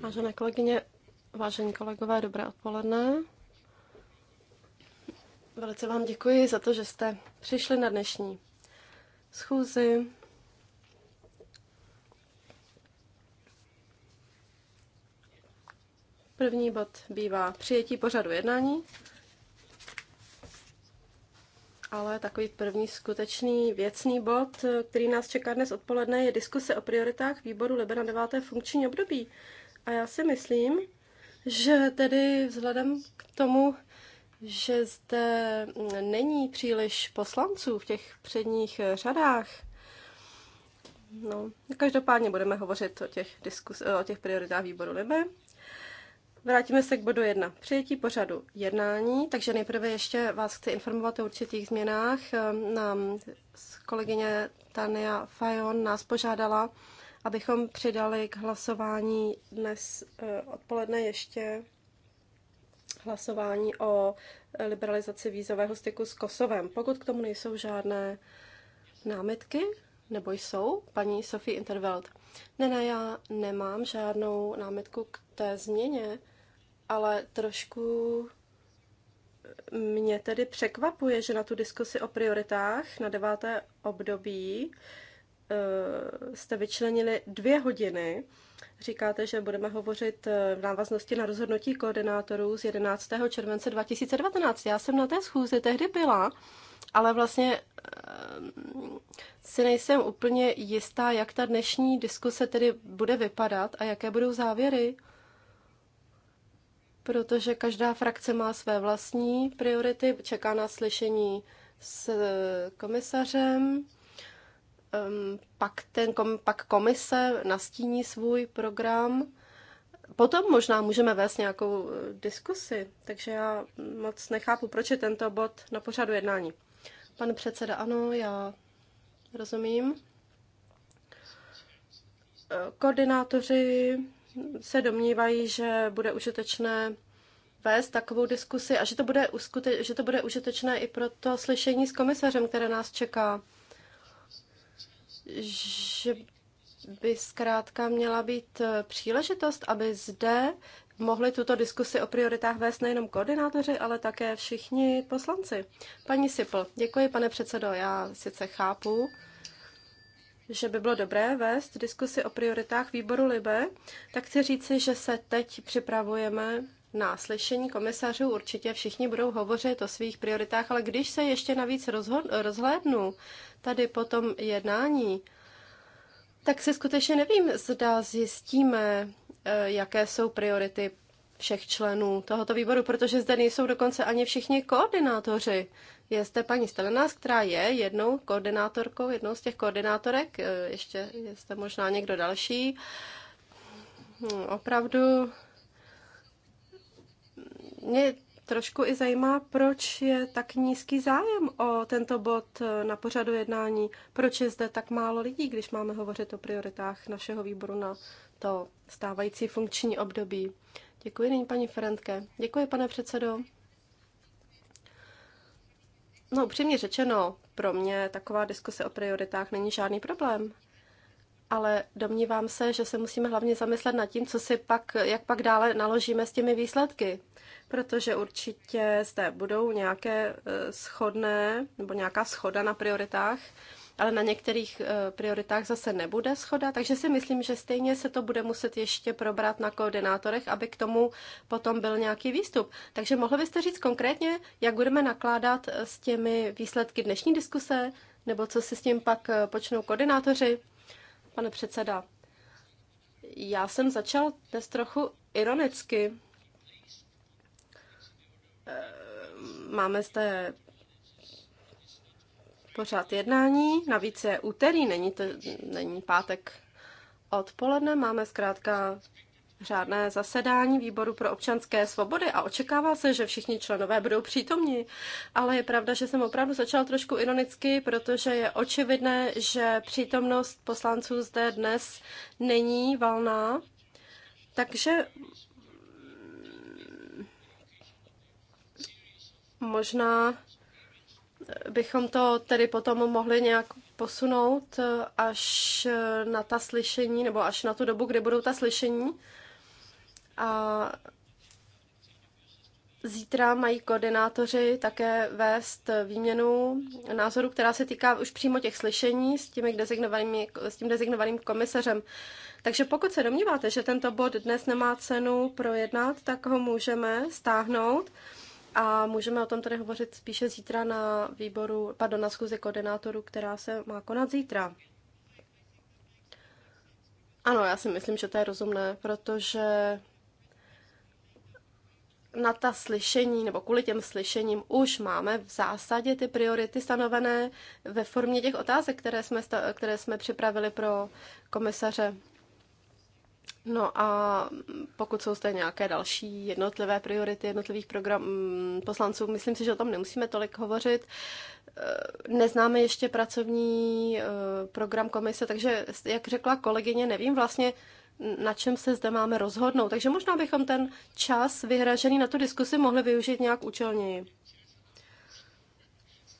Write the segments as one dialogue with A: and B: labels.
A: Vážené kolegyně, vážení kolegové, dobré odpoledne. Velice vám děkuji za to, že jste přišli na dnešní schůzi. První bod bývá přijetí pořadu jednání, ale takový první skutečný věcný bod, který nás čeká dnes odpoledne, je diskuse o prioritách výboru Libera 9. funkční období. A já si myslím, že tedy vzhledem k tomu, že zde není příliš poslanců v těch předních řadách, No, každopádně budeme hovořit o těch, diskus, o těch prioritách výboru Libe. Vrátíme se k bodu 1. Přijetí pořadu jednání, takže nejprve ještě vás chci informovat o určitých změnách. Nám kolegyně Tania Fajon nás požádala, abychom přidali k hlasování dnes eh, odpoledne ještě hlasování o eh, liberalizaci vízového styku s Kosovem. Pokud k tomu nejsou žádné námitky, nebo jsou, paní Sophie Interveld. Ne, ne, já nemám žádnou námitku k té změně, ale trošku mě tedy překvapuje, že na tu diskusi o prioritách na deváté období Eh, jste vyčlenili dvě hodiny. Říkáte, že budeme hovořit eh, v návaznosti na rozhodnutí koordinátorů z 11. července 2019. Já jsem na té schůzi tehdy byla, ale vlastně eh, si nejsem úplně jistá, jak ta dnešní diskuse tedy bude vypadat a jaké budou závěry. Protože každá frakce má své vlastní priority, čeká na slyšení s komisařem Ehm, pak, ten, pak komise nastíní svůj program. Potom možná můžeme vést nějakou eh, diskusi, takže já moc nechápu, proč je tento bod na pořadu jednání. Pan předseda, ano, já rozumím. Eh, koordinátoři se domnívají, že bude užitečné vést takovou diskusi a že to bude, uskute- že to bude užitečné i pro to slyšení s komisařem, které nás čeká že by zkrátka měla být eh, příležitost, aby zde mohli tuto diskusi o prioritách vést nejenom koordinátoři, ale také všichni poslanci. Paní Sipl, děkuji, pane předsedo. Já sice chápu, že by bylo dobré vést diskusi o prioritách výboru Libe, tak chci říci, že se teď připravujeme na slyšení komisařů určitě všichni budou hovořit o svých prioritách, ale když se ještě navíc rozhlédnu tady po tom jednání, tak se skutečně nevím, zda zjistíme, eh, jaké jsou priority všech členů tohoto výboru, protože zde nejsou dokonce ani všichni koordinátoři. Je zde paní Stelenás, která je jednou koordinátorkou, jednou z těch koordinátorek, eh, ještě je zde možná někdo další. Hm, opravdu mě trošku i zajímá, proč je tak nízký zájem o tento bod na pořadu jednání. Proč je zde tak málo lidí, když máme hovořit o prioritách našeho výboru na to stávající funkční období. Děkuji, nyní paní Ferentke. Děkuji, pane předsedo. No, upřímně řečeno, pro mě taková diskuse o prioritách není žádný problém ale domnívám se, že se musíme hlavně zamyslet nad tím, co si pak, jak pak dále naložíme s těmi výsledky, protože určitě zde budou nějaké e, schodné nebo nějaká schoda na prioritách, ale na některých e, prioritách zase nebude schoda, takže si myslím, že stejně se to bude muset ještě probrat na koordinátorech, aby k tomu potom byl nějaký výstup. Takže mohli byste říct konkrétně, jak budeme nakládat e, s těmi výsledky dnešní diskuse, nebo co si s tím pak počnou koordinátoři? pane předseda. Já jsem začal dnes trochu ironicky. Eh, máme zde pořád jednání, navíc je úterý, není, to, není pátek odpoledne, máme zkrátka řádné zasedání výboru pro občanské svobody a očekával se, že všichni členové budou přítomní. Ale je pravda, že jsem opravdu začal trošku ironicky, protože je očividné, že přítomnost poslanců zde dnes není valná. Takže možná bychom to tedy potom mohli nějak posunout až na ta slyšení, nebo až na tu dobu, kdy budou ta slyšení. A Zítra mají koordinátoři také vést výměnu názoru, která se týká už přímo těch slyšení s, těmi dezignovanými, s tím dezignovaným komisařem. Takže pokud se domníváte, že tento bod dnes nemá cenu projednat, tak ho můžeme stáhnout a můžeme o tom tady hovořit spíše zítra na výboru, pardon, na schůzi koordinátorů, která se má konat zítra. Ano, já si myslím, že to je rozumné, protože na ta slyšení nebo kvůli těm slyšením už máme v zásadě ty priority stanovené ve formě těch otázek, které jsme, které jsme připravili pro komisaře. No a pokud jsou zde nějaké další jednotlivé priority jednotlivých program, mm, poslanců, myslím si, že o tom nemusíme tolik hovořit. Eh, neznáme ještě pracovní eh, program komise, takže, jak řekla kolegyně, nevím vlastně, na čem se zde máme rozhodnout. Takže možná bychom ten čas vyhražený na tu diskusi mohli využít nějak účelněji.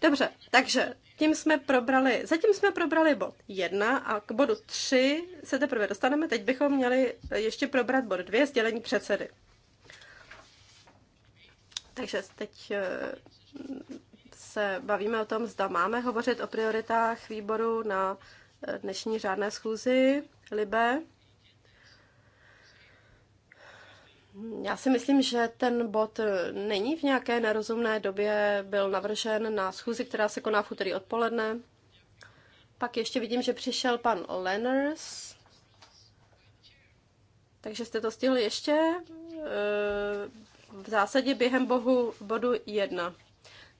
A: Dobře, takže tím jsme probrali, zatím jsme probrali bod 1 a k bodu 3 se teprve dostaneme. Teď bychom měli ještě probrat bod 2, sdělení předsedy. Takže teď eh, se bavíme o tom, zda máme hovořit o prioritách výboru na eh, dnešní řádné schůzi Libe. Já si myslím, že ten bod není v nějaké nerozumné době, byl navržen na schůzi, která se koná v úterý odpoledne. Pak ještě vidím, že přišel pan Lenners. Takže jste to stihli ještě eh, v zásadě během bohu bodu jedna.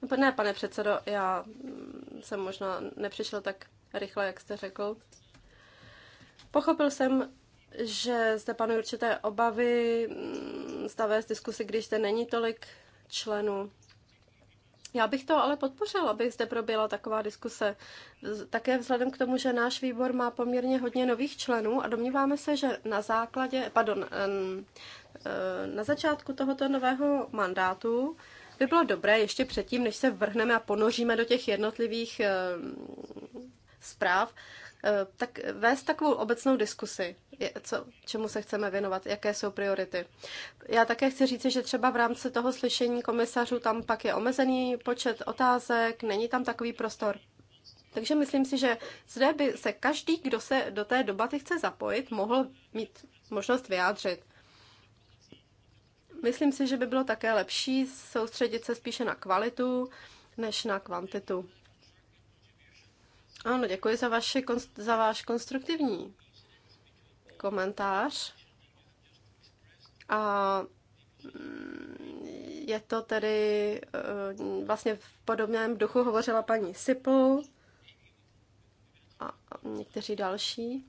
A: No, ne, pane předsedo, já jsem možná nepřišel tak rychle, jak jste řekl. Pochopil jsem že zde panují určité obavy mm, stavést diskusy, když zde není tolik členů. Já bych to ale podpořila, aby zde proběhla taková diskuse. Také vzhledem k tomu, že náš výbor má poměrně hodně nových členů a domníváme se, že na základě, pardon, eh, na začátku tohoto nového mandátu by bylo dobré ještě předtím, než se vrhneme a ponoříme do těch jednotlivých zpráv, Eh, tak vést takovou obecnou diskusi, co, čemu se chceme věnovat, jaké jsou priority. Já také chci říct, že třeba v rámci toho slyšení komisařů tam pak je omezený počet otázek, není tam takový prostor. Takže myslím si, že zde by se každý, kdo se do té debaty chce zapojit, mohl mít možnost vyjádřit. Myslím si, že by bylo také lepší soustředit se spíše na kvalitu než na kvantitu. Ano, děkuji za, vaši, za váš konstruktivní komentář. A mm, je to tedy eh, vlastně v podobném duchu hovořila paní Sipl a někteří další.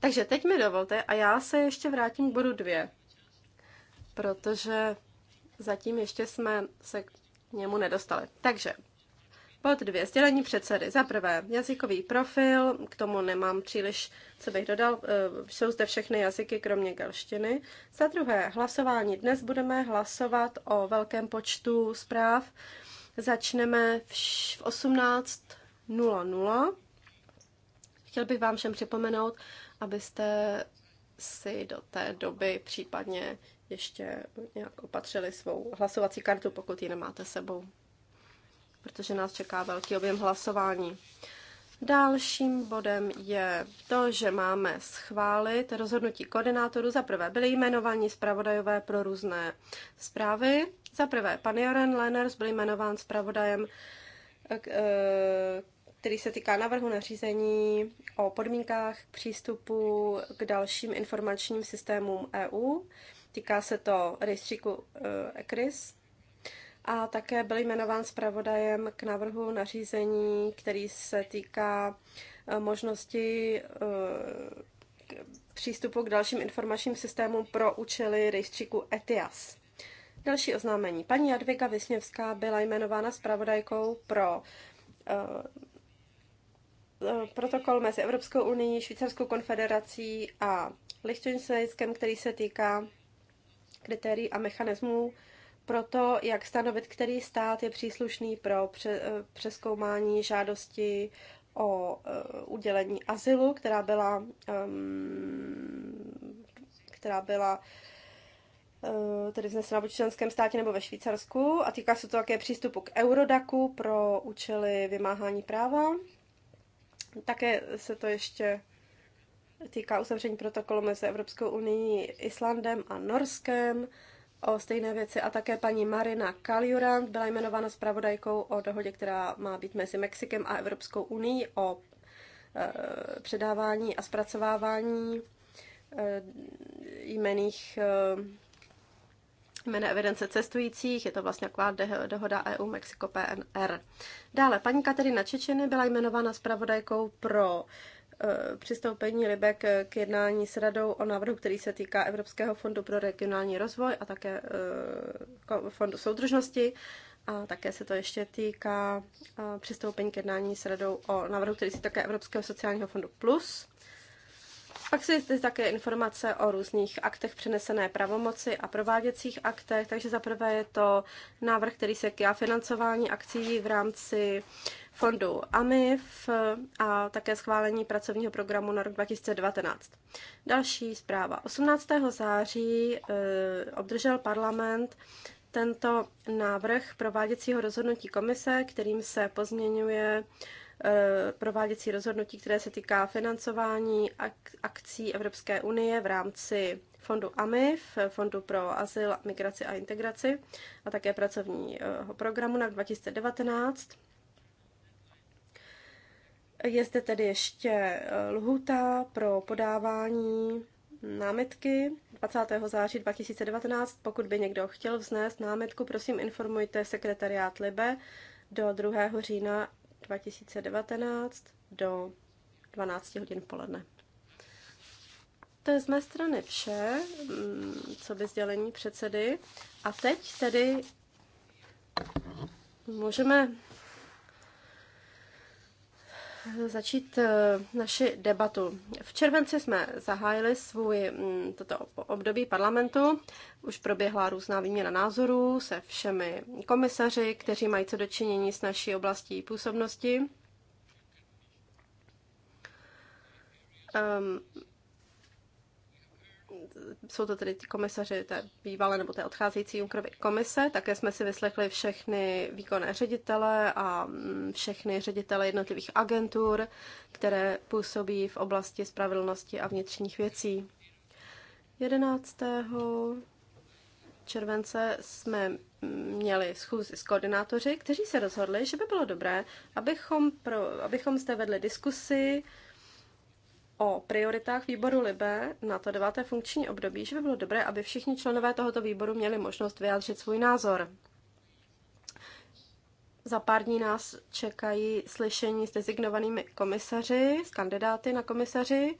A: Takže teď mi dovolte a já se ještě vrátím k bodu dvě, protože zatím ještě jsme se k němu nedostali. Takže Bod dvě. Sdělení předsedy. Za prvé, jazykový profil, k tomu nemám příliš, co bych dodal, eh, jsou zde všechny jazyky, kromě galštiny. Za druhé, hlasování. Dnes budeme hlasovat o velkém počtu zpráv. Začneme v 18.00. Chtěl bych vám všem připomenout, abyste si do té doby případně ještě nějak opatřili svou hlasovací kartu, pokud ji nemáte sebou protože nás čeká velký objem hlasování. Dalším bodem je to, že máme schválit rozhodnutí koordinátorů. Za prvé byly jmenováni zpravodajové pro různé zprávy. Za prvé pan Joren Lenners byl jmenován zpravodajem, eh, který se týká navrhu nařízení o podmínkách přístupu k dalším informačním systémům EU. Týká se to rejstříku ECRIS. Eh, a také byl jmenován zpravodajem k návrhu nařízení, který se týká eh, možnosti eh, přístupu k dalším informačním systémům pro účely rejstříku ETIAS. Další oznámení. Paní Jadvika Vysněvská byla jmenována zpravodajkou pro eh, protokol mezi Evropskou unii, Švýcarskou konfederací a Lichtensteinskem, který se týká kritérií a mechanismů pro to, jak stanovit, který stát je příslušný pro eh, přeskoumání žádosti o eh, udělení azylu, která byla, ehm, která byla eh, tedy vznesena v členském státě nebo ve Švýcarsku a týká se to také přístupu k Eurodaku pro účely vymáhání práva. Také se to ještě týká uzavření protokolu mezi Evropskou unii, Islandem a Norskem o stejné věci a také paní Marina Kaljurant byla jmenována zpravodajkou o dohodě, která má být mezi Mexikem a Evropskou unii o e, předávání a zpracovávání e, jmených e, jmené evidence cestujících, je to vlastně taková dohoda EU Mexiko PNR. Dále paní Katerina Čečeny byla jmenována zpravodajkou pro Eh, přistoupení Libek k jednání s radou o návrhu, který se týká Evropského fondu pro regionální rozvoj a také eh, fondu soudržnosti. A také se to ještě týká eh, přistoupení k jednání s radou o návrhu, který se týká Evropského sociálního fondu plus. Pak si zde také informace o různých aktech přenesené pravomoci a prováděcích aktech. Takže zaprvé je to návrh, který se týká financování akcí v rámci uh, fondu AMIF eh, a také schválení pracovního programu na rok 2019. Další zpráva. 18. září eh, obdržel parlament tento návrh prováděcího rozhodnutí komise, kterým se pozměňuje eh, prováděcí rozhodnutí, které se týká financování ak- akcí Evropské unie v rámci fondu AMIF, Fondu pro azyl, migraci a integraci a také pracovního programu na 2019. Je zde tedy ještě eh, lhuta pro podávání námitky 20. září 2019. Pokud by někdo chtěl vznést námitku, prosím informujte sekretariát Libe do 2. října 2019 do 12 hodin poledne. To je z mé strany vše, mm, co by sdělení předsedy. A teď tedy můžeme začít eh, naši debatu. V červenci jsme zahájili svůj mm, toto období parlamentu. Už proběhla různá výměna názorů se všemi komisaři, kteří mají co dočinění s naší oblastí působnosti. Ehm, jsou to tedy ty komisaři té bývalé nebo té odcházející Junckerovy komise. Také jsme si vyslechli všechny výkonné ředitele a mm, všechny ředitele jednotlivých agentur, které působí v oblasti spravedlnosti a vnitřních věcí. 11. července jsme měli schůzi s koordinátoři, kteří se rozhodli, že by bylo dobré, abychom, pro, abychom zde vedli diskusi o prioritách výboru Libe na to deváté funkční období, že by bylo dobré, aby všichni členové tohoto výboru měli možnost vyjádřit svůj názor. Za pár dní nás čekají slyšení s designovanými komisaři, s kandidáty na komisaři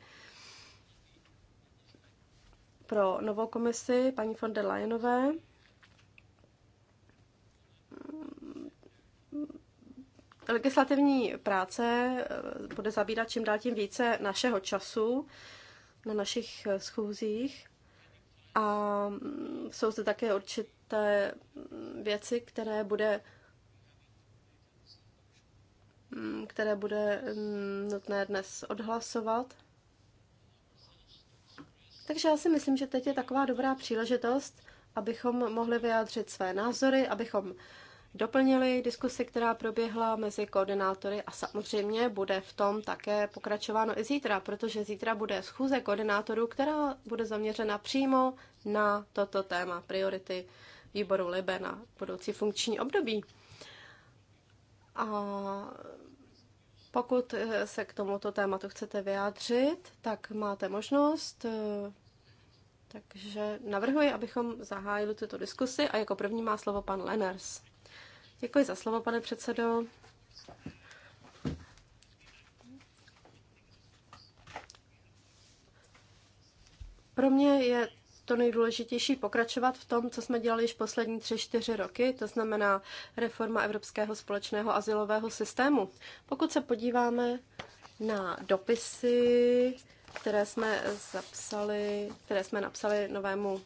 A: pro novou komisi paní von der Leyenové. Legislativní práce eh, bude zabírat čím dál tím více našeho času na našich eh, schůzích a mm, jsou zde také určité mm, věci, které bude mm, které bude nutné dnes odhlasovat. Takže já si myslím, že teď je taková dobrá příležitost, abychom mohli vyjádřit své názory, abychom doplnili diskusi, která proběhla mezi koordinátory a samozřejmě bude v tom také pokračováno i zítra, protože zítra bude schůze koordinátorů, která bude zaměřena přímo na toto téma priority výboru Libe na budoucí funkční období. A pokud se k tomuto tématu chcete vyjádřit, tak máte možnost. Takže navrhuji, abychom zahájili tuto diskusi a jako první má slovo pan Lenners. Děkuji za slovo, pane předsedo. Pro mě je to nejdůležitější pokračovat v tom, co jsme dělali již poslední tři, čtyři roky, to znamená reforma Evropského společného asilového systému. Pokud se podíváme na dopisy, které jsme zapsali, které jsme napsali novému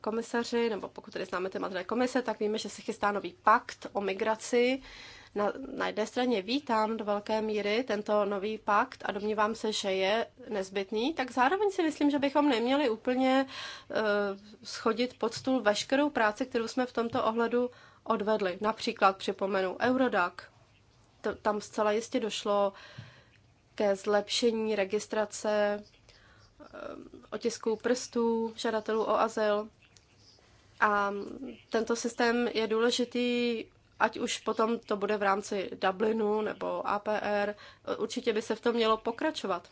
A: komisaři, nebo pokud tedy známe téma madré komise, tak víme, že se chystá nový pakt o migraci. Na, na jedné straně vítám do velké míry tento nový pakt a domnívám se, že je nezbytný, tak zároveň si myslím, že bychom neměli úplně uh, schodit pod stůl veškerou práci, kterou jsme v tomto ohledu odvedli. Například připomenu Eurodac. To, tam zcela jistě došlo ke zlepšení registrace eh, otisků prstů žadatelů o azyl. A tento systém je důležitý, ať už potom to bude v rámci Dublinu nebo APR, určitě by se v tom mělo pokračovat.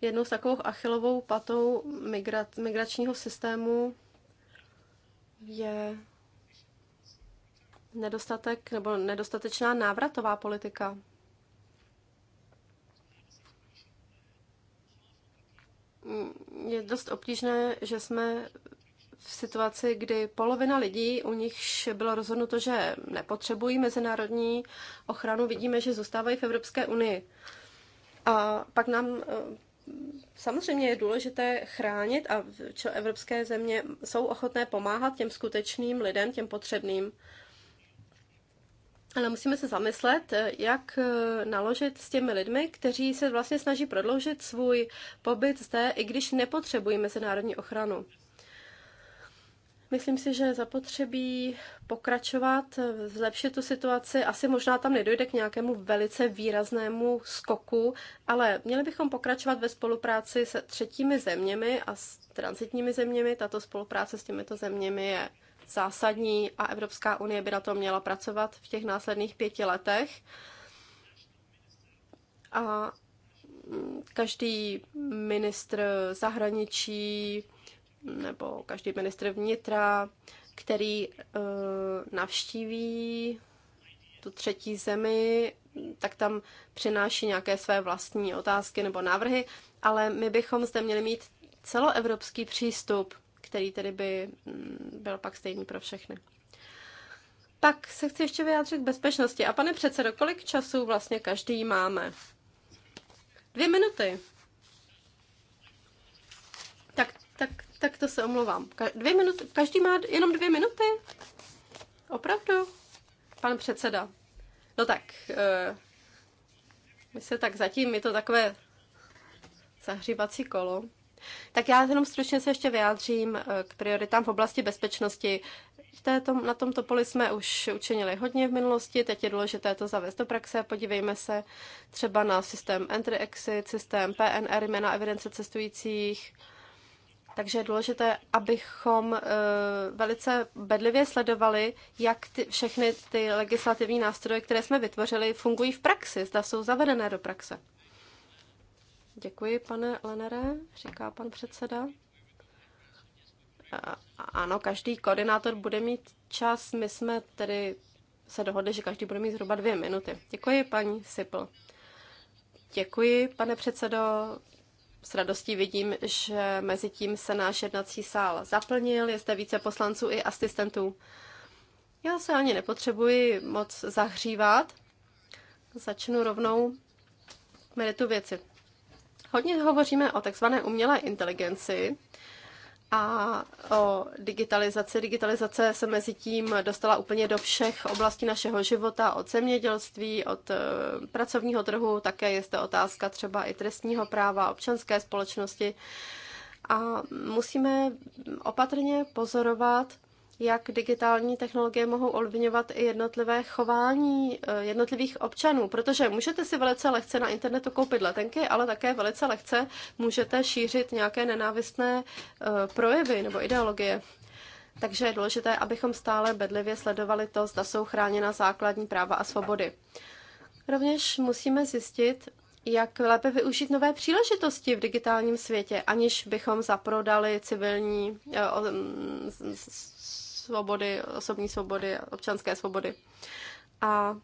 A: Jednou z takových achilovou patou migra- migračního systému je nedostatek nebo nedostatečná návratová politika. Je dost obtížné, že jsme v situaci, kdy polovina lidí, u nichž bylo rozhodnuto, že nepotřebují mezinárodní ochranu, vidíme, že zůstávají v Evropské unii. A pak nám eh, samozřejmě je důležité chránit a evropské země jsou ochotné pomáhat těm skutečným lidem, těm potřebným. Ale musíme se zamyslet, eh, jak eh, naložit s těmi lidmi, kteří se vlastně snaží prodloužit svůj pobyt zde, i když nepotřebují mezinárodní ochranu. Myslím si, že je zapotřebí pokračovat, zlepšit tu situaci. Asi možná tam nedojde k nějakému velice výraznému skoku, ale měli bychom pokračovat ve spolupráci se třetími zeměmi a s transitními zeměmi. Tato spolupráce s těmito zeměmi je zásadní a Evropská unie by na to měla pracovat v těch následných pěti letech. A každý ministr zahraničí nebo každý ministr vnitra, který eh, navštíví tu třetí zemi, tak tam přináší nějaké své vlastní otázky nebo návrhy, ale my bychom zde měli mít celoevropský přístup, který tedy by mm, byl pak stejný pro všechny. Tak se chci ještě vyjádřit k bezpečnosti. A pane předsedo, kolik času vlastně každý máme? Dvě minuty. Tak, tak tak to se omlouvám. Ka- dvě minuty, každý má jenom dvě minuty? Opravdu? Pan předseda. No tak, uh, my se tak zatím, je to takové zahřívací kolo. Tak já jenom stručně se ještě vyjádřím eh, k prioritám v oblasti bezpečnosti. V této, na tomto poli jsme už učinili hodně v minulosti, teď je důležité to zavést do praxe. Podívejme se třeba na systém Entry-Exit, systém PNR, jména evidence cestujících, takže je důležité, abychom eh, velice bedlivě sledovali, jak ty, všechny ty legislativní nástroje, které jsme vytvořili, fungují v praxi, zda jsou zavedené do praxe. Děkuji, pane Lenere, říká pan předseda. Eh, ano, každý koordinátor bude mít čas. My jsme tedy se dohodli, že každý bude mít zhruba dvě minuty. Děkuji, paní Sipl. Děkuji, pane předsedo s radostí vidím, že mezi tím se náš jednací sál zaplnil, je zde více poslanců i asistentů. Já se ani nepotřebuji moc zahřívat. Začnu rovnou meritu věci. Hodně hovoříme o takzvané umělé inteligenci, a o digitalizaci. Digitalizace se mezi tím dostala úplně do všech oblastí našeho života, od zemědělství, od e, pracovního trhu, také je zde otázka třeba i trestního práva, občanské společnosti. A musíme opatrně pozorovat, jak digitální technologie mohou ovlivňovat i jednotlivé chování eh, jednotlivých občanů, protože můžete si velice lehce na internetu koupit letenky, ale také velice lehce můžete šířit nějaké nenávistné eh, projevy nebo ideologie. Takže je důležité, abychom stále bedlivě sledovali to, zda jsou chráněna základní práva a svobody. Rovněž musíme zjistit, jak lépe využít nové příležitosti v digitálním světě, aniž bychom zaprodali civilní eh, mm, svobody, osobní svobody, občanské svobody. A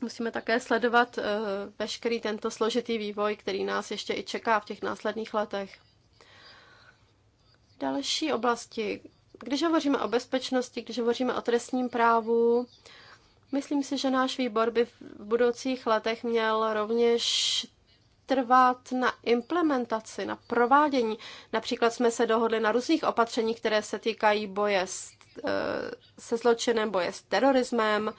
A: musíme také sledovat eh, veškerý tento složitý vývoj, který nás ještě i čeká v těch následných letech. Další oblasti. Když hovoříme o bezpečnosti, když hovoříme o trestním právu, myslím si, že náš výbor by v budoucích letech měl rovněž trvat na implementaci, na provádění. Například jsme se dohodli na různých opatřeních, které se týkají boje s, eh, se zločinem, boje s terorismem,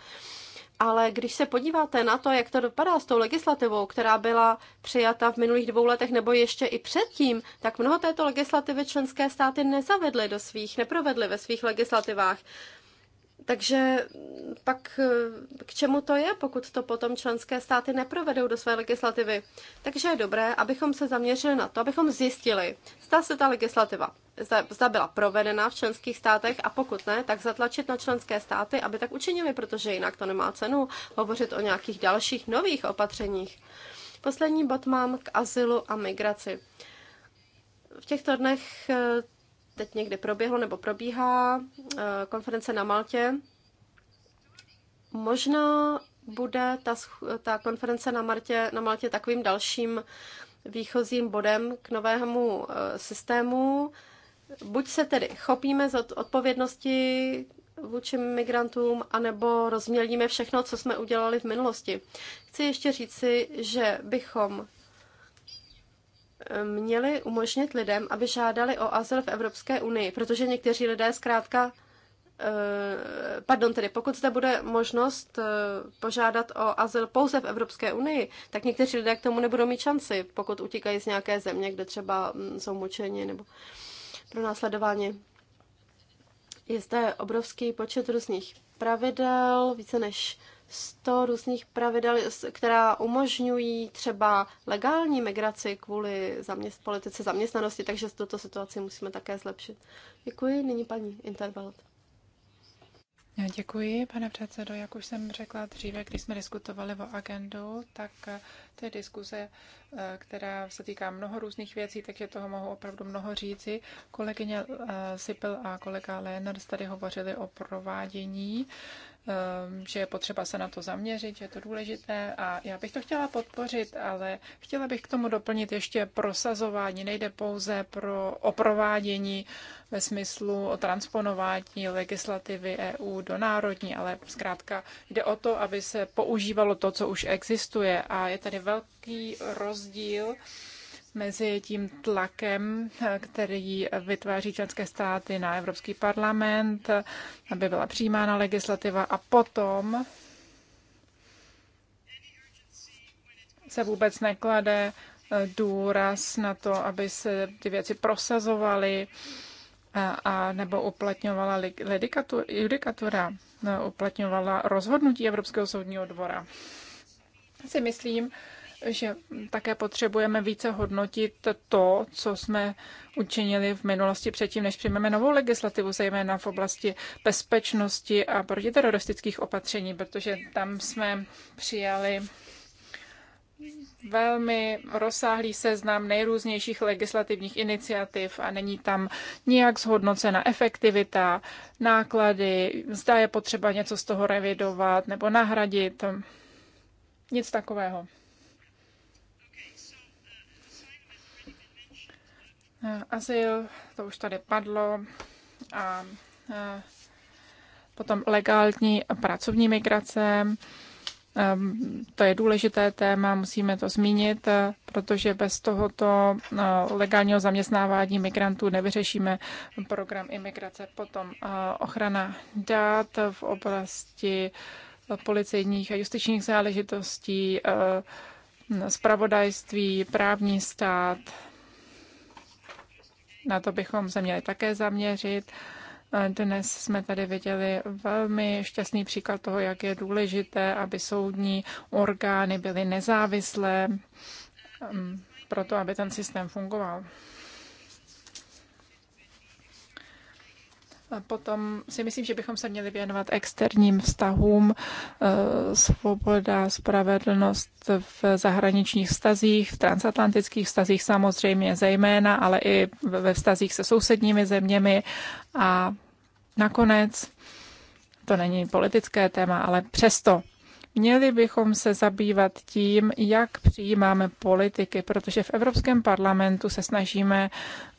A: ale když se podíváte na to, jak to dopadá s tou legislativou, která byla přijata v minulých dvou letech nebo ještě i předtím, tak mnoho této legislativy členské státy nezavedly do svých, neprovedly ve svých legislativách. Takže pak k čemu to je, pokud to potom členské státy neprovedou do své legislativy? Takže je dobré, abychom se zaměřili na to, abychom zjistili, zda se ta legislativa zda, zda byla provedena v členských státech a pokud ne, tak zatlačit na členské státy, aby tak učinili, protože jinak to nemá cenu hovořit o nějakých dalších nových opatřeních. Poslední bod mám k azylu a migraci. V těchto dnech eh, teď někde proběhlo nebo probíhá eh, konference na Maltě. Možná bude ta, ta konference na, Martě, na Maltě takovým dalším výchozím bodem k novému eh, systému. Buď se tedy chopíme z odpovědnosti vůči migrantům, anebo rozmělníme všechno, co jsme udělali v minulosti. Chci ještě říci, že bychom měli umožnit lidem, aby žádali o azyl v Evropské unii, protože někteří lidé zkrátka, eh, pardon, tedy pokud zde bude možnost eh, požádat o azyl pouze v Evropské unii, tak někteří lidé k tomu nebudou mít šanci, pokud utíkají z nějaké země, kde třeba mm, jsou mučeni nebo pro následování. Je zde obrovský počet různých pravidel, více než 100 různých pravidel, která umožňují třeba legální migraci kvůli zaměst, politice zaměstnanosti, takže tuto situaci musíme také zlepšit. Děkuji. Nyní paní Intervalt.
B: Děkuji, pane předsedo. Jak už jsem řekla dříve, když jsme diskutovali o agendu, tak eh, to je diskuze, eh, která se týká mnoho různých věcí, takže toho mohu opravdu mnoho říci. Kolegyně eh, Sipil a kolega Lénard tady hovořili o provádění Ehm, že je potřeba se na to zaměřit, že je to důležité a já bych to chtěla podpořit, ale chtěla bych k tomu doplnit ještě prosazování. Nejde pouze pro oprovádění ve smyslu o transponování legislativy EU do národní, ale zkrátka jde o to, aby se používalo to, co už existuje a je tady velký rozdíl mezi tím tlakem, který vytváří členské státy na Evropský parlament, aby byla přijímána legislativa a potom se vůbec neklade eh, důraz na to, aby se ty věci prosazovaly a, eh, a nebo uplatňovala judikatura, eh, uplatňovala rozhodnutí Evropského soudního dvora. Si myslím, že také potřebujeme více hodnotit to, co jsme učinili v minulosti předtím, než přijmeme novou legislativu, zejména v oblasti bezpečnosti a protiteroristických opatření, protože tam jsme přijali velmi rozsáhlý seznam nejrůznějších legislativních iniciativ a není tam nijak zhodnocena efektivita, náklady, zda je potřeba něco z toho revidovat nebo nahradit. Nic takového. Azyl, to už tady padlo. A e, potom legální pracovní migrace. E, to je důležité téma, musíme to zmínit, e, protože bez tohoto legálního zaměstnávání migrantů nevyřešíme program imigrace. Potom ochrana dát v oblasti policejních a justičních záležitostí, spravodajství, právní stát na to bychom se měli také zaměřit. Dnes jsme tady viděli velmi šťastný příklad toho, jak je důležité, aby soudní orgány byly nezávislé mm, proto, aby ten systém fungoval. Potom si myslím, že bychom se měli věnovat externím vztahům, eh, svoboda, spravedlnost v zahraničních vztazích, v transatlantických vztazích samozřejmě zejména, ale i ve vztazích se sousedními zeměmi. A nakonec, to není politické téma, ale přesto Měli bychom se zabývat tím, jak přijímáme politiky, protože v Evropském parlamentu se snažíme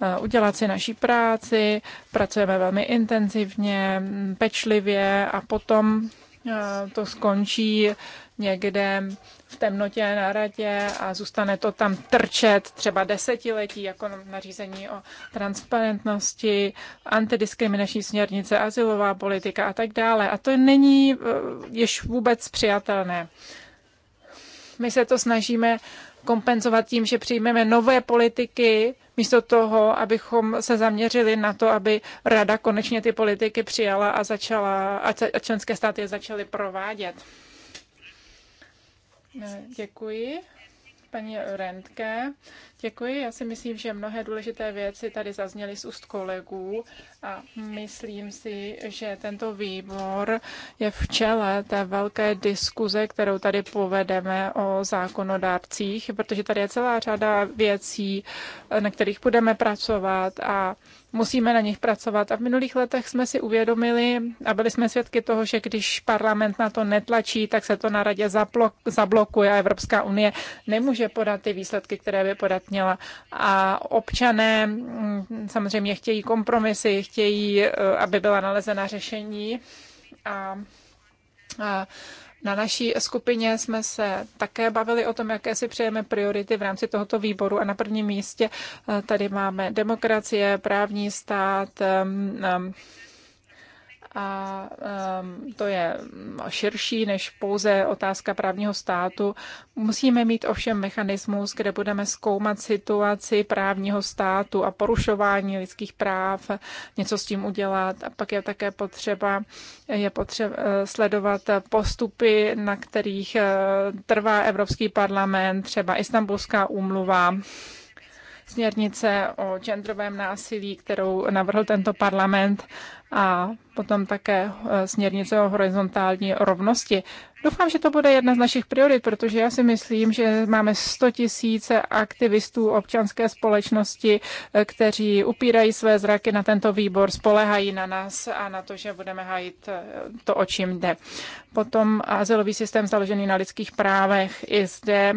B: eh, udělat si naší práci, pracujeme velmi intenzivně, pečlivě a potom eh, to skončí někde v temnotě na radě a zůstane to tam trčet třeba desetiletí, jako nařízení o transparentnosti, antidiskriminační směrnice, asilová politika a tak dále. A to není eh, již vůbec přijatelné. My se to snažíme kompenzovat tím, že přijmeme nové politiky, místo toho, abychom se zaměřili na to, aby rada konečně ty politiky přijala a, začala, a členské státy je začaly provádět. Eh, děkuji. Paní Rentke, děkuji. Já si myslím, že mnohé důležité věci tady zazněly z úst kolegů a myslím si, že tento výbor je v čele té velké diskuze, kterou tady povedeme o zákonodárcích, protože tady je celá řada věcí, na kterých budeme pracovat a musíme na nich pracovat. A v minulých letech jsme si uvědomili a byli jsme svědky toho, že když parlament na to netlačí, tak se to na radě zablokuje a Evropská unie nemůže podat ty výsledky, které by podat měla. A občané mm, samozřejmě chtějí kompromisy, chtějí, eh, aby byla nalezena řešení. A, a na naší skupině jsme se také bavili o tom, jaké si přejeme priority v rámci tohoto výboru a na prvním místě eh, tady máme demokracie, právní stát, eh, eh, a ehm, to je širší než pouze otázka právního státu. Musíme mít ovšem mechanismus, kde budeme zkoumat situaci právního státu a porušování lidských práv, něco s tím udělat. A pak je také potřeba, je potřeba eh, sledovat postupy, na kterých eh, trvá Evropský parlament, třeba Istanbulská úmluva, směrnice o genderovém násilí, kterou navrhl tento parlament a potom také eh, směrnice o horizontální rovnosti. Doufám, že to bude jedna z našich priorit, protože já si myslím, že máme 100 tisíce aktivistů občanské společnosti, eh, kteří upírají své zraky na tento výbor, spolehají na nás a na to, že budeme hájit eh, to, o čím jde. Potom azylový systém založený na lidských právech i zde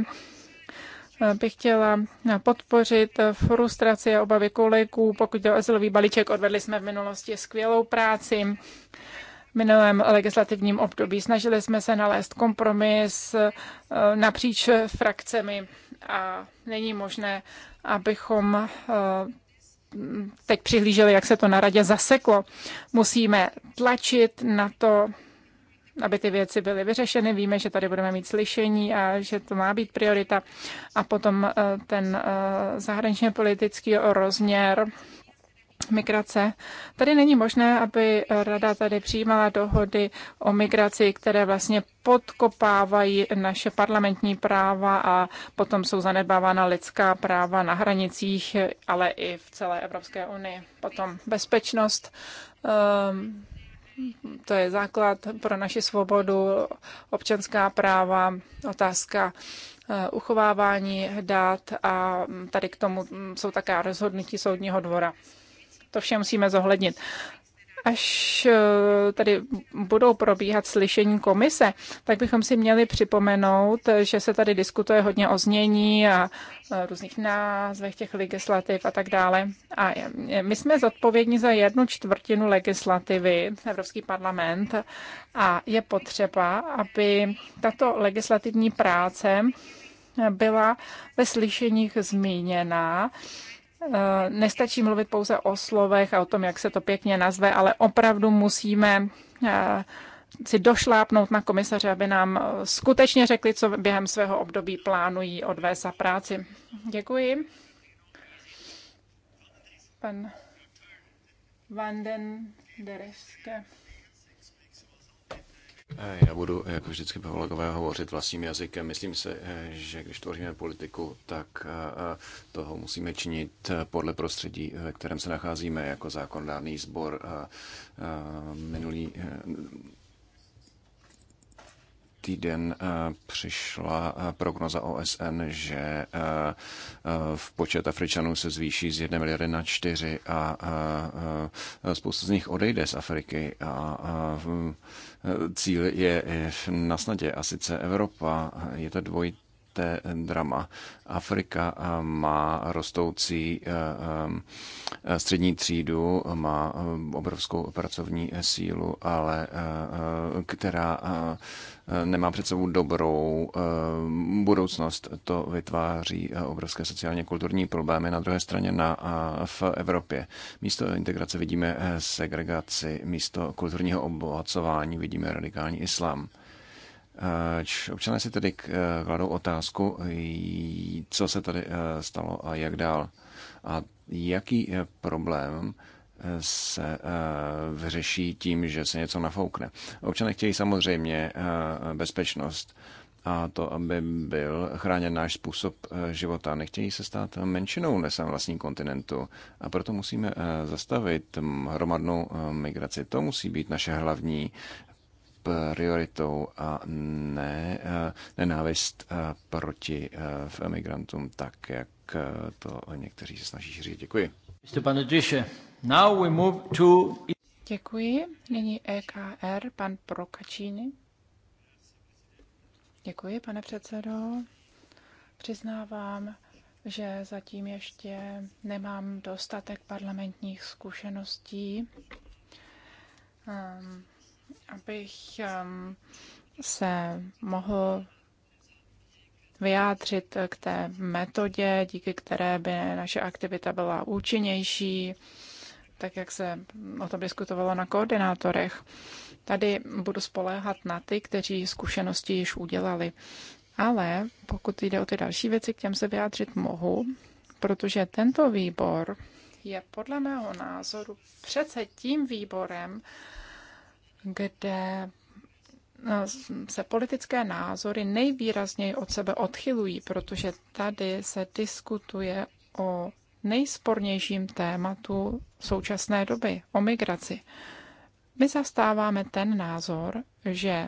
B: bych chtěla podpořit frustraci a obavy kolegů. Pokud jde o azylový balíček, odvedli jsme v minulosti skvělou práci minulém legislativním období. Snažili jsme se nalézt kompromis eh, napříč frakcemi a není možné, abychom eh, teď přihlíželi, jak se to na radě zaseklo. Musíme tlačit na to, aby ty věci byly vyřešeny. Víme, že tady budeme mít slyšení a že to má být priorita. A potom eh, ten eh, zahraničně politický rozměr migrace. Tady není možné, aby rada tady přijímala dohody o migraci, které vlastně podkopávají naše parlamentní práva a potom jsou zanedbávána lidská práva na hranicích, ale i v celé Evropské unii. Potom bezpečnost. Um, to je základ pro naši svobodu, občanská práva, otázka eh, uchovávání dát a tady k tomu jsou také rozhodnutí soudního dvora. To vše musíme zohlednit až eh, tady budou probíhat slyšení komise, tak bychom si měli připomenout, že se tady diskutuje hodně o znění a eh, různých názvech těch legislativ a tak dále. A eh, my jsme zodpovědní za jednu čtvrtinu legislativy, Evropský parlament, a je potřeba, aby tato legislativní práce byla ve slyšeních zmíněna Eh, nestačí mluvit pouze o slovech a o tom, jak se to pěkně nazve, ale opravdu musíme eh, si došlápnout na komisaře, aby nám eh, skutečně řekli, co během svého období plánují odvést za práci. Děkuji. Pan Vanden Dereske.
C: Eh, já budu, jako vždycky Pavlagové, hovořit vlastním jazykem. Myslím se, eh, že když tvoříme politiku, tak eh, toho musíme činit podle prostředí, ve kterém se nacházíme jako zákonodárný sbor. Minulý týden eh, přišla eh, prognoza OSN, že eh, v počet Afričanů se zvýší z 1 miliardy na 4 a spousta z nich odejde z Afriky a cíl je na snadě a sice Evropa. Je to dvojitý té drama. Afrika má rostoucí střední třídu, má obrovskou pracovní sílu, ale která Eh, nemá před sebou dobrou eh, budoucnost. To vytváří eh, obrovské sociálně kulturní problémy na druhé straně na, v Evropě. Místo integrace vidíme segregaci, místo kulturního obohacování vidíme radikální islám. Občané si tedy kladou otázku, co se tady stalo a jak dál. A jaký problém se eh, vyřeší tím, že se něco nafoukne. Občané chtějí samozřejmě eh, bezpečnost a to, aby byl chráněn náš způsob eh, života. Nechtějí se stát menšinou na svém vlastním kontinentu a proto musíme zastavit hromadnou migraci. To musí být naše hlavní prioritou a ne nenávist proti emigrantům, tak jak to někteří se snaží říct. Děkuji. Stepane Now we move to... Děkuji.
B: Nyní EKR, pan Prokačíny. Děkuji, pane předsedo. Přiznávám, že zatím ještě nemám dostatek parlamentních zkušeností, um, abych um, se mohl vyjádřit k té metodě, díky které by naše aktivita byla účinnější tak jak se o tom diskutovalo na koordinátorech. Tady budu spoléhat na ty, kteří zkušenosti již udělali. Ale pokud jde o ty další věci, k těm se vyjádřit mohu, protože tento výbor je podle mého názoru přece tím výborem, kde no, se politické názory nejvýrazněji od sebe odchylují, protože tady se diskutuje o nejspornějším tématu současné doby o migraci. My zastáváme ten názor, že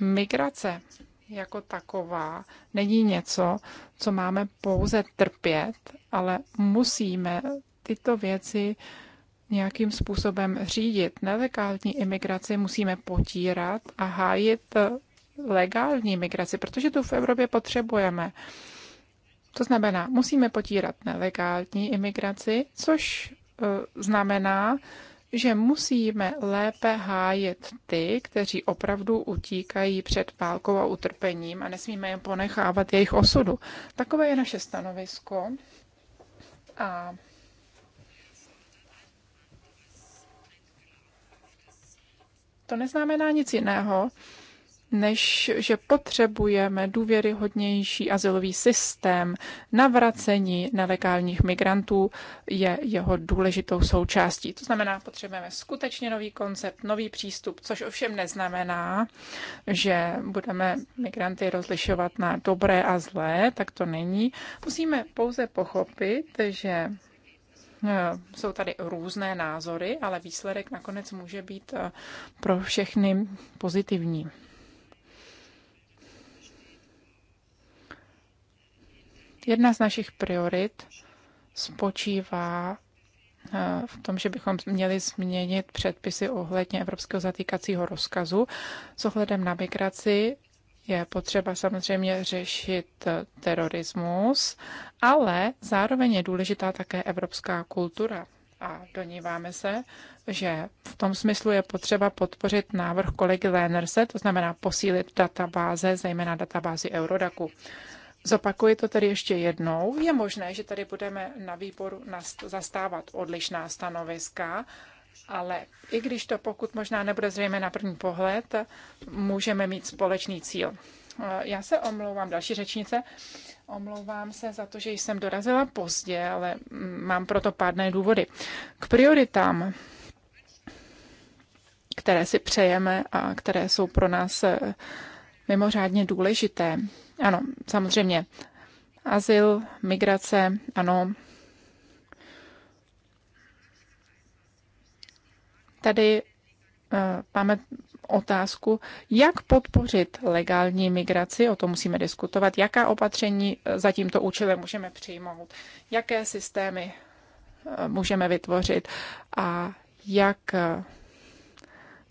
B: migrace jako taková není něco, co máme pouze trpět, ale musíme tyto věci nějakým způsobem řídit. Nelegální imigraci musíme potírat a hájit legální migraci, protože tu v Evropě potřebujeme. To znamená, musíme potírat nelegální imigraci, což eh, znamená, že musíme lépe hájit ty, kteří opravdu utíkají před válkou a utrpením a nesmíme jim ponechávat jejich osudu. Takové je naše stanovisko. A to neznamená nic jiného, než že potřebujeme důvěryhodnější azylový systém. Navracení nelegálních migrantů je jeho důležitou součástí. To znamená, potřebujeme skutečně nový koncept, nový přístup, což ovšem neznamená, že budeme migranty rozlišovat na dobré a zlé, tak to není. Musíme pouze pochopit, že eh, jsou tady různé názory, ale výsledek nakonec může být eh, pro všechny pozitivní. Jedna z našich priorit spočívá eh, v tom, že bychom měli změnit předpisy ohledně evropského zatýkacího rozkazu s ohledem na migraci je potřeba samozřejmě řešit eh, terorismus, ale zároveň je důležitá také evropská kultura. A doníváme se, že v tom smyslu je potřeba podpořit návrh kolegy Lénerse, to znamená posílit databáze, zejména databázi Eurodaku. Zopakuji to tedy ještě jednou. Je možné, že tady budeme na výboru zastávat odlišná stanoviska, ale i když to pokud možná nebude zřejmé na první pohled, můžeme mít společný cíl. Eh, já se omlouvám, další řečnice, omlouvám se za to, že jsem dorazila pozdě, ale mm, mám proto pádné důvody. K prioritám, které si přejeme a které jsou pro nás eh, mimořádně důležité, ano, samozřejmě. Azyl, migrace, ano. Tady eh, máme otázku, jak podpořit legální migraci, o tom musíme diskutovat, jaká opatření eh, za tímto účelem můžeme přijmout, jaké systémy eh, můžeme vytvořit a jak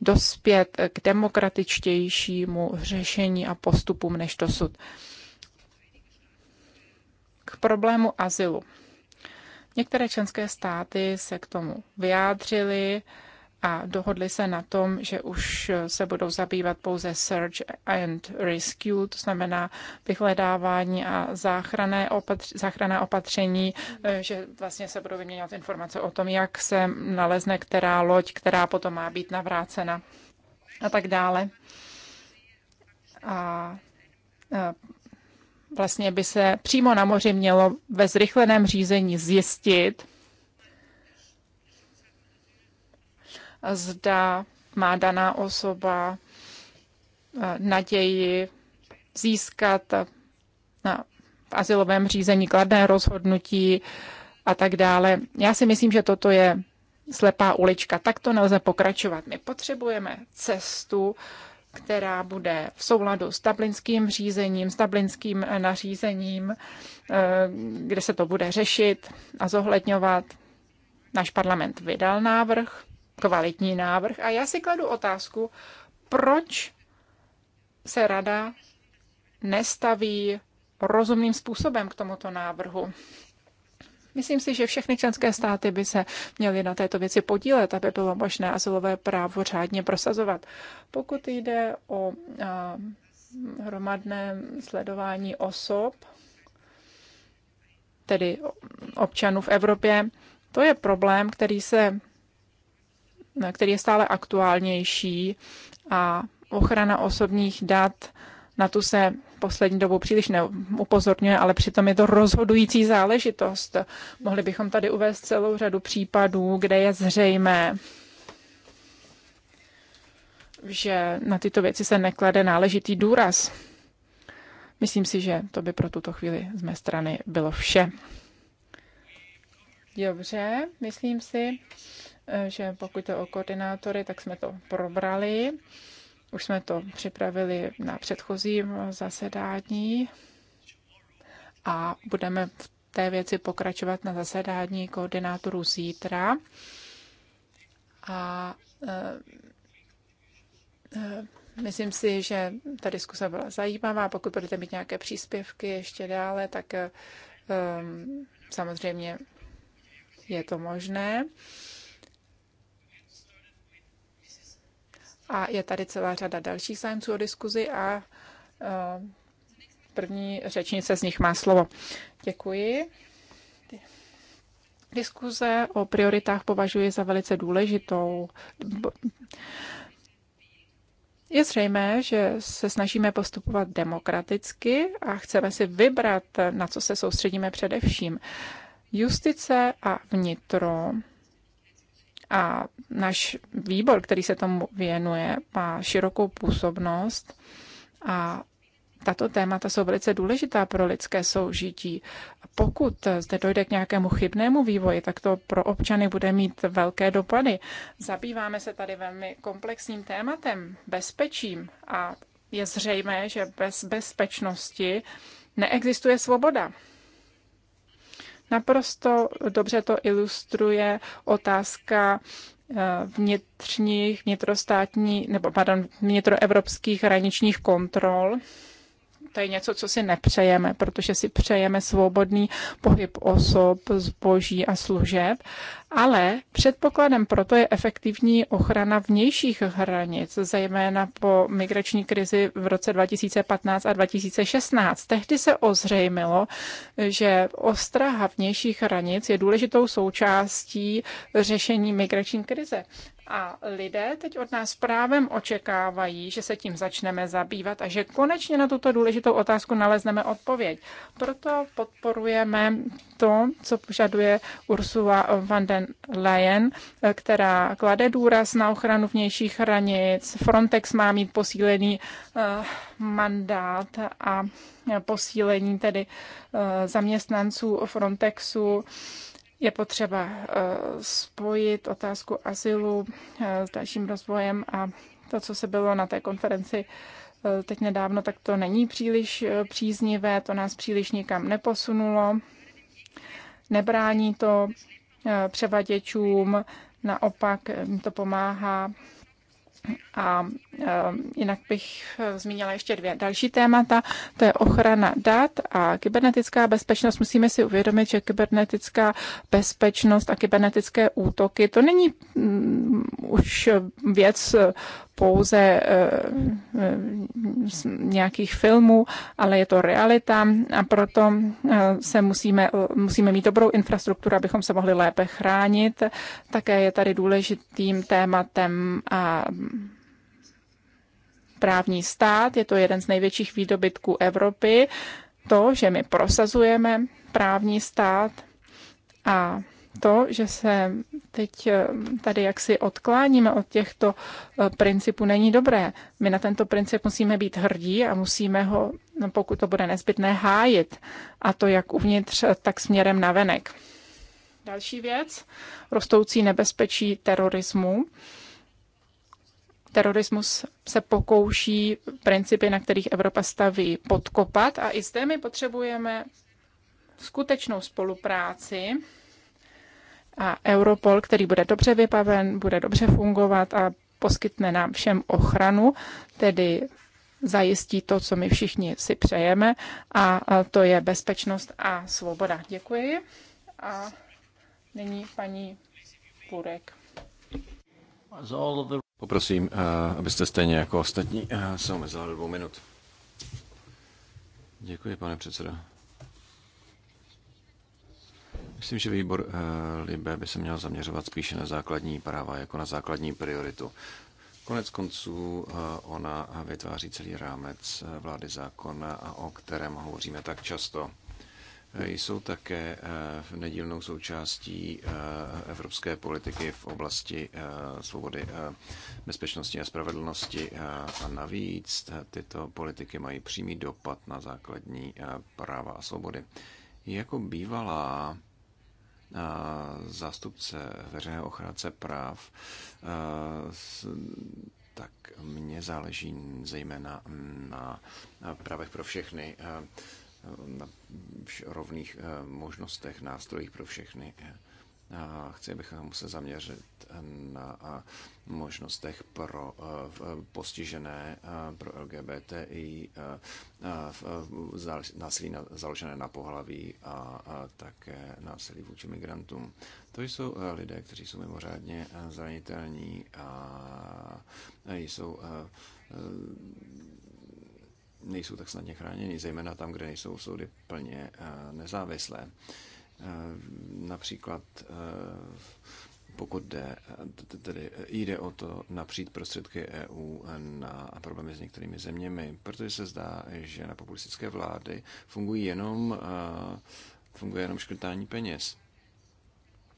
B: dospět k demokratičtějšímu řešení a postupům než dosud. K problému azylu. Některé členské státy se k tomu vyjádřily, a dohodli se na tom, že už se budou zabývat pouze search and rescue, to znamená vyhledávání a záchranné, opatř- záchrané opatření, eh, že vlastně se budou vyměňovat informace o tom, jak se nalezne která loď, která potom má být navrácena a tak dále. A eh, vlastně by se přímo na moři mělo ve zrychleném řízení zjistit, zda má daná osoba eh, naději získat eh, na, v asilovém řízení kladné rozhodnutí a tak dále. Já si myslím, že toto je slepá ulička. Tak to nelze pokračovat. My potřebujeme cestu, která bude v souladu s tablinským řízením, s tablinským eh, nařízením, kde se to bude řešit a zohledňovat. Náš parlament vydal návrh kvalitní návrh. A já si kladu otázku, proč se rada nestaví rozumným způsobem k tomuto návrhu. Myslím si, že všechny členské státy by se měly na této věci podílet, aby bylo možné asilové právo řádně prosazovat. Pokud jde o a, hromadné sledování osob, tedy občanů v Evropě, to je problém, který se který je stále aktuálnější a ochrana osobních dat, na tu se poslední dobou příliš neupozorňuje, ale přitom je to rozhodující záležitost. Mohli bychom tady uvést celou řadu případů, kde je zřejmé, že na tyto věci se neklade náležitý důraz. Myslím si, že to by pro tuto chvíli z mé strany bylo vše. Dobře, myslím si, že pokud to o koordinátory, tak jsme to probrali. Už jsme to připravili na předchozím zasedání a budeme v té věci pokračovat na zasedání koordinátorů zítra. A e, e, Myslím si, že ta diskuse byla zajímavá. Pokud budete mít nějaké příspěvky ještě dále, tak um, samozřejmě je to možné. A je tady celá řada dalších zájemců o diskuzi a eh, první řečnice z nich má slovo. Děkuji. Diskuze o prioritách považuji za velice důležitou. Je zřejmé, že se snažíme postupovat demokraticky a chceme si vybrat, na co se soustředíme především. Justice a vnitro a náš výbor, který se tomu věnuje, má širokou působnost a tato témata jsou velice důležitá pro lidské soužití. Pokud zde dojde k nějakému chybnému vývoji, tak to pro občany bude mít velké dopady. Zabýváme se tady velmi komplexním tématem, bezpečím a je zřejmé, že bez bezpečnosti neexistuje svoboda. Naprosto dobře to ilustruje otázka eh, vnitřních, vnitrostátní, nebo pardon, vnitroevropských hraničních kontrol. To je něco, co si nepřejeme, protože si přejeme svobodný pohyb osob, zboží a služeb, ale předpokladem proto je efektivní ochrana vnějších hranic, zejména po migrační krizi v roce 2015 a 2016. Tehdy se ozřejmilo, že ostraha vnějších hranic je důležitou součástí řešení migrační krize. A lidé teď od nás právem očekávají, že se tím začneme zabývat a že konečně na tuto důležitou otázku nalezneme odpověď. Proto podporujeme to, co požaduje Ursula von den Leyen, která klade důraz na ochranu vnějších hranic. Frontex má mít posílený eh, mandát a posílení tedy eh, zaměstnanců Frontexu je potřeba eh, spojit otázku asilu eh, s dalším rozvojem a to, co se bylo na té konferenci eh, teď nedávno, tak to není příliš příznivé, to nás příliš nikam neposunulo. Nebrání to převaděčům, naopak jim to pomáhá a Ehm, jinak bych eh, zmínila ještě dvě další témata. To je ochrana dat a kybernetická bezpečnost. Musíme si uvědomit, že kybernetická bezpečnost a kybernetické útoky, to není mm, už věc pouze eh, z nějakých filmů, ale je to realita a proto eh, se musíme, musíme mít dobrou infrastrukturu, abychom se mohli lépe chránit. Také je tady důležitým tématem a právní stát, je to jeden z největších výdobytků Evropy, to, že my prosazujeme právní stát a to, že se teď eh, tady jaksi odkláníme od těchto eh, principů, není dobré. My na tento princip musíme být hrdí a musíme ho, no, pokud to bude nezbytné, hájit. A to jak uvnitř, eh, tak směrem navenek. Další věc, rostoucí nebezpečí terorismu. Terorismus se pokouší principy, na kterých Evropa staví, podkopat a i zde my potřebujeme skutečnou spolupráci a Europol, který bude dobře vybaven, bude dobře fungovat a poskytne nám všem ochranu, tedy zajistí to, co my všichni si přejeme, a to je bezpečnost a svoboda. Děkuji. A nyní paní Purek.
C: Poprosím, eh, abyste stejně jako ostatní eh, se omezili do dvou minut. Děkuji, pane předsedo. Myslím, že výbor eh, Libe by se měl zaměřovat spíše na základní práva jako na základní prioritu. Konec konců ona vytváří celý rámec vlády zákona, o kterém hovoříme tak často. Eh, jsou také eh, nedílnou součástí eh, evropské politiky v oblasti svobody, bezpečnosti a spravedlnosti. A navíc tyto politiky mají přímý dopad na základní práva a svobody. Jako bývalá zástupce veřejného ochránce práv, tak mně záleží zejména na právech pro všechny. Eh, na rovných eh, možnostech, nástrojích pro všechny. A chci, abychom se zaměřit na eh, možnostech pro postižené, pro LGBTI, násilí založené na pohlaví a také násilí vůči migrantům. To jsou lidé, kteří jsou mimořádně zranitelní a jsou nejsou tak snadně chráněni, zejména tam, kde nejsou soudy plně eh, nezávislé. Eh, například eh, pokud jde, tedy jde o to napřít prostředky EU na problémy s některými zeměmi, protože se zdá, že na populistické vlády fungují jenom, funguje jenom škrtání peněz.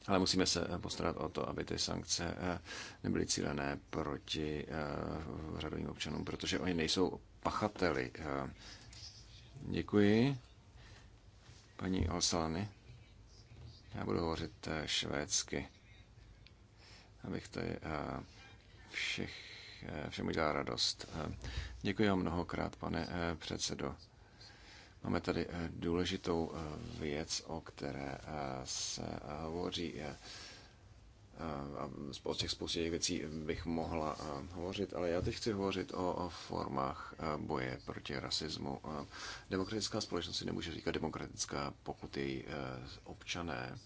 C: Ale musíme se postarat o to, aby ty sankce nebyly cílené proti řadovým občanům, protože oni nejsou pachateli. Eh, děkuji, paní Osalany. Já budu hovořit eh, švédsky, abych tady eh, všech, všem udělal radost. Děkuji vám mnohokrát, pane předsedo. Máme tady důležitou věc, o které se hovoří a o těch spoustě těch věcí bych mohla hovořit, ale já teď chci hovořit o formách boje proti rasismu. Demokratická společnost si nemůže říkat demokratická, pokud její e, občané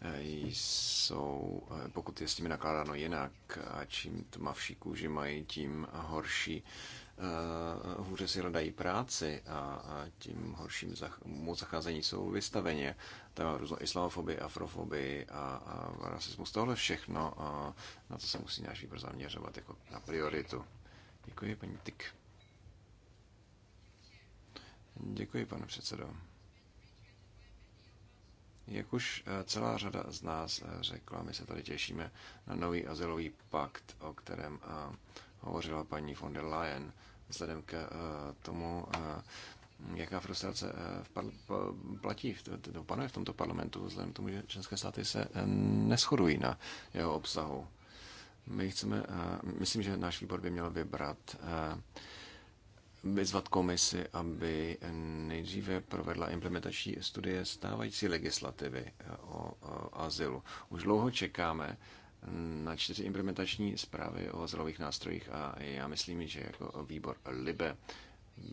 C: e, jsou, e, pokud je s nimi nakládáno jinak a čím tmavší kůži mají, tím horší hůře si hledají práci a tím horším zach- mu zacházení jsou vystaveně různou islamofobii, afrofobii a, a rasismus. Tohle všechno, a na to se musí náš výbor zaměřovat jako na prioritu. Děkuji, paní Tyk. Děkuji, pane předsedo. Jak už e, celá řada z nás e, řekla, my se tady těšíme na nový azylový pakt, o kterém e, hovořila paní von der Leyen. Vzhledem k tomu Mm, jaká frustrace eh, platí, v, t- panuje v tomto parlamentu, vzhledem k tomu, že členské státy se eh, neschodují na jeho obsahu. My chceme, eh, myslím, že náš výbor by měl vybrat vyzvat komisi, aby nejdříve provedla implementační studie stávající legislativy o, o azylu. Už dlouho čekáme mm, na čtyři implementační zprávy o azylových nástrojích a já myslím, že jako výbor LIBE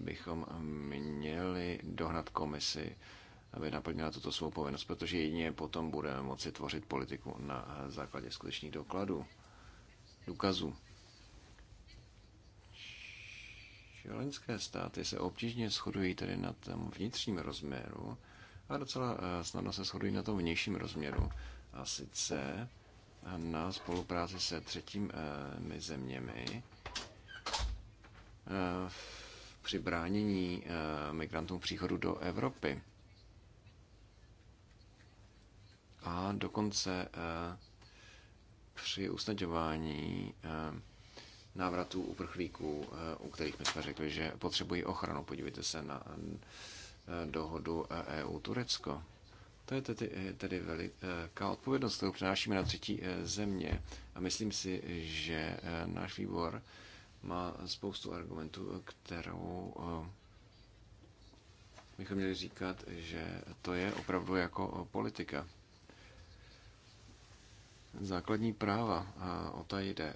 C: bychom měli dohnat komisi, aby naplnila tuto svou povinnost, protože jedině potom budeme moci tvořit politiku na základě skutečných dokladů, důkazů. Členské státy se obtížně shodují tedy na tom vnitřním rozměru a docela eh, snadno se shodují na tom vnějším rozměru. A sice na spolupráci se třetími eh, zeměmi eh, v při bránění eh, migrantům příchodu do Evropy. A dokonce eh, při usnadňování eh, návratů uprchlíků, u kterých my jsme řekli, že potřebují ochranu. Podívejte se na dohodu EU-Turecko. E to je tedy, tedy veliká odpovědnost, kterou přenášíme na třetí země. A myslím si, že náš výbor má spoustu argumentů, kterou eh, bychom měli říkat, že to je opravdu jako eh, politika. Základní práva, a eh, o ta jde.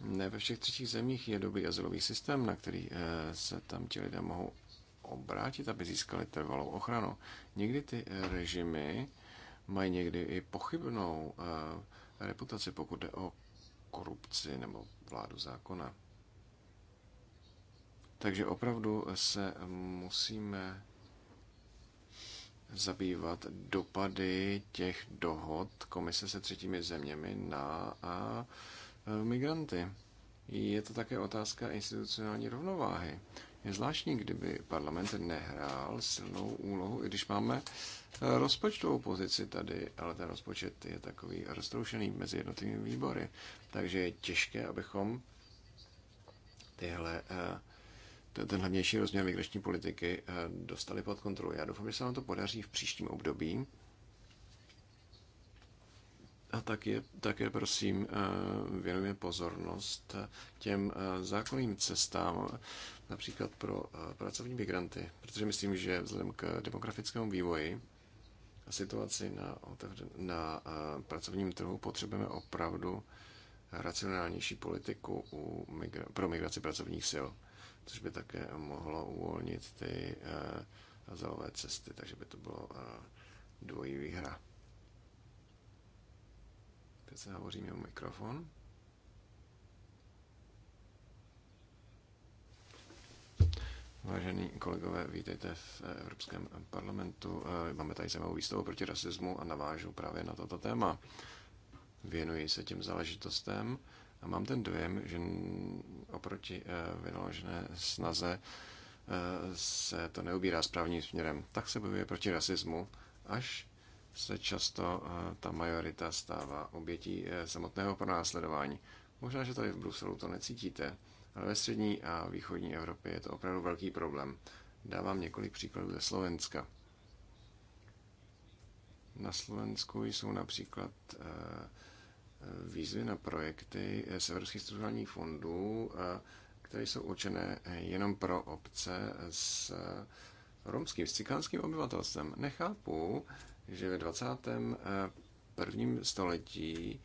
C: Ne ve všech třetích zemích je dobrý azylový systém, na který se tam ti lidé mohou obrátit, aby získali trvalou ochranu. Někdy ty režimy mají někdy i pochybnou uh, reputaci, pokud jde o korupci nebo vládu zákona. Takže opravdu se musíme zabývat dopady těch dohod komise se třetími zeměmi na a e, migranty. Je to také otázka institucionální rovnováhy. Je zvláštní, kdyby parlament nehrál silnou úlohu, i když máme eh, rozpočtovou pozici tady, ale ten rozpočet je takový roztroušený mezi jednotlivými výbory. Takže je těžké, abychom tyhle, eh, ten hlavnější rozměr migrační politiky eh, dostali pod kontrolu. Já doufám, že se nám to podaří v příštím období. A také, také prosím, věnujeme pozornost těm zákonným cestám například pro eh, pracovní migranty, protože myslím, že vzhledem k demografickému vývoji a situaci na, na eh, pracovním trhu potřebujeme opravdu racionálnější politiku u migra, pro migraci pracovních sil, což by také mohlo uvolnit ty eh, azylové cesty, takže by to bylo dvojí výhra. Teď se hovoříme o mikrofon. Vážení kolegové, vítejte v Evropském parlamentu. Eh, máme tady zajímavou výstavu proti rasismu a navážu právě na toto téma. Věnuji se těm záležitostem a mám ten dojem, že oproti eh, vynaložené snaze eh, se to neubírá správným směrem. Tak se bojuje proti rasismu, až se často ta majorita stává obětí samotného pronásledování. Možná, že tady v Bruselu to necítíte, ale ve střední a východní Evropě je to opravdu velký problém. Dávám několik příkladů ze Slovenska. Na Slovensku jsou například eh, eh, výzvy na projekty z Evropských strukturálních fondů, eh, které jsou určené jenom pro obce s romským, s cikánským obyvatelstvem. Nechápu, že ve 21. století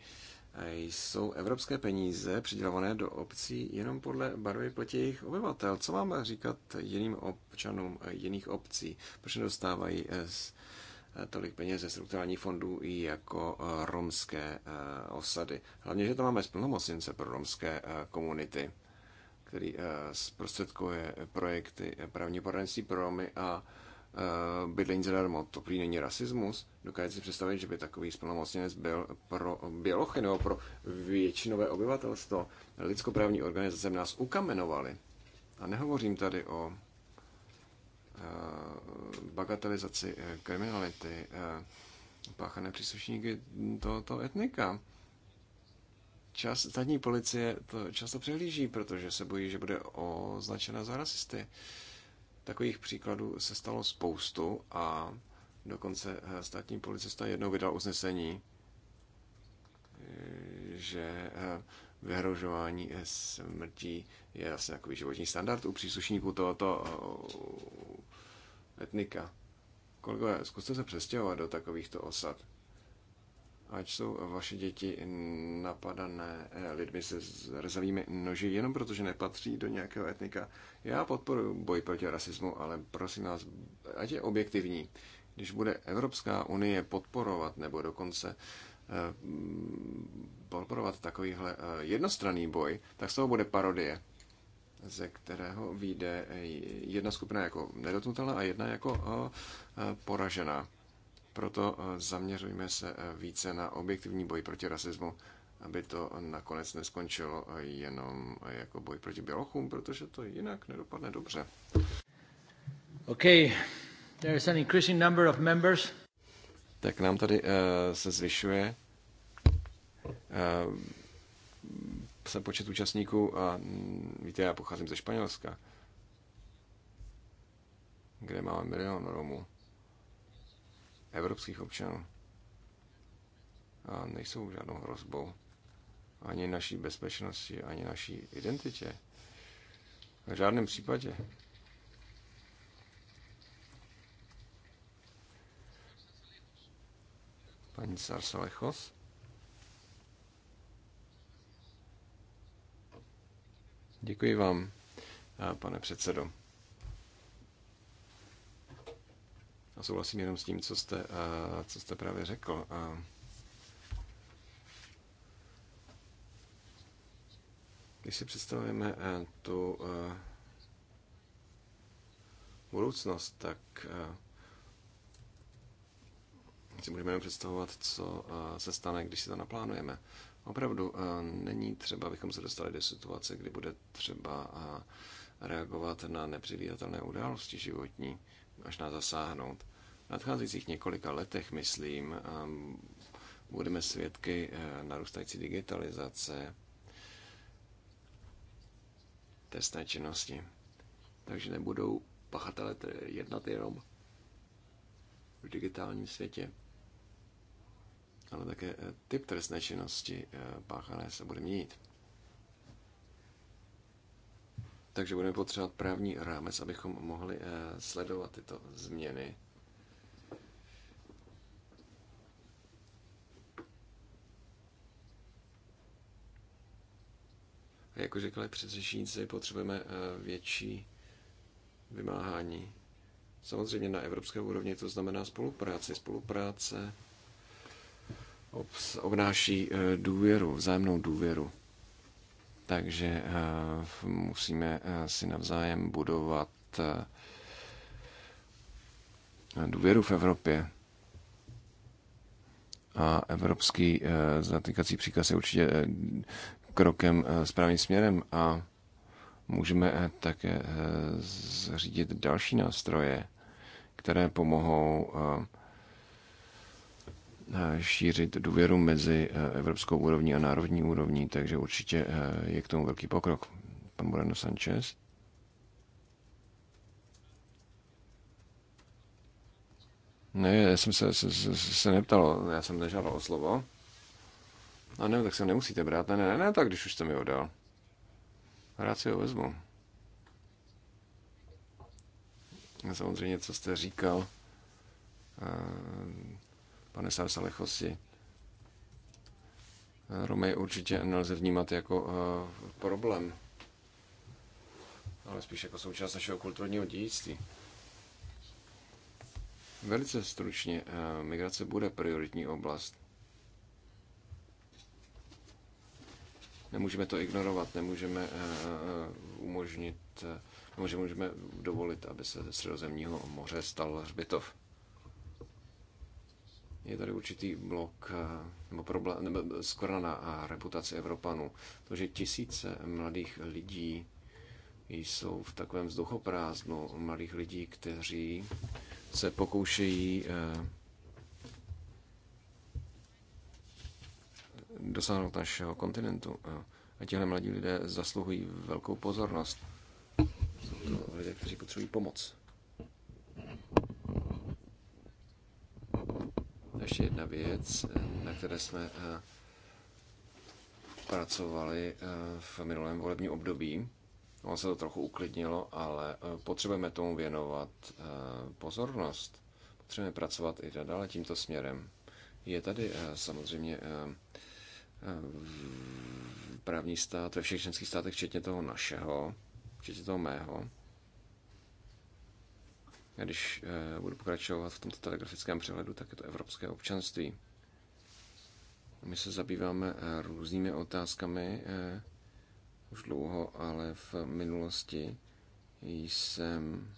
C: jsou evropské peníze přidělované do obcí jenom podle barvy pleti jejich obyvatel. Co mám říkat jiným občanům jiných obcí? Proč nedostávají eh, eh, tolik peněz ze strukturálních fondů i jako eh, romské osady? Hlavně, že to máme splnomocnice pro romské komunity, který zprostředkuje projekty právní poradenství pro Romy a Eh, bydlení zadarmo, to prý není rasismus. Dokážete si představit, že by takový splnomocněnec byl pro Bělochy nebo pro většinové obyvatelstvo. Lidskoprávní organizace v nás ukamenovaly. A nehovořím tady o eh, bagatelizaci eh, kriminality páchané příslušníky tohoto etnika. Čas, zadní policie to často přehlíží, protože se bojí, že bude označena za rasisty. Uh, Takových příkladů se stalo spoustu a dokonce eh, státní policista jednou vydal usnesení, eh, že eh, vyhrožování smrtí je vlastně takový životní standard u příslušníků tohoto etnika. Kolegové, zkuste se přestěhovat do takovýchto osad ať jsou vaše děti napadané eh, lidmi se zrzavými noži, jenom protože nepatří do nějakého etnika. Já podporuji boj proti rasismu, ale prosím vás, ať je objektivní. Když bude Evropská unie podporovat nebo dokonce eh, podporovat takovýhle eh, jednostranný boj, tak z toho bude parodie, ze kterého vyjde jedna skupina jako nedotnutelná a jedna jako poražená. Proto eh, zaměřujme se eh, více na objektivní boj proti rasismu, aby to nakonec neskončilo eh, jenom jako boj proti bělochům, protože to jinak nedopadne dobře. Okay. There is an increasing number of members. Tak nám tady uh, se zvyšuje uh, se počet účastníků a mm, víte, já pocházím ze Španělska, kde máme milion Romů evropských občanů a nejsou žádnou hrozbou ani naší bezpečnosti, ani naší identitě. V žádném případě. Paní Sarsalechos. Děkuji vám, pane předsedo. A souhlasím jenom s tím, co jste, eh, co jste právě řekl. Když si představujeme eh, tu eh, budoucnost, tak si můžeme představovat, co se stane, když si to naplánujeme. Opravdu není třeba, abychom se dostali do situace, kdy bude třeba reagovat na nepředvídatelné události životní, až nás zasáhnout nadcházejících několika letech, myslím, um, budeme svědky eh, narůstající digitalizace testné činnosti. Takže nebudou pachatelé jednat jenom v digitálním světě, ale také eh, typ trestné činnosti eh, páchané se bude měnit. Takže budeme potřebovat právní rámec, abychom mohli sledovat tyto změny jako řekli předřečníci, potřebujeme eh, větší vymáhání. Samozřejmě na evropské úrovni to znamená spolupráci. Spolupráce obnáší eh, důvěru, vzájemnou důvěru. Takže eh, musíme si navzájem budovat důvěru v Evropě. A evropský zatýkací příkaz je určitě krokem eh, správným směrem a můžeme eh, také eh, zřídit další nástroje, které pomohou šířit důvěru mezi evropskou úrovní a národní úrovní, takže určitě je k tomu velký pokrok. Pan Moreno Sanchez. Ne, já jsem se, se, se, se neptal, já jsem nežádal o slovo. A no ne, tak se nemusíte brát. Ne, ne, ne, tak když už jste mi ho dal. Rád si ho vezmu. Samozřejmě, co jste říkal, eh, pane Sarsalechosi, eh, Romej určitě nelze vnímat jako eh, problém, ale spíš jako součást našeho kulturního dědictví. Velice stručně, migrace bude prioritní oblast Nemůžeme to ignorovat, nemůžeme eh, eh, umožnit, eh, nemůžeme, můžeme dovolit, aby se ze středozemního moře stal hřbitov. Je tady určitý blok nebo problém, nebo skoro na reputaci Evropanů. To, že tisíce mladých lidí jsou v takovém vzduchoprázdnu, mladých lidí, kteří se pokoušejí dosáhnout našeho kontinentu. A těhle mladí lidé zasluhují velkou pozornost. Jsou to lidé, kteří potřebují pomoc. Ještě jedna věc, na které jsme pracovali v minulém volebním období. Ono se to trochu uklidnilo, ale potřebujeme tomu věnovat pozornost. Potřebujeme pracovat i nadále tímto směrem. Je tady samozřejmě právní stát ve všech členských státech, včetně toho našeho, včetně toho mého. A když eh, budu pokračovat v tomto telegrafickém přehledu, tak je to evropské občanství. My se zabýváme eh, různými otázkami eh, už dlouho, ale v minulosti jsem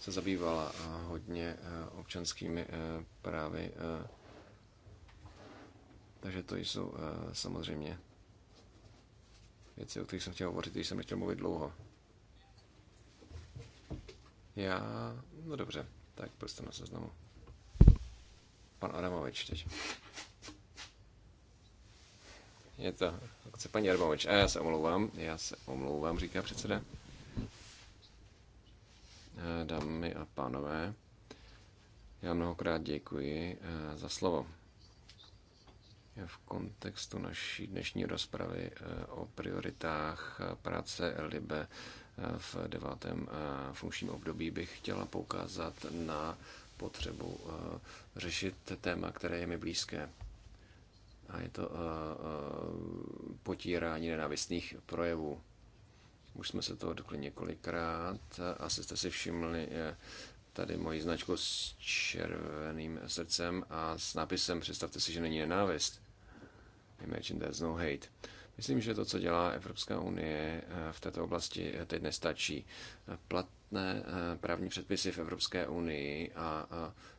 C: se zabývala hodně občanskými právy takže to jsou eh, samozřejmě věci, o kterých jsem chtěl hovořit, když jsem nechtěl mluvit dlouho. Já, no dobře, tak prostě na seznamu. Pan Adamovič teď. Je to, chce paní Adamovič. A já se omlouvám, já se omlouvám, říká předseda. Eh, dámy a pánové, já mnohokrát děkuji eh, za slovo v kontextu naší dnešní rozpravy eh, o prioritách práce LIBE eh, v devátém eh, funkčním období bych chtěla poukázat na potřebu řešit téma, které je mi blízké. A je to potírání nenávistných projevů. Už jsme se toho dotkli několikrát. Asi jste si všimli tady moji značku s červeným srdcem a s nápisem Představte si, že není nenávist. Imagine there's no hate. Myslím, že to, co dělá Evropská unie eh, v této oblasti, eh, teď nestačí. Platné eh, právní předpisy v Evropské unii a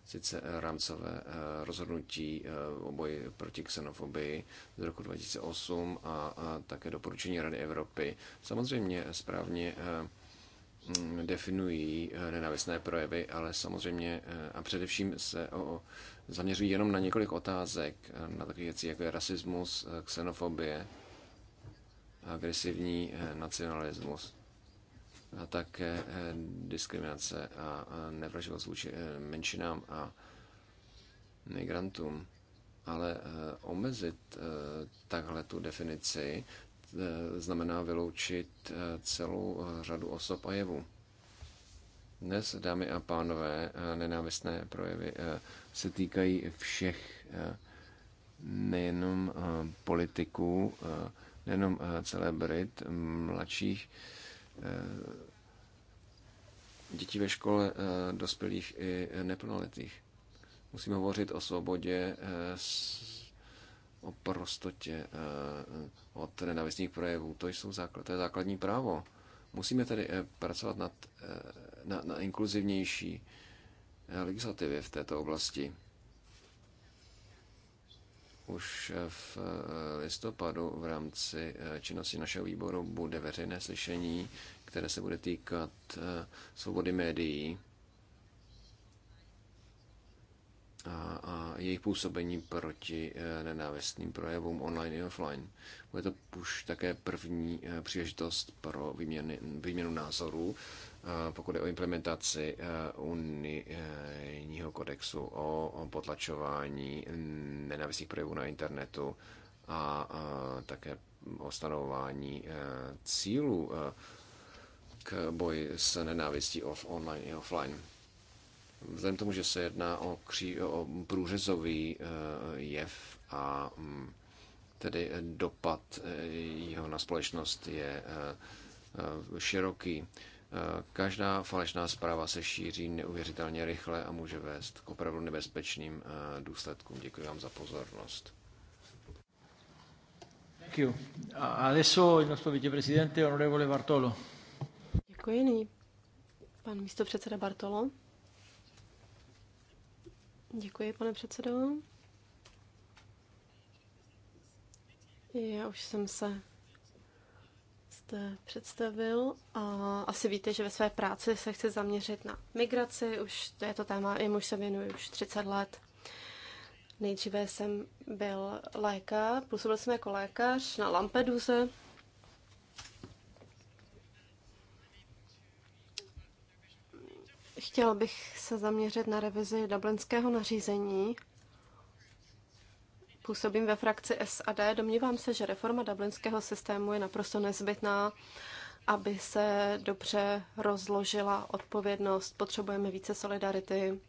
C: sice rámcové rozhodnutí o boji proti xenofobii z roku 2008 a také doporučení Rady Evropy. Samozřejmě správně definují eh, nenávistné projevy, ale samozřejmě eh, a především se o, zaměřují jenom na několik otázek, eh, na takové věci, jako je rasismus, xenofobie, agresivní nacionalismus a také diskriminace a nevraživost vůči menšinám a migrantům. Ale omezit takhle tu definici, Eh, znamená vyloučit eh, celou eh, řadu osob a jevů. Dnes, dámy a pánové, nenávistné projevy se týkají všech, nejenom politiků, nejenom celebrit, mladších dětí ve škole, dospělých i neplnoletých. Musíme hovořit o svobodě o prostotě eh, od nenavistných projevů. To, jsou základ, to je základní právo. Musíme tedy eh, pracovat nad, eh, na, na inkluzivnější legislativě v této oblasti. Už v listopadu v rámci činnosti našeho výboru bude veřejné slyšení, které se bude týkat svobody médií a, a jejich působení proti eh, nenávistným projevům online i offline. Bude to už také první eh, příležitost pro výměny, výměnu názorů, eh, pokud je o implementaci unijního kodexu o potlačování nenávistných projevů na internetu a také o stanovování cílů k boji s nenávistí off, online i offline. Vzhledem tomu, že se jedná o, kří, o průřezový eh, jev a mm, tedy dopad eh, jeho na společnost je eh, široký. Každá falešná zpráva se šíří neuvěřitelně rychle a může vést k opravdu nebezpečným důsledkům. Děkuji vám za pozornost. Děkuji. Bartolo.
A: Nyní pan místo předseda Bartolo. Děkuji, pane předsedo. Já už jsem se jste představil a asi víte, že ve své práci se chci zaměřit na migraci, už to je to téma, jim už se věnuji už 30 let. Nejdříve jsem byl lékař, působil jsem jako lékař na Lampeduze, Chtěl bych se zaměřit na revizi dublinského nařízení. Působím ve frakci SAD. Domnívám se, že reforma dublinského systému je naprosto nezbytná, aby se dobře rozložila odpovědnost. Potřebujeme více solidarity.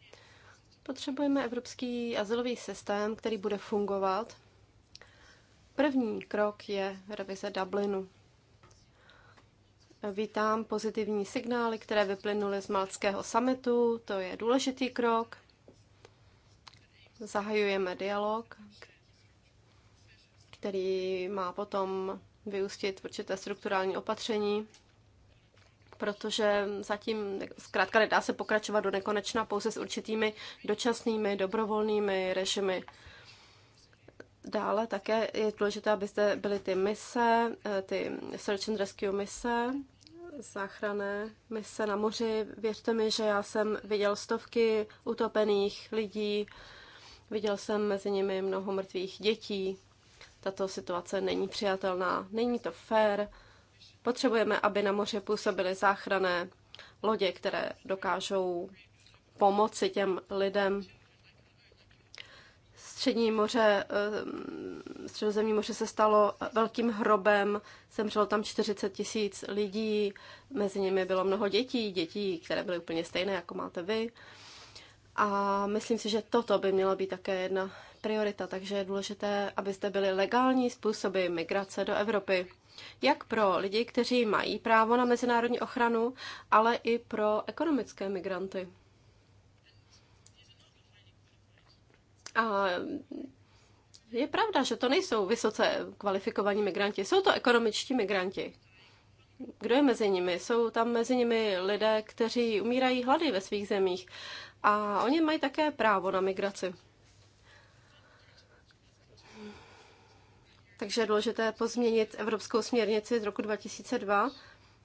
A: Potřebujeme evropský azylový systém, který bude fungovat. První krok je revize Dublinu. Vítám pozitivní signály, které vyplynuly z Malckého summitu. To je důležitý krok. Zahajujeme dialog, který má potom vyústit určité strukturální opatření, protože zatím zkrátka nedá se pokračovat do nekonečna pouze s určitými dočasnými, dobrovolnými režimy. Dále také je důležité, aby zde byly ty mise, eh, ty search and rescue mise, záchrané mise na moři. Věřte mi, že já jsem viděl stovky utopených lidí, viděl jsem mezi nimi mnoho mrtvých dětí. Tato situace není přijatelná, není to fér. Potřebujeme, aby na moře působily záchrané lodě, které dokážou pomoci těm lidem. Střední moře, eh, středozemní moře se stalo velkým hrobem, zemřelo tam 40 tisíc lidí, mezi nimi bylo mnoho dětí, dětí, které byly úplně stejné, jako máte vy. A myslím si, že toto by měla být také jedna priorita, takže je důležité, abyste byli legální způsoby migrace do Evropy. Jak pro lidi, kteří mají právo na mezinárodní ochranu, ale i pro ekonomické migranty. A je pravda, že to nejsou vysoce kvalifikovaní migranti, jsou to ekonomičtí migranti. Kdo je mezi nimi? Jsou tam mezi nimi lidé, kteří umírají hlady ve svých zemích a oni mají také právo na migraci. Takže je důležité pozměnit Evropskou směrnici z roku 2002,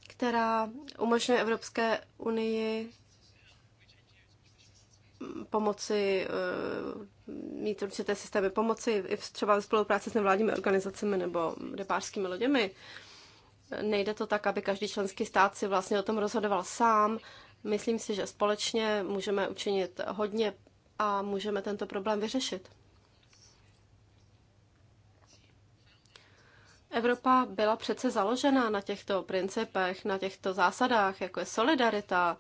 A: která umožňuje Evropské unii pomoci, eh, mít určité systémy pomoci, i třeba ve spolupráci s nevládními organizacemi nebo rybářskými loděmi. Nejde to tak, aby každý členský stát si vlastně o tom rozhodoval sám. Myslím si, že společně můžeme učinit hodně a můžeme tento problém vyřešit. Evropa byla přece založena na těchto principech, na těchto zásadách, jako je solidarita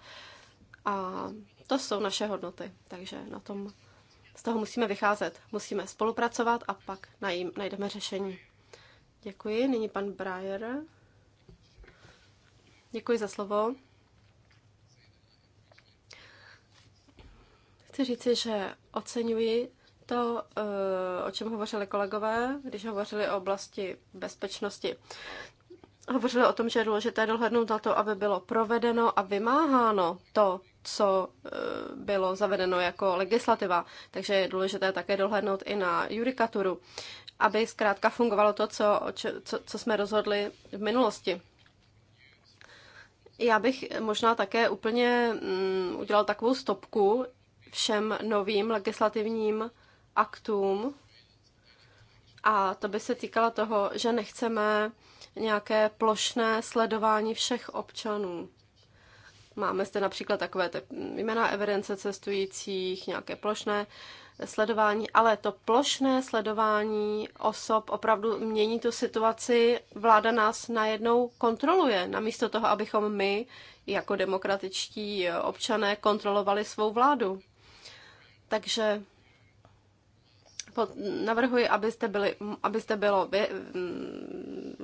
A: a to jsou naše hodnoty, takže na tom z toho musíme vycházet. Musíme spolupracovat a pak najím, najdeme řešení. Děkuji. Nyní pan Breyer. Děkuji za slovo. Chci říci, že oceňuji to, eh, o čem hovořili kolegové, když hovořili o oblasti bezpečnosti. Hovořili o tom, že je důležité dohlednout na to, aby bylo provedeno a vymáháno to, co eh, bylo zavedeno jako legislativa, takže je důležité také dohlednout i na judikaturu, aby zkrátka fungovalo to, co, co, co jsme rozhodli v minulosti. Já bych možná také úplně mm, udělal takovou stopku všem novým legislativním aktům. A to by se týkalo toho, že nechceme nějaké plošné sledování všech občanů. Máme zde například takové te jména evidence cestujících, nějaké plošné sledování, ale to plošné sledování osob opravdu mění tu situaci. Vláda nás najednou kontroluje, namísto toho, abychom my, jako demokratičtí občané, kontrolovali svou vládu. Takže navrhuji, abyste, byli, abyste bylo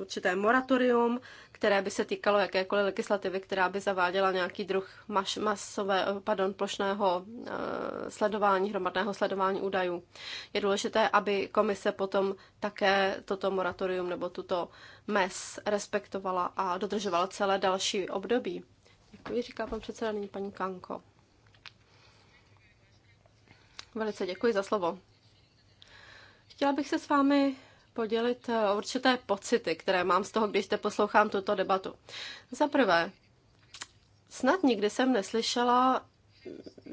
A: určité moratorium, které by se týkalo jakékoliv legislativy, která by zaváděla nějaký druh mas, masové, pardon, plošného eh, sledování, hromadného sledování údajů. Je důležité, aby komise potom také toto moratorium nebo tuto mes respektovala a dodržovala celé další období. Děkuji, říká pan předseda, nyní paní Kanko. Velice děkuji za slovo. Chtěla bych se s vámi podělit eh, určité pocity, které mám z toho, když te poslouchám tuto debatu. Za prvé, snad nikdy jsem neslyšela,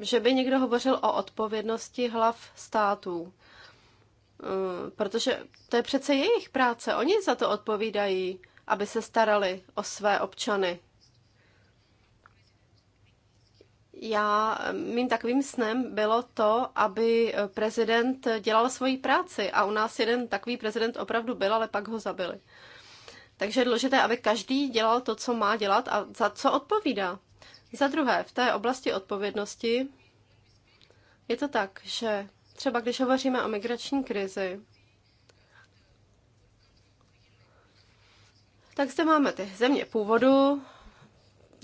A: že by někdo hovořil o odpovědnosti hlav států. Eh, protože to je přece jejich práce. Oni za to odpovídají, aby se starali o své občany, já, mým takovým snem bylo to, aby prezident dělal svoji práci a u nás jeden takový prezident opravdu byl, ale pak ho zabili. Takže je důležité, aby každý dělal to, co má dělat a za co odpovídá. Za druhé, v té oblasti odpovědnosti je to tak, že třeba když hovoříme o migrační krizi, tak zde máme ty země původu,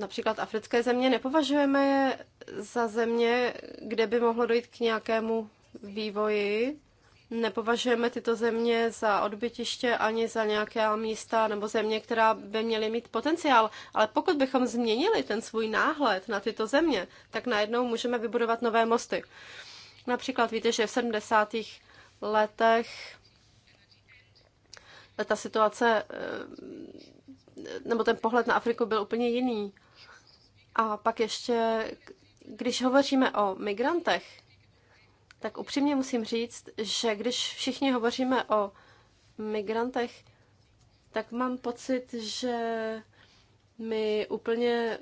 A: například africké země, nepovažujeme je za země, kde by mohlo dojít k nějakému vývoji. Nepovažujeme tyto země za odbytiště ani za nějaké místa nebo země, která by měly mít potenciál. Ale pokud bychom změnili ten svůj náhled na tyto země, tak najednou můžeme vybudovat nové mosty. Například víte, že v 70. letech eh, ta situace eh, nebo ten pohled na Afriku byl úplně jiný. A pak ještě, když hovoříme o migrantech, tak upřímně musím říct, že když všichni hovoříme o migrantech, tak mám pocit, že my úplně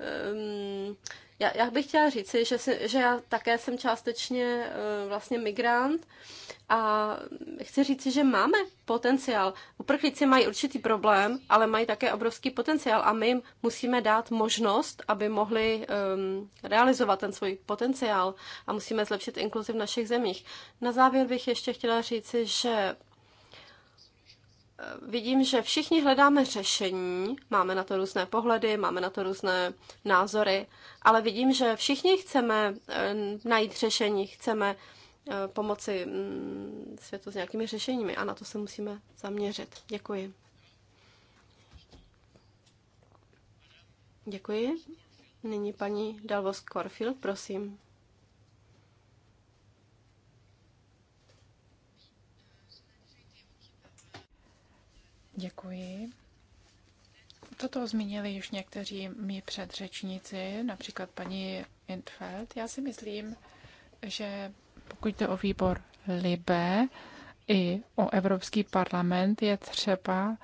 A: um, já, já bych chtěla říct, že, si, že já také jsem částečně eh, vlastně migrant a chci říct, že máme potenciál. Uprchlíci mají určitý problém, ale mají také obrovský potenciál a my jim musíme dát možnost, aby mohli um, realizovat ten svůj potenciál a musíme zlepšit inkluzi v našich zemích. Na závěr bych ještě chtěla říct, že vidím, že všichni hledáme řešení, máme na to různé pohledy, máme na to různé názory, ale vidím, že všichni chceme eh, najít řešení, chceme eh, pomoci mm, světu s nějakými řešeními a na to se musíme zaměřit. Děkuji. Děkuji. Nyní paní Dalvos Corfield, prosím.
B: Děkuji. Toto zmínili již někteří mý předřečníci, například paní Intfeld. Já si myslím, že pokud jde o výbor Libe i o Evropský parlament, je třeba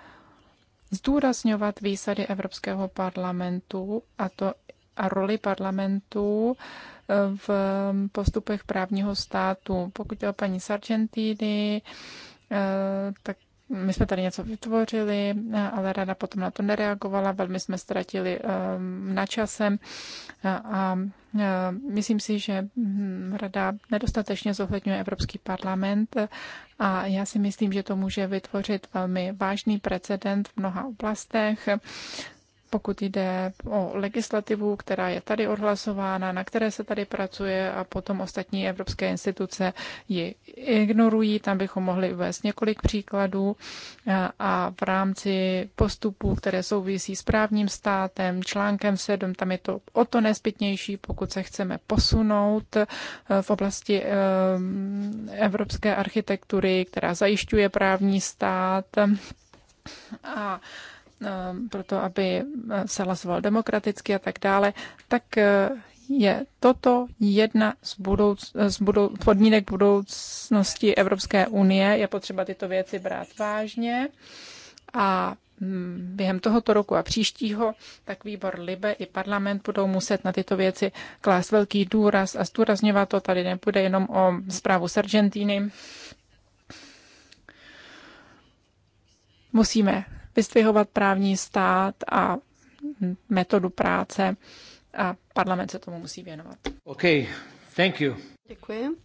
B: zdůrazňovat výsady Evropského parlamentu a to a roli parlamentu eh, v postupech právního státu. Pokud jde o paní Sargentini, eh, tak my jsme tady něco vytvořili, eh, ale rada potom na to nereagovala, velmi jsme ztratili eh, na časem eh, a myslím si, že hm, rada nedostatečně zohledňuje Evropský parlament a já si myslím, že to může vytvořit velmi vážný precedent v mnoha oblastech pokud jde o legislativu, která je tady odhlasována, na které se tady pracuje a potom ostatní evropské instituce ji ignorují. Tam bychom mohli uvést několik příkladů a v rámci postupů, které souvisí s právním státem, článkem 7, tam je to o to nezbytnější, pokud se chceme posunout eh, v oblasti eh, evropské architektury, která zajišťuje právní stát a Um, proto aby eh, se hlasoval demokraticky a tak dále, tak eh, je toto jedna z, budouc, eh, z budou, podmínek budoucnosti Evropské unie. Je potřeba tyto věci brát vážně a mm, během tohoto roku a příštího, tak výbor Libe i parlament budou muset na tyto věci klást velký důraz a zdůrazňovat to. Tady nepůjde jenom o zprávu z Argentíny. Musíme vystvihovat právní stát a metodu práce a parlament se tomu musí věnovat.
C: OK, thank you.
A: Děkuji.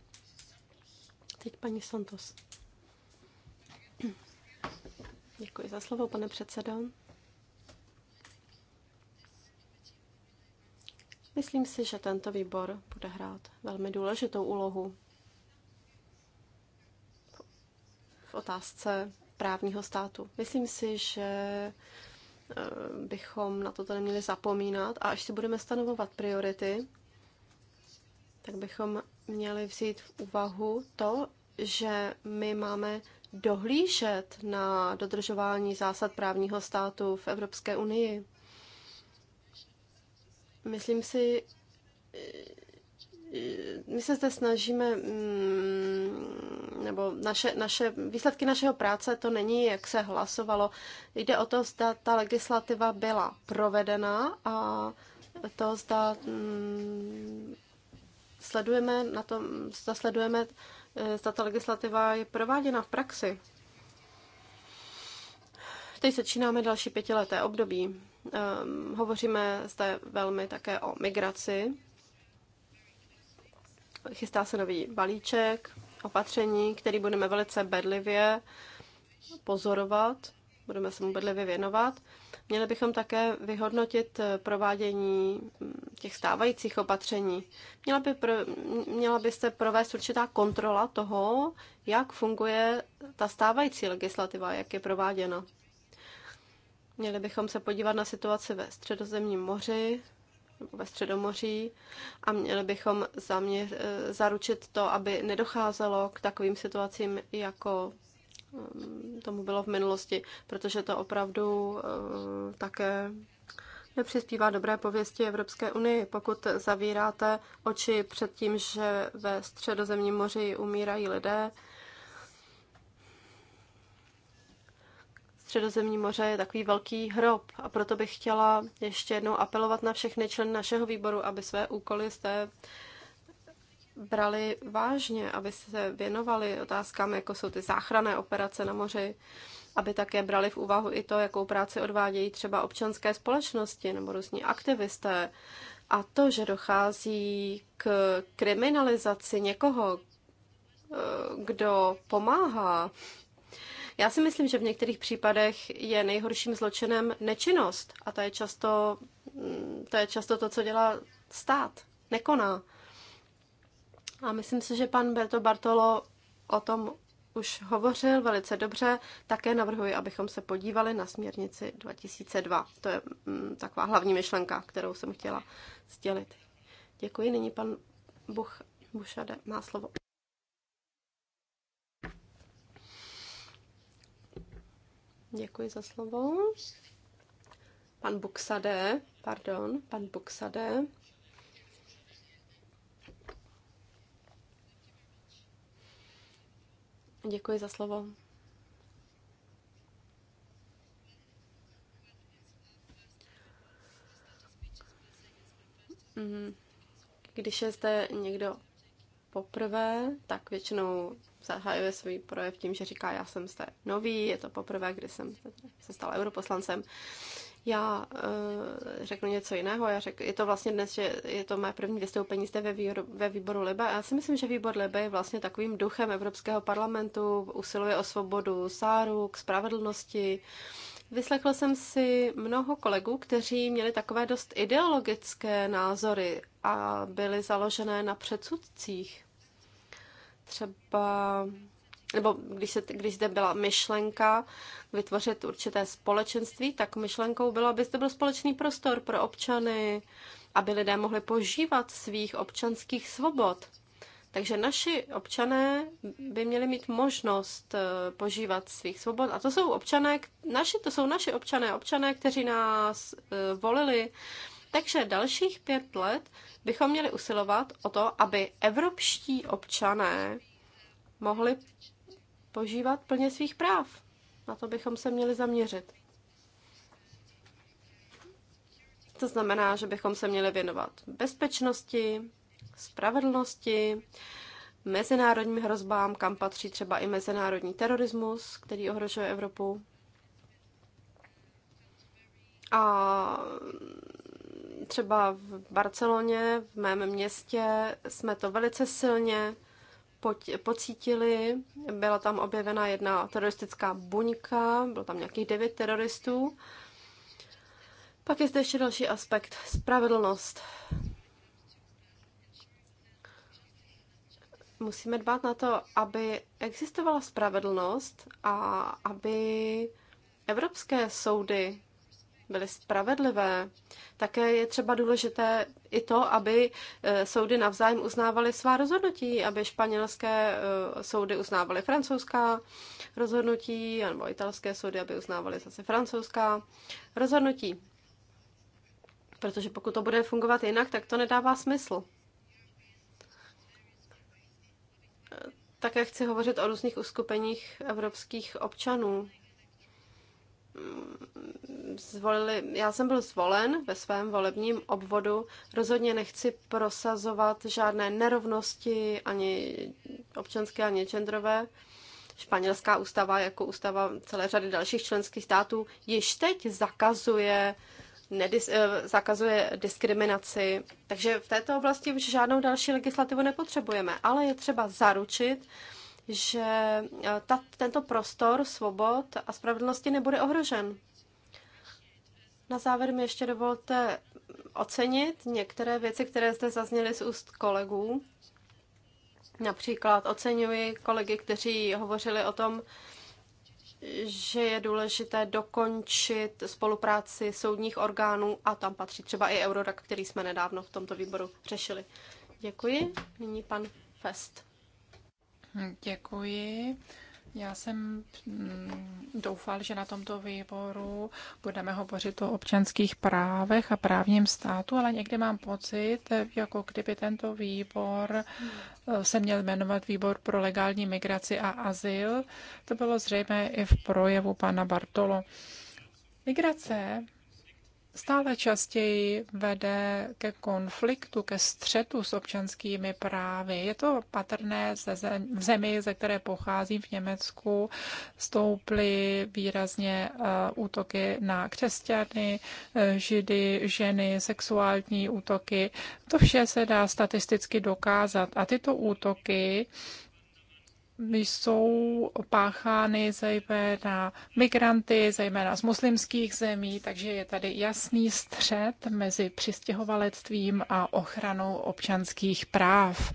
A: Teď paní Santos. Děkuji za slovo, pane předsedo. Myslím si, že tento výbor bude hrát velmi důležitou úlohu v otázce právního státu. Myslím si, že eh, bychom na toto neměli zapomínat a až si budeme stanovovat priority, tak bychom měli vzít v úvahu to, že my máme dohlížet na dodržování zásad právního státu v Evropské unii. Myslím si, eh, my se zde snažíme mm, nebo naše, naše, výsledky našeho práce, to není, jak se hlasovalo. Jde o to, zda ta legislativa byla provedena a to, zda mm, sledujeme na tom, zda sledujeme, eh, zda ta legislativa je prováděna v praxi. Teď začínáme další pětileté období. Um, hovoříme zde velmi také o migraci. Chystá se nový balíček, opatření, který budeme velice bedlivě pozorovat, budeme se mu bedlivě věnovat. Měli bychom také vyhodnotit eh, provádění mm, těch stávajících opatření. Měla, by pro, měla byste provést určitá kontrola toho, jak funguje ta stávající legislativa, jak je prováděna. Měli bychom se podívat na situaci ve Středozemním moři, ve Středomoří a měli bychom zaměř, eh, zaručit to, aby nedocházelo k takovým situacím, jako mm, tomu bylo v minulosti, protože to opravdu eh, také nepřispívá dobré pověsti Evropské unii, pokud zavíráte oči před tím, že ve středozemním moři umírají lidé, Středozemní moře je takový velký hrob a proto bych chtěla ještě jednou apelovat na všechny členy našeho výboru, aby své úkoly jste brali vážně, aby se věnovali otázkám, jako jsou ty záchranné operace na moři, aby také brali v úvahu i to, jakou práci odvádějí třeba občanské společnosti nebo různí aktivisté. A to, že dochází k kriminalizaci někoho, eh, kdo pomáhá já si myslím, že v některých případech je nejhorším zločinem nečinnost a to je často mm, to, je často to co dělá stát, nekoná. A myslím si, že pan Berto Bartolo o tom už hovořil velice dobře. Také navrhuji, abychom se podívali na směrnici 2002. To je mm, taková hlavní myšlenka, kterou jsem chtěla sdělit. Děkuji. Nyní pan Buch, Bušade má slovo. Děkuji za slovo. Pan Buxade, pardon, pan Buxade. Děkuji za slovo. Mhm. Když je zde někdo poprvé, tak většinou zahajuje svůj projev tím, že říká, já jsem zde nový, je to poprvé, kdy jsem se stal europoslancem. Já uh, řeknu něco jiného. Já řek, je to vlastně dnes, že je to moje první vystoupení zde ve, výro, ve výboru Libe. A já si myslím, že výbor Libe je vlastně takovým duchem Evropského parlamentu, usiluje o svobodu sáru, k spravedlnosti. Vyslechl jsem si mnoho kolegů, kteří měli takové dost ideologické názory a byly založené na předsudcích třeba, nebo když, se, když zde byla myšlenka vytvořit určité společenství, tak myšlenkou bylo, aby zde byl společný prostor pro občany, aby lidé mohli požívat svých občanských svobod. Takže naši občané by měli mít možnost eh, požívat svých svobod. A to jsou občané, naši, to jsou naši občané, občané, kteří nás eh, volili, takže dalších pět let bychom měli usilovat o to, aby evropští občané mohli požívat plně svých práv. Na to bychom se měli zaměřit. To znamená, že bychom se měli věnovat bezpečnosti, spravedlnosti, mezinárodním hrozbám, kam patří třeba i mezinárodní terorismus, který ohrožuje Evropu. A třeba v Barceloně, v mém městě, jsme to velice silně pocítili. Byla tam objevena jedna teroristická buňka, bylo tam nějakých devět teroristů. Pak je zde ještě další aspekt, spravedlnost. Musíme dbát na to, aby existovala spravedlnost a aby evropské soudy byly spravedlivé. Také je třeba důležité i to, aby eh, soudy navzájem uznávaly svá rozhodnutí, aby španělské eh, soudy uznávaly francouzská rozhodnutí, nebo italské soudy, aby uznávaly zase francouzská rozhodnutí. Protože pokud to bude fungovat jinak, tak to nedává smysl. Také chci hovořit o různých uskupeních evropských občanů zvolili, já jsem byl zvolen ve svém volebním obvodu. Rozhodně nechci prosazovat žádné nerovnosti, ani občanské, ani genderové. Španělská ústava, jako ústava celé řady dalších členských států, již teď zakazuje, nedis, eh, zakazuje diskriminaci. Takže v této oblasti už žádnou další legislativu nepotřebujeme, ale je třeba zaručit, že eh, ta, tento prostor svobod a spravedlnosti nebude ohrožen. Na závěr mi ještě dovolte ocenit některé věci, které zde zazněly z úst kolegů. Například oceňuji kolegy, kteří hovořili o tom, že je důležité dokončit spolupráci soudních orgánů a tam patří třeba i Eurodac, který jsme nedávno v tomto výboru řešili. Děkuji. Nyní pan Fest.
B: Děkuji. Já jsem mm, doufal, že na tomto výboru budeme hovořit o občanských právech a právním státu, ale někdy mám pocit, jako kdyby tento výbor eh, se měl jmenovat Výbor pro legální migraci a azyl. To bylo zřejmé i v projevu pana Bartolo. Migrace stále častěji vede ke konfliktu, ke střetu s občanskými právy. Je to patrné v zemi, ze které pocházím v Německu. Stouply výrazně eh, útoky na křesťany, eh, židy, ženy, sexuální útoky. To vše se dá statisticky dokázat. A tyto útoky jsou páchány zejména migranty, zejména z muslimských zemí, takže je tady jasný střed mezi přistěhovalectvím a ochranou občanských práv.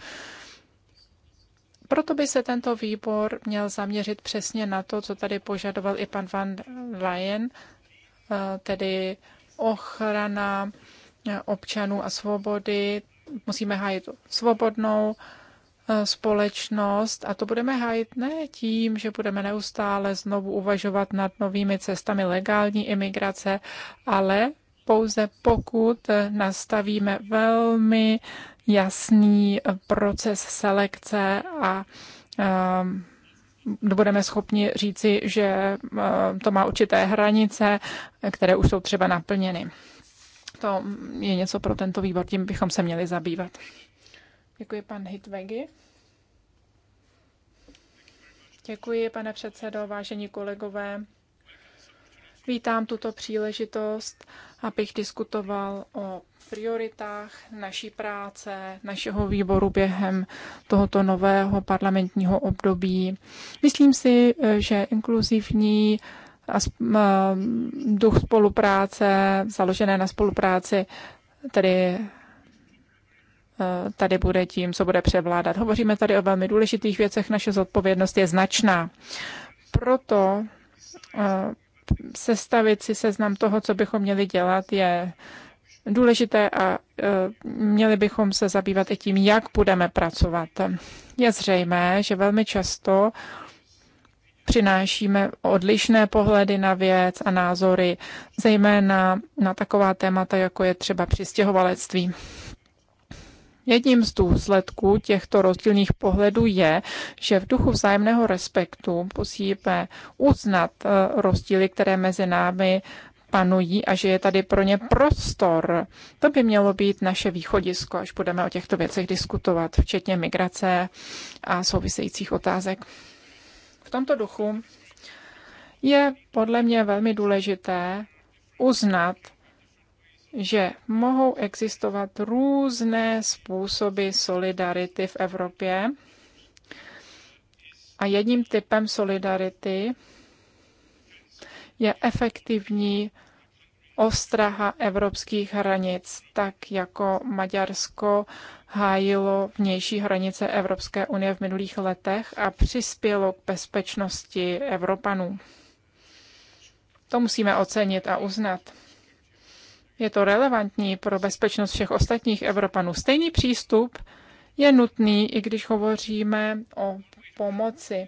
B: Proto by se tento výbor měl zaměřit přesně na to, co tady požadoval i pan Van Leyen, eh, tedy ochrana eh, občanů a svobody. Musíme hájit svobodnou Eh, společnost a to budeme hájit ne tím, že budeme neustále znovu uvažovat nad novými cestami legální imigrace, ale pouze pokud eh, nastavíme velmi jasný eh, proces selekce a ehm, budeme schopni říci, že to má určité hranice, které už jsou třeba naplněny. To je něco pro tento výbor, tím bychom se měli zabývat. Děkuji, pan Hitvegi. Děkuji, pane předsedo, vážení kolegové. Vítám tuto příležitost, abych diskutoval o prioritách naší práce, našeho výboru během tohoto nového parlamentního období. Myslím si, že inkluzivní duch spolupráce, založené na spolupráci, tedy tady bude tím, co bude převládat. Hovoříme tady o velmi důležitých věcech, naše zodpovědnost je značná. Proto eh, sestavit si seznam toho, co bychom měli dělat, je důležité a eh, měli bychom se zabývat i tím, jak budeme pracovat. Je zřejmé, že velmi často přinášíme odlišné pohledy na věc a názory, zejména na taková témata, jako je třeba přistěhovalectví. Jedním z důsledků těchto rozdílných pohledů je, že v duchu vzájemného respektu musíme uznat eh, rozdíly, které mezi námi panují a že je tady pro ně prostor. To by mělo být naše východisko, až budeme o těchto věcech diskutovat, včetně migrace a souvisejících otázek. V tomto duchu je podle mě velmi důležité uznat že mohou existovat různé způsoby solidarity v Evropě. A jedním typem solidarity je efektivní ostraha evropských hranic, tak jako Maďarsko hájilo vnější hranice Evropské unie v minulých letech a přispělo k bezpečnosti Evropanů. To musíme ocenit a uznat je to relevantní pro bezpečnost všech ostatních Evropanů. Stejný přístup je nutný, i když hovoříme o pomoci.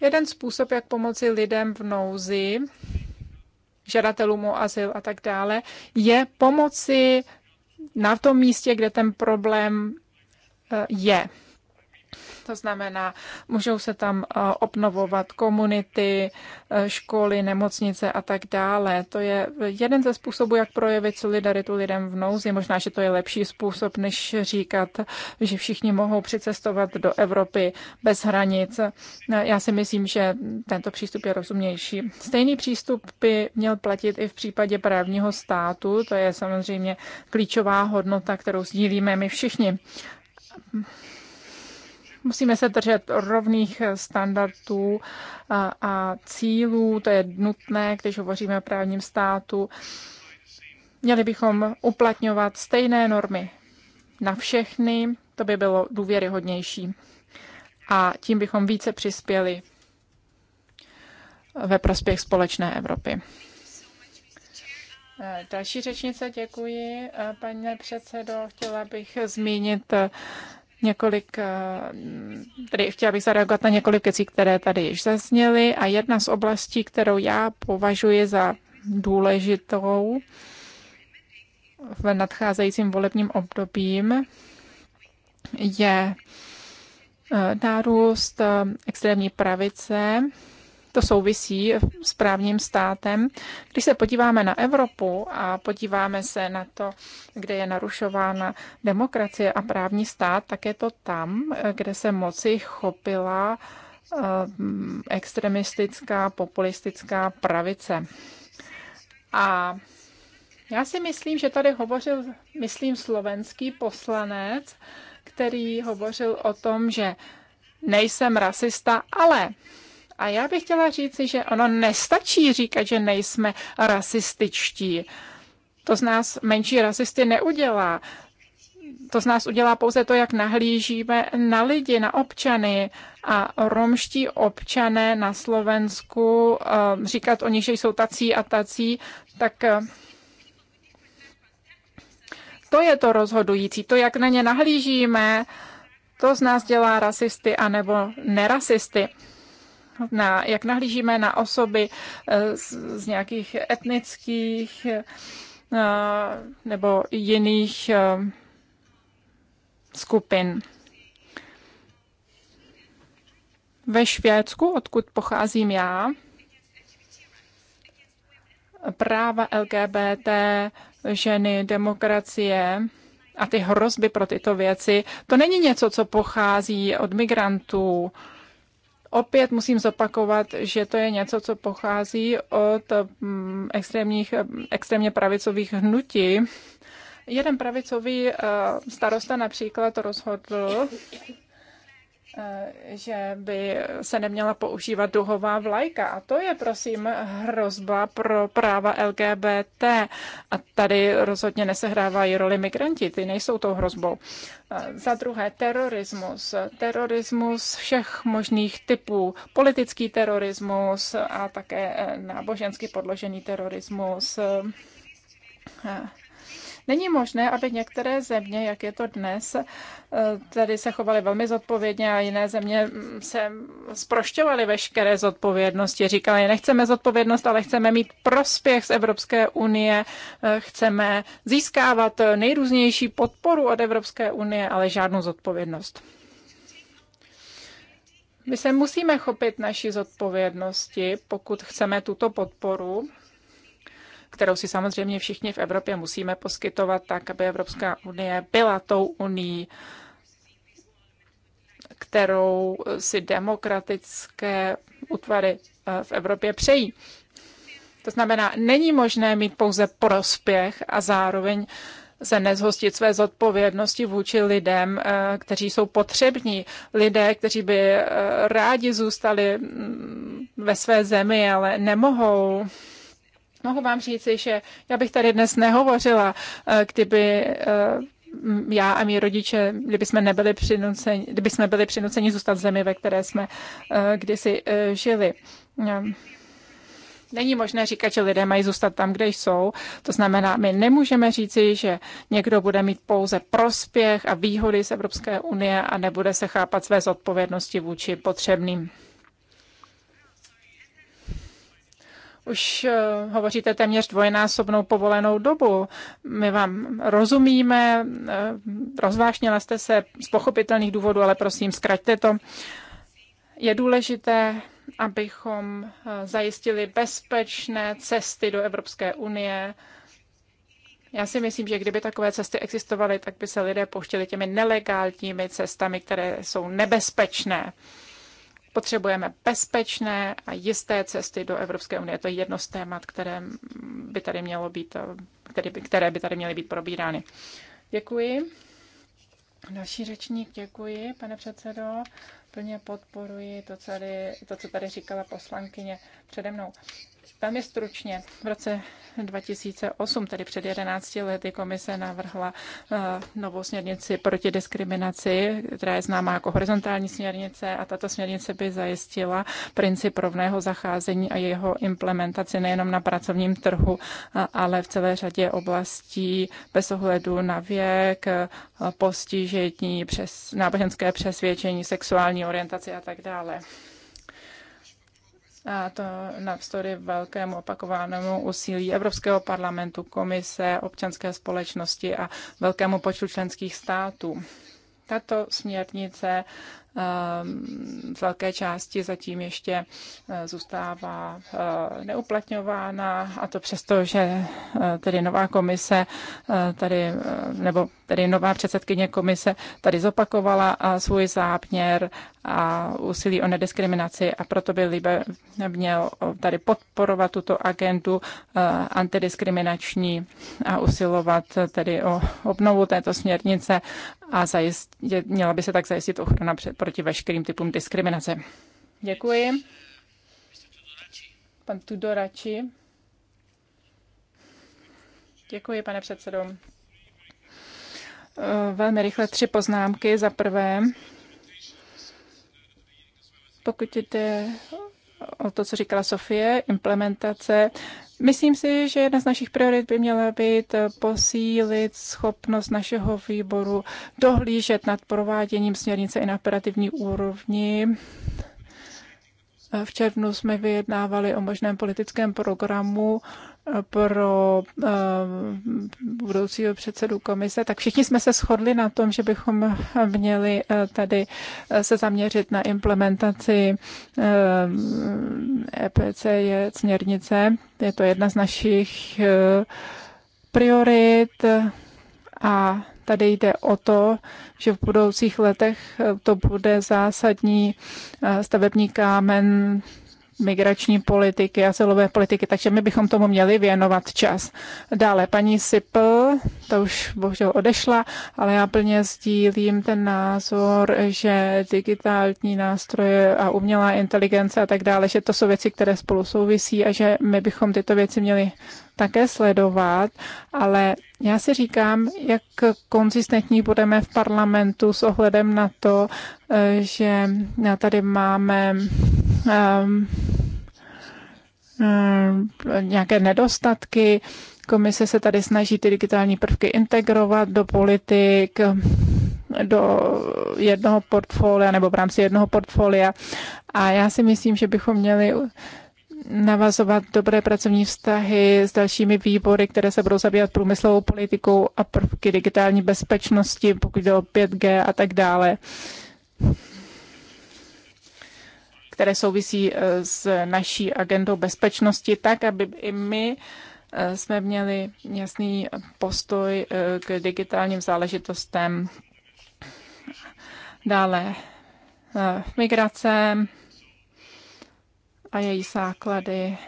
B: Jeden způsob, jak pomoci lidem v nouzi, žadatelům o azyl a tak dále, je pomoci na tom místě, kde ten problém eh, je. To znamená, můžou se tam eh, obnovovat komunity, eh, školy, nemocnice a tak dále. To je jeden ze způsobů, jak projevit solidaritu lidem v nouzi. Možná, že to je lepší způsob, než říkat, že všichni mohou přicestovat do Evropy bez hranic. Eh, já si myslím, že tento přístup je rozumnější. Stejný přístup by měl platit i v případě právního státu. To je samozřejmě klíčová hodnota, kterou sdílíme my všichni. Musíme se držet rovných standardů a, a cílů, to je nutné, když hovoříme o právním státu. Měli bychom uplatňovat stejné normy na všechny, to by bylo důvěryhodnější. A tím bychom více přispěli ve prospěch společné Evropy. Další řečnice, děkuji. paní předsedo, chtěla bych zmínit několik, eh, tedy chtěla bych zareagovat na několik věcí, které tady již zazněly a jedna z oblastí, kterou já považuji za důležitou v nadcházejícím volebním obdobím, je eh, nárůst eh, extrémní pravice to souvisí s právním státem. Když se podíváme na Evropu a podíváme se na to, kde je narušována demokracie a právní stát, tak je to tam, kde se moci chopila eh, extremistická, populistická pravice. A já si myslím, že tady hovořil, myslím, slovenský poslanec, který hovořil o tom, že nejsem rasista, ale a já bych chtěla říct, že ono nestačí říkat, že nejsme rasističtí. To z nás menší rasisty neudělá. To z nás udělá pouze to, jak nahlížíme na lidi, na občany. A romští občané na Slovensku, eh, říkat o nich, že jsou tací a tací, tak eh, to je to rozhodující. To, jak na ně nahlížíme, to z nás dělá rasisty anebo nerasisty na, jak nahlížíme na osoby eh, z, z nějakých etnických eh, nebo jiných eh, skupin. Ve Švédsku, odkud pocházím já, práva LGBT, ženy, demokracie a ty hrozby pro tyto věci, to není něco, co pochází od migrantů, Opět musím zopakovat, že to je něco, co pochází od mm, extrémních, extrémně pravicových hnutí. Jeden pravicový eh, starosta například rozhodl, Eh, že by se neměla používat duhová vlajka. A to je, prosím, hrozba pro práva LGBT. A tady rozhodně nesehrávají roli migranti, ty nejsou tou hrozbou. Eh, za druhé, terorismus. Terorismus všech možných typů. Politický terorismus a také eh, nábožensky podložený terorismus Není možné, aby některé země, jak je to dnes, eh, tedy se chovaly velmi zodpovědně a jiné země mm, se sprošťovaly veškeré zodpovědnosti. Říkali, nechceme zodpovědnost, ale chceme mít prospěch z Evropské unie, eh, chceme získávat nejrůznější podporu od Evropské unie, ale žádnou zodpovědnost. My se musíme chopit naší zodpovědnosti, pokud chceme tuto podporu kterou si samozřejmě všichni v Evropě musíme poskytovat tak, aby Evropská unie byla tou unii, kterou si demokratické útvary eh, v Evropě přejí. To znamená, není možné mít pouze prospěch a zároveň se nezhostit své zodpovědnosti vůči lidem, eh, kteří jsou potřební. Lidé, kteří by eh, rádi zůstali mm, ve své zemi, ale nemohou. Mohu vám říci, že já bych tady dnes nehovořila, eh, kdyby eh, já a mý rodiče, kdyby jsme, nebyli přinuceni, kdyby jsme byli přinuceni zůstat v zemi, ve které jsme eh, kdysi žili. Není možné říkat, že lidé mají zůstat tam, kde jsou. To znamená, my nemůžeme říci, že někdo bude mít pouze prospěch a výhody z Evropské unie a nebude se chápat své zodpovědnosti vůči potřebným. už eh, hovoříte téměř dvojnásobnou povolenou dobu. My vám rozumíme, eh, rozvášněla jste se z pochopitelných důvodů, ale prosím, zkraťte to. Je důležité, abychom eh, zajistili bezpečné cesty do Evropské unie. Já si myslím, že kdyby takové cesty existovaly, tak by se lidé pouštěli těmi nelegálními cestami, které jsou nebezpečné. Potřebujeme bezpečné a jisté cesty do Evropské unie. To je jedno z témat, které by tady mělo být, které by, které by tady měly být probírány. Děkuji. Další řečník, děkuji, pane předsedo. Plně podporuji to, co tady, to, co tady říkala poslankyně přede mnou. Velmi stručně, v roce 2008, tedy před 11 lety, komise navrhla eh, novou směrnici proti diskriminaci, která je známá jako horizontální směrnice a tato směrnice by zajistila princip rovného zacházení a jeho implementaci nejenom na pracovním trhu, ale v celé řadě oblastí bez ohledu na věk, eh, postižení, přes, náboženské přesvědčení, sexuální orientaci a tak dále a to navzdory velkému opakovanému úsilí Evropského parlamentu, komise, občanské společnosti a velkému počtu členských států. Tato směrnice v ehm, velké části zatím ještě eh, zůstává eh, neuplatňována a to přesto, že eh, tedy nová komise tady, nebo tedy nová předsedkyně komise tady zopakovala svůj záměr a úsilí o nediskriminaci a proto by Libe měl tady podporovat tuto agendu antidiskriminační a usilovat tedy o obnovu této směrnice a zajist, měla by se tak zajistit ochrana před, proti veškerým typům diskriminace. Děkuji. Pan Tudorači. Děkuji, pane předsedo. Eh, velmi rychle tři poznámky. Za prvé, pokud jde o to, co říkala Sofie, implementace Myslím si, že jedna z našich priorit by měla být eh, posílit schopnost našeho výboru dohlížet nad prováděním směrnice i na operativní úrovni. Eh, v červnu jsme vyjednávali o možném politickém programu pro eh, budoucího předsedu komise, tak všichni jsme se shodli na tom, že bychom měli eh, tady eh, se zaměřit na implementaci EPC e je směrnice. Je to jedna z našich priorit a tady jde o to, že v budoucích letech to bude zásadní stavební kámen migrační politiky, asilové politiky, takže my bychom tomu měli věnovat čas. Dále paní Sipl, ta už bohužel odešla, ale já plně sdílím ten názor, že digitální nástroje a umělá inteligence a tak dále, že to jsou věci, které spolu souvisí a že my bychom tyto věci měli také sledovat, ale já si říkám, jak konzistentní budeme v parlamentu s ohledem na to, eh, že tady máme um, um, nějaké nedostatky. Komise se tady snaží ty digitální prvky integrovat do politik, do jednoho portfolia nebo v rámci jednoho portfolia. A já si myslím, že bychom měli navazovat dobré pracovní vztahy s dalšími výbory, které se budou zabývat průmyslovou politikou a prvky digitální bezpečnosti, pokud jde o 5G a tak dále, které souvisí eh, s naší agendou bezpečnosti, tak, aby i my eh, jsme měli jasný postoj eh, k digitálním záležitostem. Dále migrace, a její základy.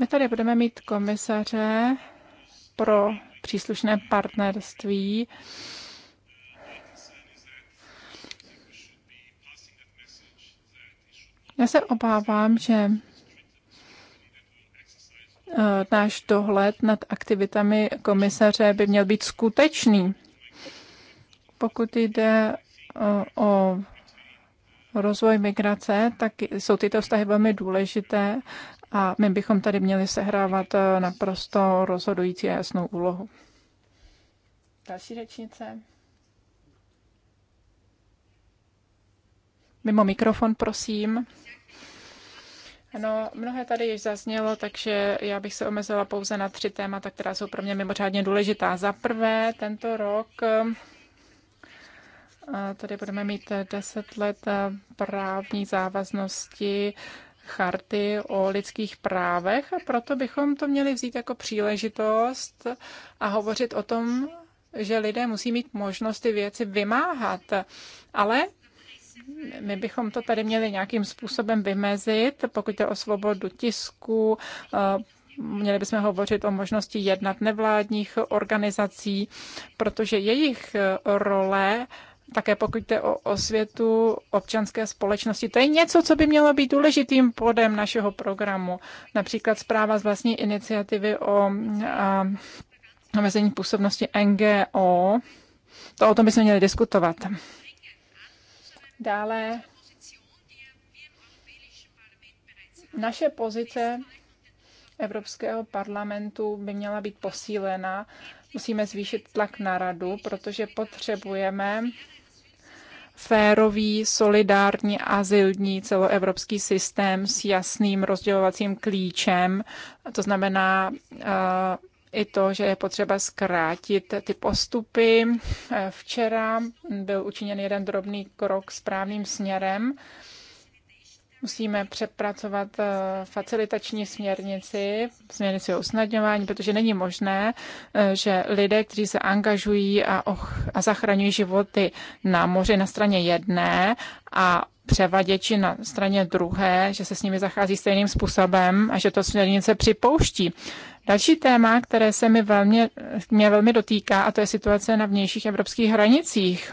B: My tady budeme mít komisaře pro příslušné partnerství. Já se obávám, že eh, náš dohled nad aktivitami komisaře by měl být skutečný. Pokud jde eh, o rozvoj migrace, tak jsou tyto vztahy velmi důležité a my bychom tady měli sehrávat eh, naprosto rozhodující a jasnou úlohu. Další řečnice. Mimo mikrofon, prosím. No, mnohé tady již zaznělo, takže já bych se omezila pouze na tři témata, která jsou pro mě mimořádně důležitá. Za prvé, tento rok Tady budeme mít 10 let eh, právní závaznosti charty o lidských právech a proto bychom to měli vzít jako příležitost a hovořit o tom, že lidé musí mít možnost ty věci vymáhat. Ale my bychom to tady měli nějakým způsobem vymezit, pokud je o svobodu tisku, eh, měli bychom hovořit o možnosti jednat nevládních organizací, protože jejich role také pokud jde o osvětu občanské společnosti. To je něco, co by mělo být důležitým podem našeho programu. Například zpráva z vlastní iniciativy o omezení působnosti NGO. To o tom bychom měli diskutovat. Dále naše pozice Evropského parlamentu by měla být posílena. Musíme zvýšit tlak na radu, protože potřebujeme férový, solidární, azylní celoevropský systém s jasným rozdělovacím klíčem. To znamená eh, i to, že je potřeba zkrátit ty postupy. Eh, včera byl učiněn jeden drobný krok správným směrem Musíme přepracovat eh, facilitační směrnici, směrnici o usnadňování, protože není možné, eh, že lidé, kteří se angažují a, och, a zachraňují životy na moři na straně jedné a převaděči na straně druhé, že se s nimi zachází stejným způsobem a že to směrnice připouští. Další téma, které se mi velmi, mě velmi dotýká, a to je situace na vnějších evropských hranicích.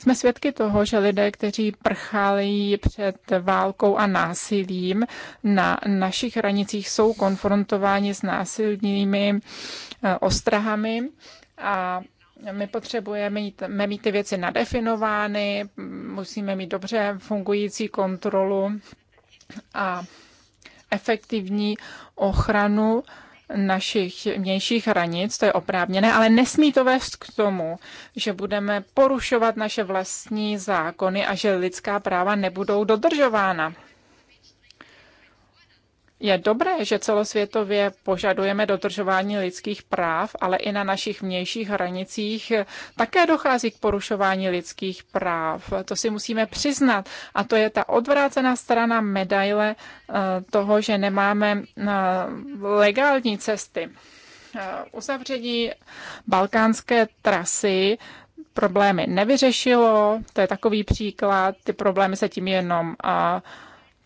B: Jsme svědky toho, že lidé, kteří prchali před válkou a násilím na našich hranicích, jsou konfrontováni s násilnými eh, ostrahami a my potřebujeme mít, mít ty věci nadefinovány, musíme mít dobře fungující kontrolu a efektivní ochranu našich vnějších hranic, to je oprávněné, ale nesmí to vést k tomu, že budeme porušovat naše vlastní zákony a že lidská práva nebudou dodržována. Je dobré, že celosvětově požadujeme dodržování lidských práv, ale i na našich vnějších hranicích také dochází k porušování lidských práv. To si musíme přiznat. A to je ta odvrácená strana medaile eh, toho, že nemáme eh, legální cesty. Eh, uzavření balkánské trasy problémy nevyřešilo, to je takový příklad, ty problémy se tím jenom uh,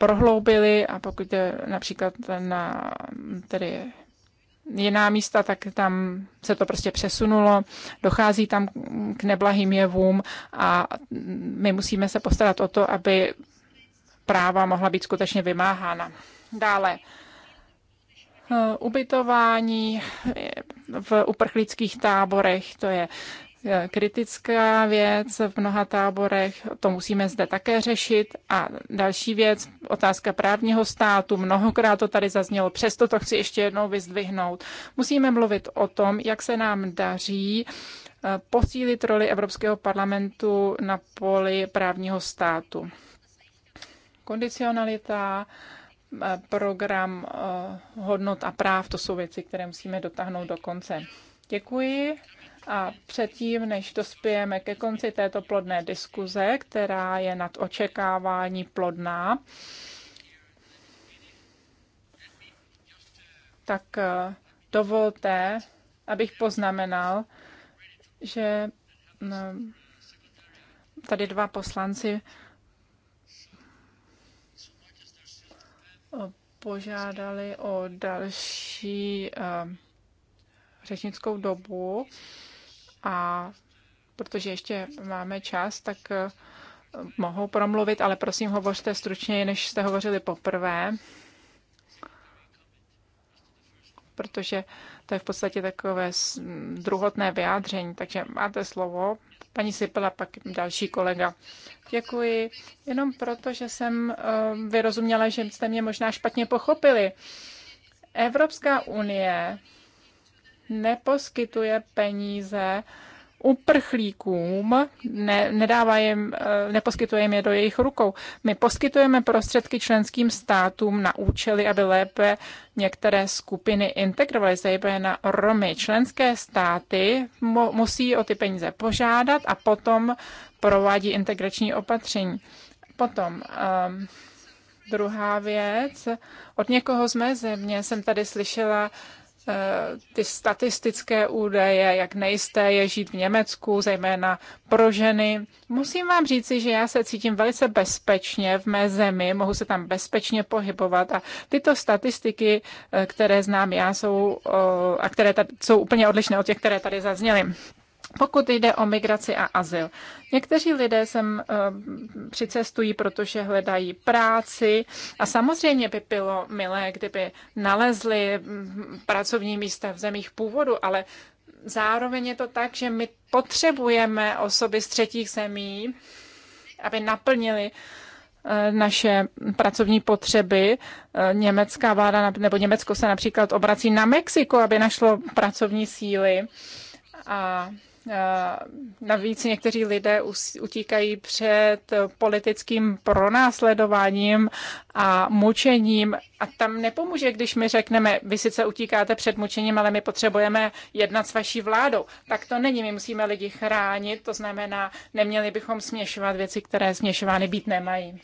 B: prohloubili a pokud je například na tedy jiná místa, tak tam se to prostě přesunulo, dochází tam k neblahým jevům a my musíme se postarat o to, aby práva mohla být skutečně vymáhána. Dále, eh, ubytování v uprchlických táborech, to je kritická věc v mnoha táborech, to musíme zde také řešit. A další věc, otázka právního státu, mnohokrát to tady zaznělo, přesto to chci ještě jednou vyzdvihnout. Musíme mluvit o tom, jak se nám daří eh, posílit roli Evropského parlamentu na poli právního státu. Kondicionalita, eh, program eh, hodnot a práv, to jsou věci, které musíme dotáhnout do konce. Děkuji. A předtím, než dospějeme ke konci této plodné diskuze, která je nad očekávání plodná, tak eh, dovolte, abych poznamenal, že mm, tady dva poslanci eh, požádali o další eh, řečnickou dobu a protože ještě máme čas, tak eh, mohou promluvit, ale prosím, hovořte stručněji, než jste hovořili poprvé, protože to je v podstatě takové druhotné vyjádření, takže máte slovo. Paní Sipela, pak další kolega. Děkuji. Jenom proto, že jsem eh, vyrozuměla, že jste mě možná špatně pochopili. Evropská unie neposkytuje peníze uprchlíkům, ne, nedává jim, eh, neposkytuje jim je do jejich rukou. My poskytujeme prostředky členským státům na účely, aby lépe některé skupiny integrovaly, zejména Romy. Členské státy mo, musí o ty peníze požádat a potom provádí integrační opatření. Potom um, druhá věc. Od někoho z mé země jsem tady slyšela, uh, ty statistické údaje, jak nejisté je žít v Německu, zejména pro ženy. Musím vám říci, že já se cítím velice bezpečně v mé zemi, mohu se tam bezpečně pohybovat a tyto statistiky, eh, které znám já, jsou, eh, a které tady, jsou úplně odlišné od těch, které tady zazněly. Pokud jde o migraci a azyl, někteří lidé sem eh, přicestují, protože hledají práci a samozřejmě by bylo milé, kdyby nalezli hm, pracovní místa v zemích původu, ale zároveň je to tak, že my potřebujeme osoby z třetích zemí, aby naplnili eh, naše pracovní potřeby. Eh, německá vláda nebo Německo se například obrací na Mexiko, aby našlo pracovní síly. A Eh, navíc někteří lidé utíkají před politickým pronásledováním a mučením. A tam nepomůže, když my řekneme, vy sice utíkáte před mučením, ale my potřebujeme jednat s vaší vládou. Tak to není, my musíme lidi chránit, to znamená, neměli bychom směšovat věci, které směšovány být nemají.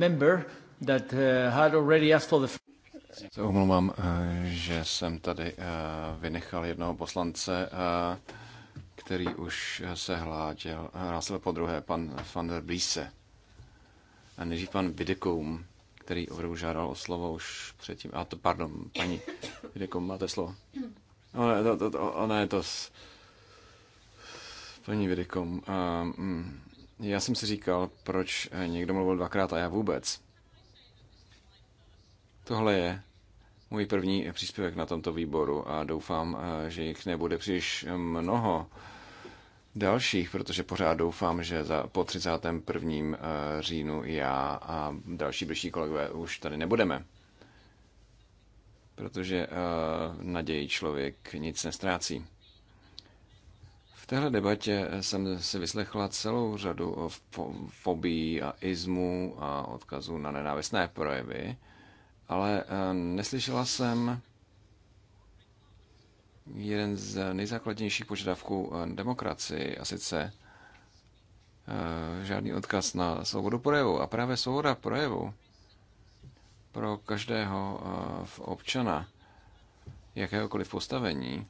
C: Eh, Se omlouvám, eh, že jsem tady vynechal jednoho poslance který už se hláděl, hlásil po druhé, pan van der Bliese. A nejdřív pan Videkoum, který opravdu žádal o slovo už předtím. A to, pardon, paní Videkoum, máte slovo. Ono, to, to, to, ono je to s... Paní Videkoum, um, mm, já jsem si říkal, proč někdo mluvil dvakrát a já vůbec. Tohle je můj první příspěvek na tomto výboru a doufám, eh, že jich nebude příliš mnoho dalších, protože pořád doufám, že za, po 31. Eh, říjnu já a další blížší kolegové už tady nebudeme. Protože uh, naději člověk nic nestrácí. V téhle debatě jsem si vyslechla celou řadu fobií a izmu a odkazů na nenávistné projevy ale eh, neslyšela jsem jeden z nejzákladnějších požadavků eh, demokracii, a sice eh, žádný odkaz na svobodu projevu. A právě svoboda projevu pro každého občana jakéhokoliv postavení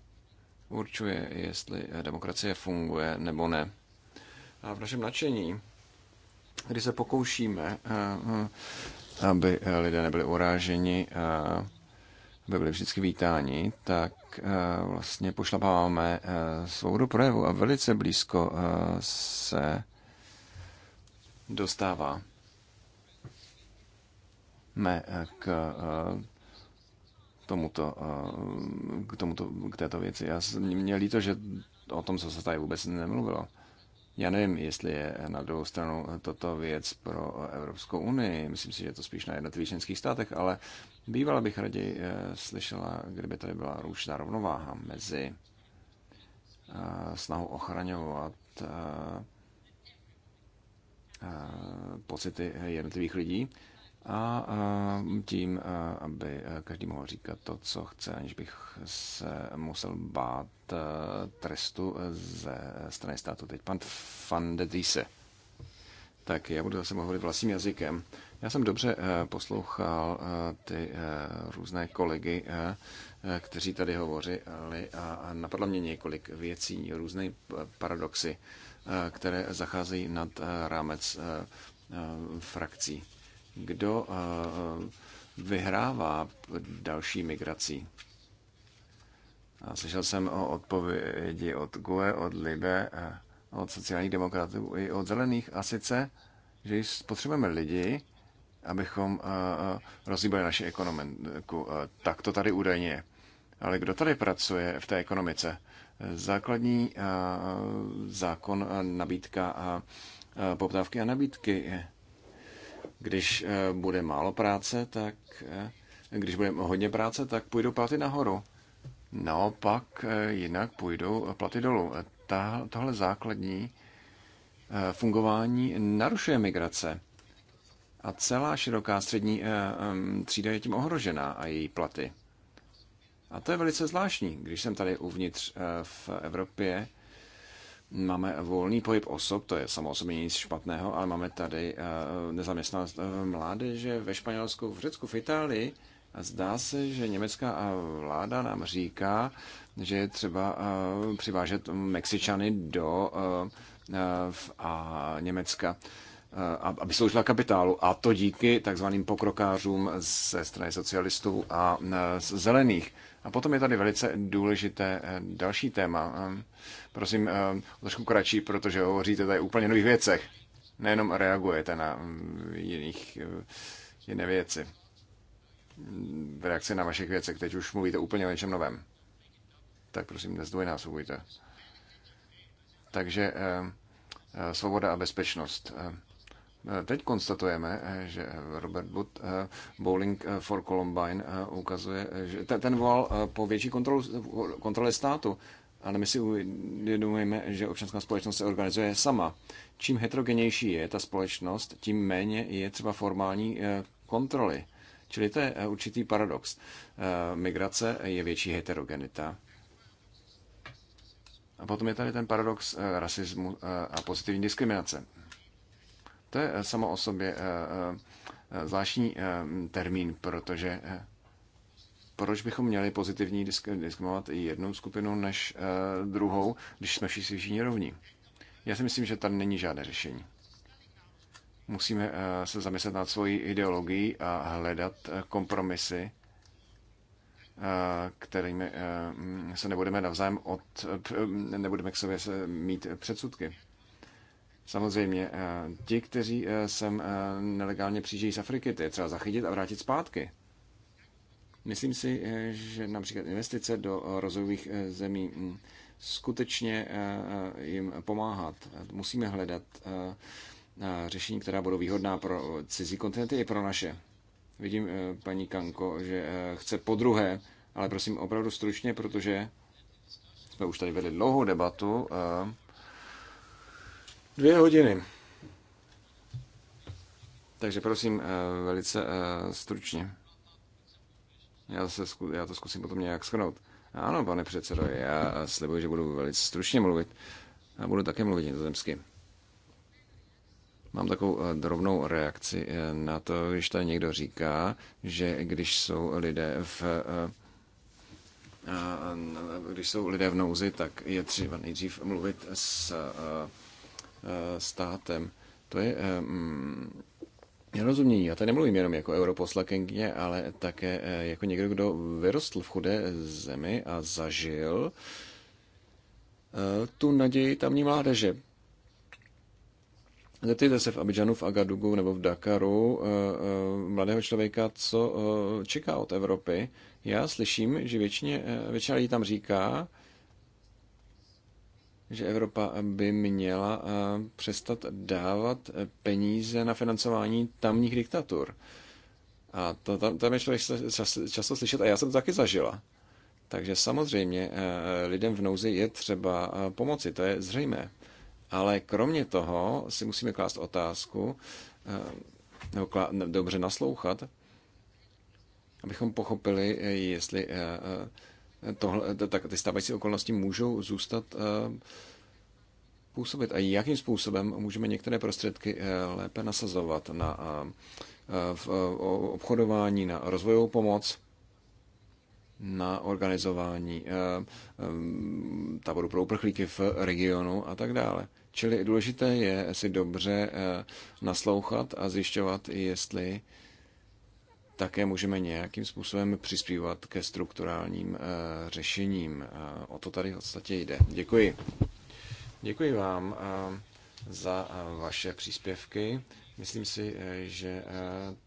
C: určuje, jestli demokracie funguje nebo ne. A v našem nadšení, kdy se pokoušíme aby eh, lidé nebyli uráženi, eh, aby byli vždycky vítáni, tak eh, vlastně pošlapáváme svobodu projevu a velice blízko se dostává mé k tomuto, k tomuto, k této věci. Já mě líto, že o tom, co se tady vůbec nemluvilo. Já nevím, jestli je na druhou stranu toto věc pro Evropskou unii. Myslím si, že je to spíš na jednotlivých členských státech, ale bývala bych raději eh, slyšela, kdyby tady byla různá rovnováha mezi eh, snahou ochraňovat eh, pocity jednotlivých lidí a tím, aby každý mohl říkat to, co chce, aniž bych se musel bát trestu ze strany státu. Teď pan Van de Diese. Tak já budu zase mluvit vlastním jazykem. Já jsem dobře poslouchal ty různé kolegy, kteří tady hovořili a napadlo mě několik věcí, různé paradoxy, které zacházejí nad rámec frakcí kdo eh, vyhrává další migrací. A slyšel jsem o odpovědi od GUE, od LIBE, eh, od sociálních demokratů i od zelených. A sice, že potřebujeme lidi, abychom eh, rozhýbali naši ekonomiku. Tak to tady údajně je. Ale kdo tady pracuje v té ekonomice? Základní zákon nabídka a poptávky a nabídky když eh, bude málo práce, tak eh, když bude hodně práce, tak půjdou platy nahoru. Naopak eh, jinak půjdou platy dolů. tohle základní fungování narušuje migrace. A celá široká střední třída je tím ohrožená a její platy. A to je velice zvláštní, když jsem tady uvnitř v Evropě, Máme volný pohyb osob, to je samozřejmě nic špatného, ale máme tady eh, nezaměstnanost eh, mládeže ve Španělsku, v Řecku, v Itálii. A zdá se, že německá eh, vláda nám říká, že je třeba přivážet Mexičany do a Německa, aby sloužila kapitálu. A to díky takzvaným pokrokářům ze strany socialistů a zelených. A potom je tady velice důležité eh, další téma. Ehm, prosím, ehm, trošku kratší, protože hovoříte tady úplně nových věcech. Nejenom reagujete na mm, jiných, eh, jiné věci. V reakci na vašich věcech teď už mluvíte úplně o něčem novém. Tak prosím, nezdvojnásobujte. Takže ehm, eh, svoboda a bezpečnost. Teď konstatujeme, že Robert Wood, eh, Bowling eh, for Columbine, eh, ukazuje, že ten volal po větší kontrolu, kontrole státu, ale my si uvědomujeme, že občanská společnost se organizuje sama. Čím heterogenější je ta společnost, tím méně je třeba formální kontroly. Čili to je určitý paradox. Migrace je větší heterogenita. A potom je tady ten paradox rasismu a pozitivní diskriminace. To je eh, samo o sobě eh, eh, zvláštní termín, protože proč bychom měli pozitivní diskriminovat jednu skupinu než druhou, když jsme všichni, rovní? Já si myslím, že tam není žádné řešení. Musíme se zamyslet nad svojí ideologií a hledat kompromisy, kterými se nebudeme navzájem od, nebudeme k sobě mít předsudky. Samozřejmě, eh, ti, kteří eh, sem eh, nelegálně přijíždějí z Afriky, to je třeba zachytit a vrátit zpátky. Myslím si, že například investice do rozvojových zemí hm, skutečně jim pomáhat. Musíme hledat řešení, která budou výhodná pro cizí kontinenty i pro naše. Vidím, paní Kanko, že chce po druhé, ale prosím opravdu stručně, protože jsme už tady vedli dlouhou debatu. Dvě hodiny. Takže prosím, eh, velice eh, stručně. Já, se, já to zkusím potom nějak schrnout. Ano, pane předsedo, já slibuji, že budu velice stručně mluvit. A budu také mluvit nizozemsky. Mám takovou eh, drobnou reakci na to, když tady někdo říká, že když jsou lidé v když jsou lidé v nouzi, tak je třeba nejdřív mluvit s Eh, státem. To je eh, mm, nerozumění. Já tady nemluvím jenom jako europoslakenkyně, ale také eh, jako někdo, kdo vyrostl v chudé zemi a zažil tu naději tamní mládeže. Zeptejte se v Abidžanu, v Agadugu nebo v Dakaru mladého člověka, co čeká od Evropy. Já slyším, že většině, většina lidí tam říká, že Evropa by měla eh, přestat dávat eh, peníze na financování tamních diktatur. A to tam, tam je člověk často, často slyšet a já jsem to taky zažila. Takže samozřejmě eh, lidem v nouzi je třeba pomoci, to je zřejmé. Ale kromě toho si musíme klást otázku, nebo klá, dobře naslouchat, abychom pochopili, jestli tohle, tak ty stávající okolnosti můžou zůstat eh, působit a jakým způsobem můžeme některé prostředky eh, lépe nasazovat na eh, v obchodování, na rozvojovou pomoc, na organizování taboru pro uprchlíky v regionu a tak dále. Čili důležité je si dobře naslouchat a zjišťovat, jestli také můžeme nějakým způsobem přispívat ke strukturálním eh, řešením. Eh, o to tady v podstatě jde. Děkuji. Děkuji vám eh, za vaše příspěvky. Myslím si, že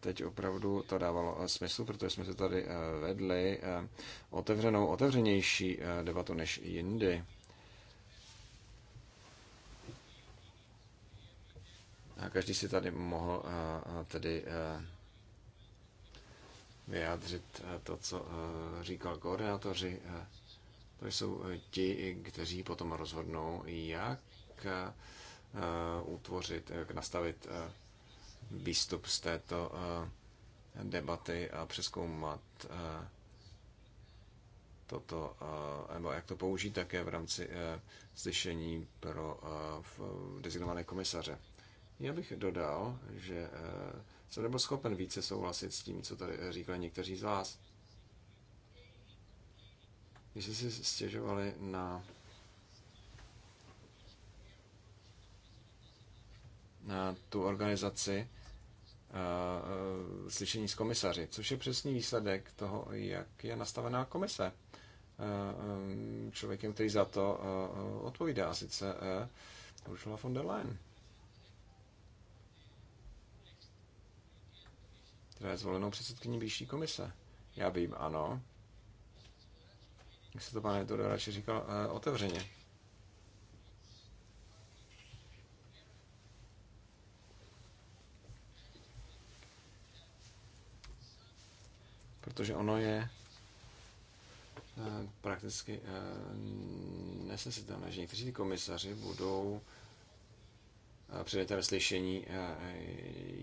C: teď opravdu to dávalo smysl, protože jsme se tady vedli otevřenou, otevřenější debatu než jindy. A každý si tady mohl tedy vyjádřit eh, to, co eh, říkal koordinátoři. Eh, to jsou ti, kteří potom rozhodnou, jak utvořit, jak nastavit výstup z této debaty a přeskoumat toto, nebo jak to použít také v rámci slyšení pro designované komisaře. Já bych dodal, že jsem nebyl schopen více souhlasit s tím, co tady říkali někteří z vás. Když jste si stěžovali na na tu organizaci a, eh, eh, slyšení s komisaři, což je přesný výsledek toho, jak je nastavená komise. A, eh, a, člověkem, který za to a, odpovídá, a sice Ursula von der Leyen. která je zvolenou předsedkyní výšší komise. Já vím, ano. Jak se to pane Todor radši říkal e, otevřeně. Protože ono je eh, prakticky eh, nesnesitelné, že někteří ty komisaři budou předete ve slyšení eh,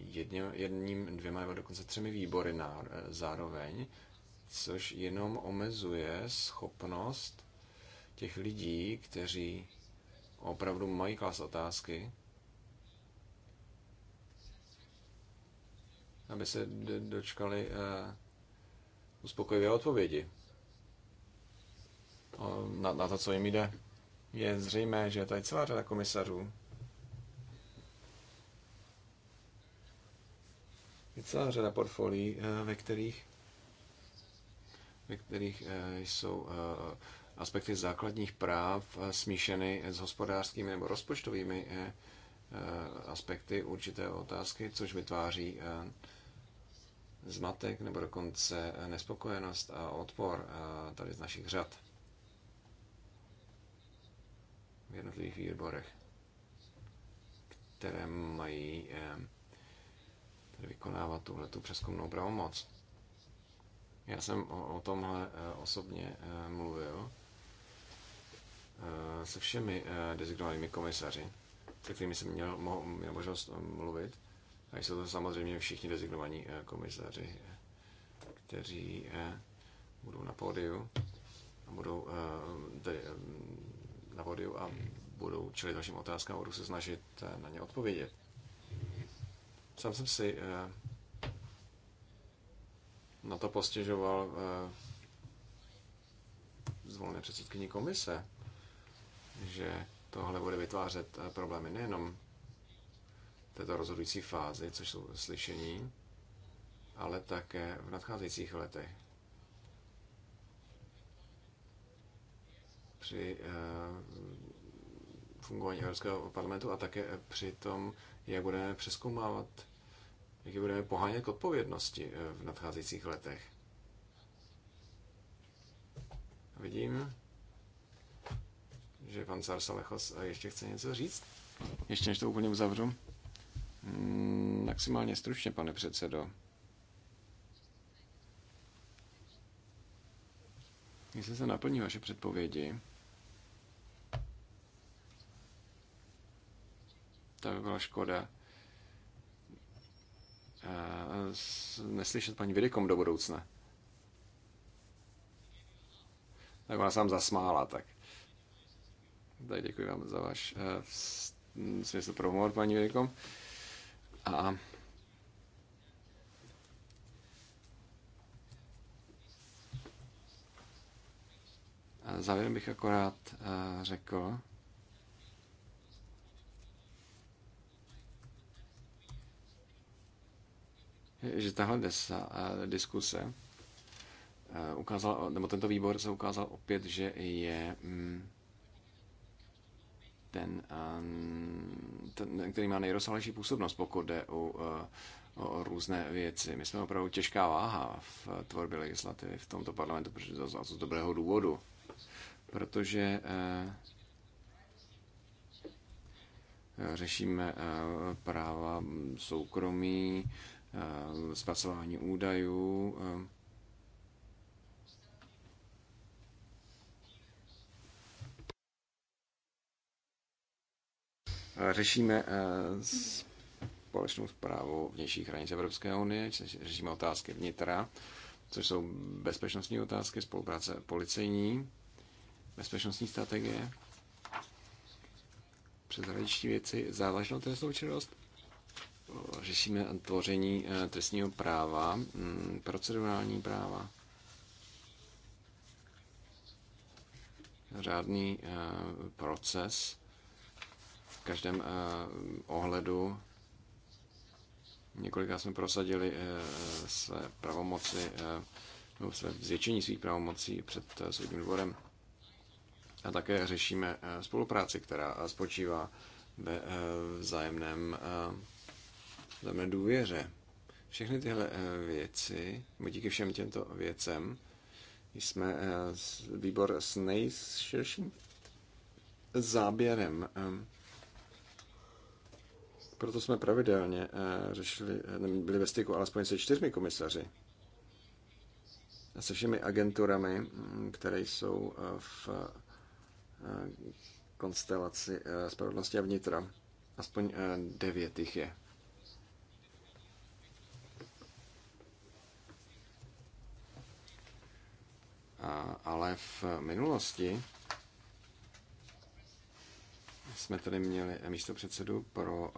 C: jedním, jedním, dvěma nebo dokonce třemi výbory na, eh, zároveň, což jenom omezuje schopnost těch lidí, kteří opravdu mají klas otázky, aby se dočkali eh, uspokojivé odpovědi na, na to, co jim jde. Je zřejmé, že tady celá řada komisařů, Je celá řada portfolií, eh, ve kterých, ve kterých eh, jsou eh, aspekty základních práv smíšeny s hospodářskými nebo rozpočtovými aspekty určité otázky, což vytváří zmatek nebo dokonce nespokojenost a odpor tady z našich řad v jednotlivých výborech, které mají tedy vykonávat tuhle tu přeskumnou pravomoc. Já jsem o, o tomhle eh, osobně eh, mluvil eh, se všemi designovanými komisaři, se kterými jsem měl, mohl, měl možnost mluvit. A jsou to samozřejmě všichni designovaní komisaři, kteří budou na pódiu a budou tedy, na pódiu a budou čelit vašim otázkám a budou se snažit na ně odpovědět. Sám jsem si eh, na to postěžoval eh, zvolené předsedkyní komise, že tohle bude vytvářet eh, problémy nejenom v této rozhodující fázi, což jsou slyšení, ale také v nadcházejících letech. Při fungování Evropského parlamentu a také při tom jak budeme přeskoumávat, jak je budeme pohánět k odpovědnosti eh, v nadcházejících letech. Vidím, že pan Sars Alechos eh, ještě chce něco říct. Ještě než to úplně uzavřu. Mm, maximálně stručně, pane předsedo. Jestli se naplní vaše předpovědi, to by byla škoda eh, neslyšet paní Vidikom do budoucna. Tak ona sám zasmála, tak. Tak děkuji vám za váš uh, smysl pro humor, paní Vidikom. A závěrem bych akorát uh, řekl, že tahle desa, eh, diskuse eh, ukázal, nebo tento výbor se ukázal opět, že je mm, ten, eh, ten který má nejrozsáhlejší působnost, pokud jde o, o různé věci. My jsme opravdu těžká váha v tvorbě legislativy v tomto parlamentu, protože to, z, z dobrého důvodu. Protože řešíme práva soukromí, Eh, zpracování údajů, eh, eh, Řešíme společnou zprávu vnějších hranic Evropské unie, řešíme otázky vnitra, což jsou bezpečnostní otázky, spolupráce policejní, bezpečnostní strategie, přeshraniční věci, závažnou trestnou činnost, řešíme tvoření eh, trestního práva, mm, procedurální práva, řádný eh, proces v každém eh, ohledu. Několikrát jsme prosadili své pravomoci, nebo své zvětšení svých pravomocí před soudním dvorem. A také řešíme spolupráci, která spočívá ve vzájemném znamená důvěře. Všechny tyhle eh, věci, díky všem těmto věcem, jsme eh, výbor s nejširším záběrem. Ehm, proto jsme pravidelně eh, řešili, byli ve styku alespoň se čtyřmi komisaři a se všemi agenturami, mm, které jsou v konstelaci spravedlnosti a vnitra. Aspoň devět jich je. ale v minulosti jsme tady měli místo předsedu pro,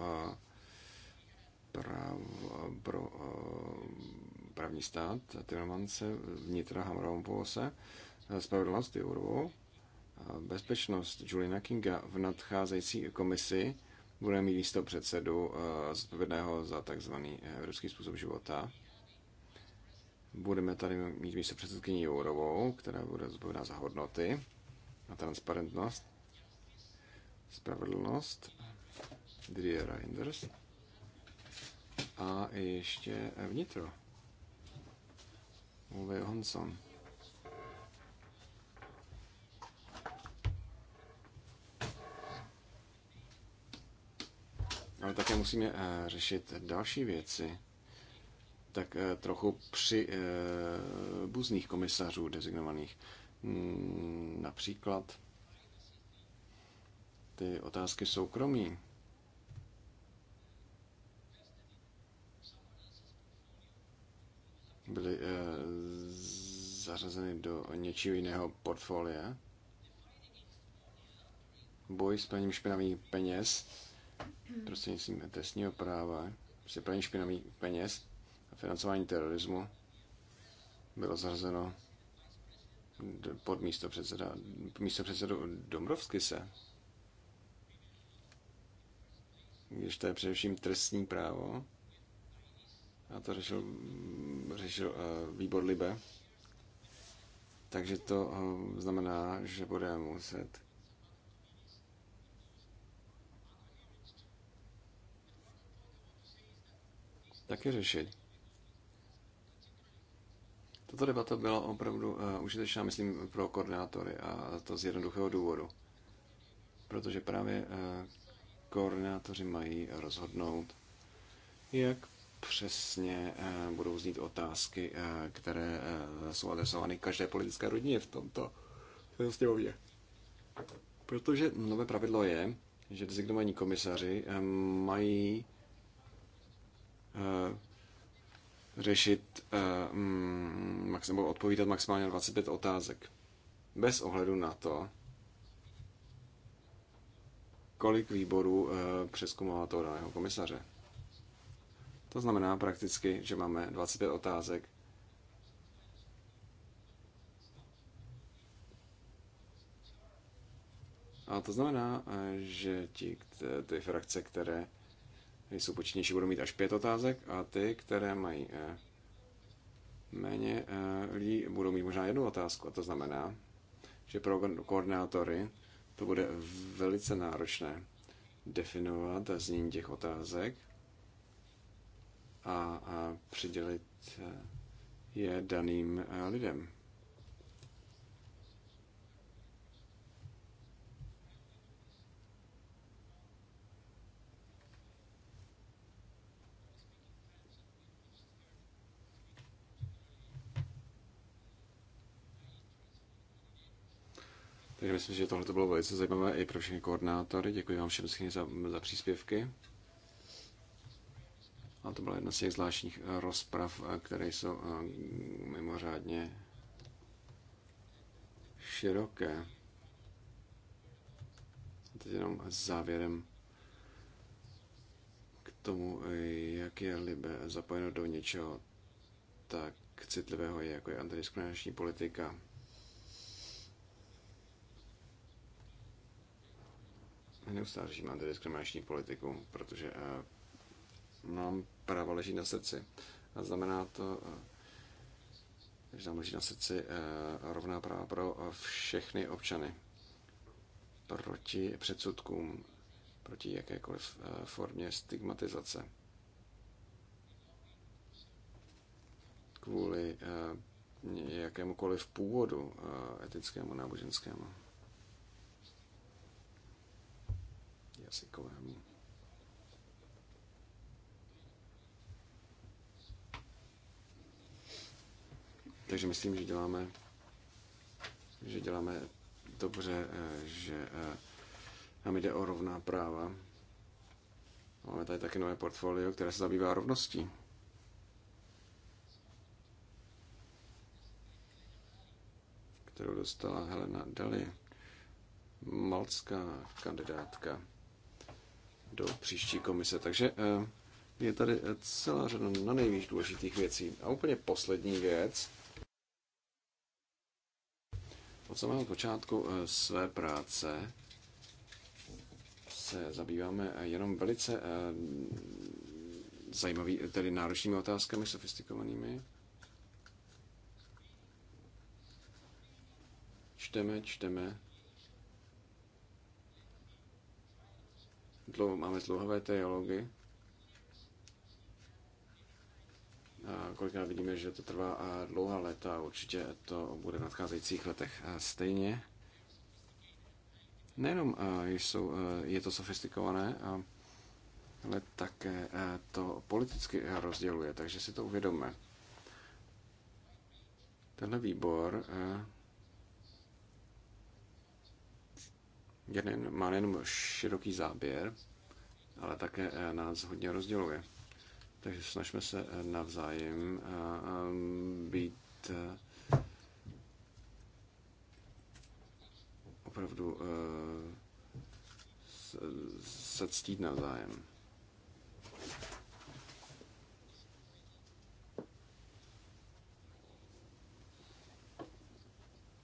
C: prav, pro právní stát tyrmance vnitra Hamrampose, spravedlnost Jourovou, bezpečnost Juliana Kinga v nadcházející komisi bude mít místo předsedu zodpovědného za takzvaný evropský eh, způsob života. Budeme tady mít místo předsedkyní Jourovou, která bude zodpovědná za hodnoty a transparentnost, spravedlnost, Didier Reinders a ještě vnitro. Uwe Johansson. Ale také musíme eh, řešit další věci tak eh, trochu při eh, buzných komisařů designovaných. Hmm, například ty otázky soukromí. Byly eh, zařazeny do něčího jiného portfolia. Boj s praním špinavých peněz prostřednictvím trestního práva, se praním špinavých peněz, a financování terorismu bylo zařazeno pod místo, předseda, místo předsedu Dombrovsky se. Když to je především trestní právo, a to řešil, řešil uh, výbor Libe, takže to uh, znamená, že budeme muset také řešit. Tato debata byla opravdu eh, užitečná, myslím, pro koordinátory a to z jednoduchého důvodu. Protože právě eh, koordinátoři mají rozhodnout, jak přesně eh, budou znít otázky, které jsou adresovány každé politické rodině v tomto sněmovně. Protože nové pravidlo je, že designovaní komisaři mají řešit eh, mm, nebo odpovídat maximálně 25 otázek. Bez ohledu na to, kolik výborů eh, přeskumovalo toho daného komisaře. To znamená prakticky, že máme 25 otázek. A to znamená, eh, že ti, ty frakce, které jsou početnější, budou mít až pět otázek a ty, které mají eh, méně eh, lidí, budou mít možná jednu otázku. A to znamená, že pro koordinátory to bude velice náročné definovat znění těch otázek a, a přidělit eh, je daným lidem. Takže myslím, že tohle to bylo velice zajímavé i pro všechny koordinátory. Děkuji vám všem za, za příspěvky. A to byla jedna z těch zvláštních eh, rozprav, eh, které jsou eh, mimořádně široké. A teď jenom závěrem k tomu, jak je Libe zapojeno do něčeho tak citlivého, jako je antidiskriminační politika. neustále řeším antidiskriminační politiku, protože eh, nám práva leží na srdci. A znamená to, eh, že nám leží na srdci eh, rovná práva pro všechny občany proti předsudkům, proti jakékoliv formě stigmatizace. Kvůli jakémukoliv původu etickému, náboženskému. jazykovém. Takže myslím, že děláme, že děláme dobře, eh, že eh, nám jde o rovná práva. Máme tady taky nové portfolio, které se zabývá rovností. Kterou dostala Helena Dali, malská kandidátka do příští komise. Takže eh, je tady eh, celá řada na nejvíc důležitých věcí. A úplně poslední věc. Od samého počátku eh, své práce se zabýváme jenom velice zajímavý, tedy náročnými otázkami, sofistikovanými. Čteme, čteme, dlouho, máme zdlouhavé teology. A kolikrát vidíme, že to trvá a dlouhá léta a určitě to bude v nadcházejících letech a stejně. Nejenom jsou, je to sofistikované, ale také to politicky rozděluje, takže si to uvědomme. Tenhle výbor jeden, má nejenom široký záběr, ale také eh, nás hodně rozděluje. Takže snažme se eh, navzájem eh, být opravdu se ctít navzájem.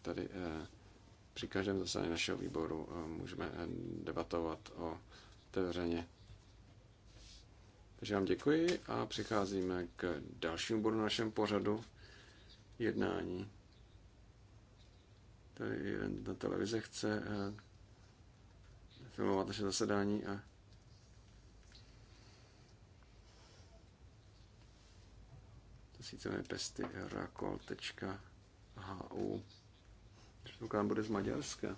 C: Tady eh, při každém zasadě našeho výboru eh, můžeme eh, debatovat o otevřeně. Takže vám děkuji a přicházíme k dalšímu bodu na našem pořadu jednání. Tady jeden na televize chce eh, filmovat naše zasedání a tisícové pesty rakol.hu Předpokládám, bude z Maďarska.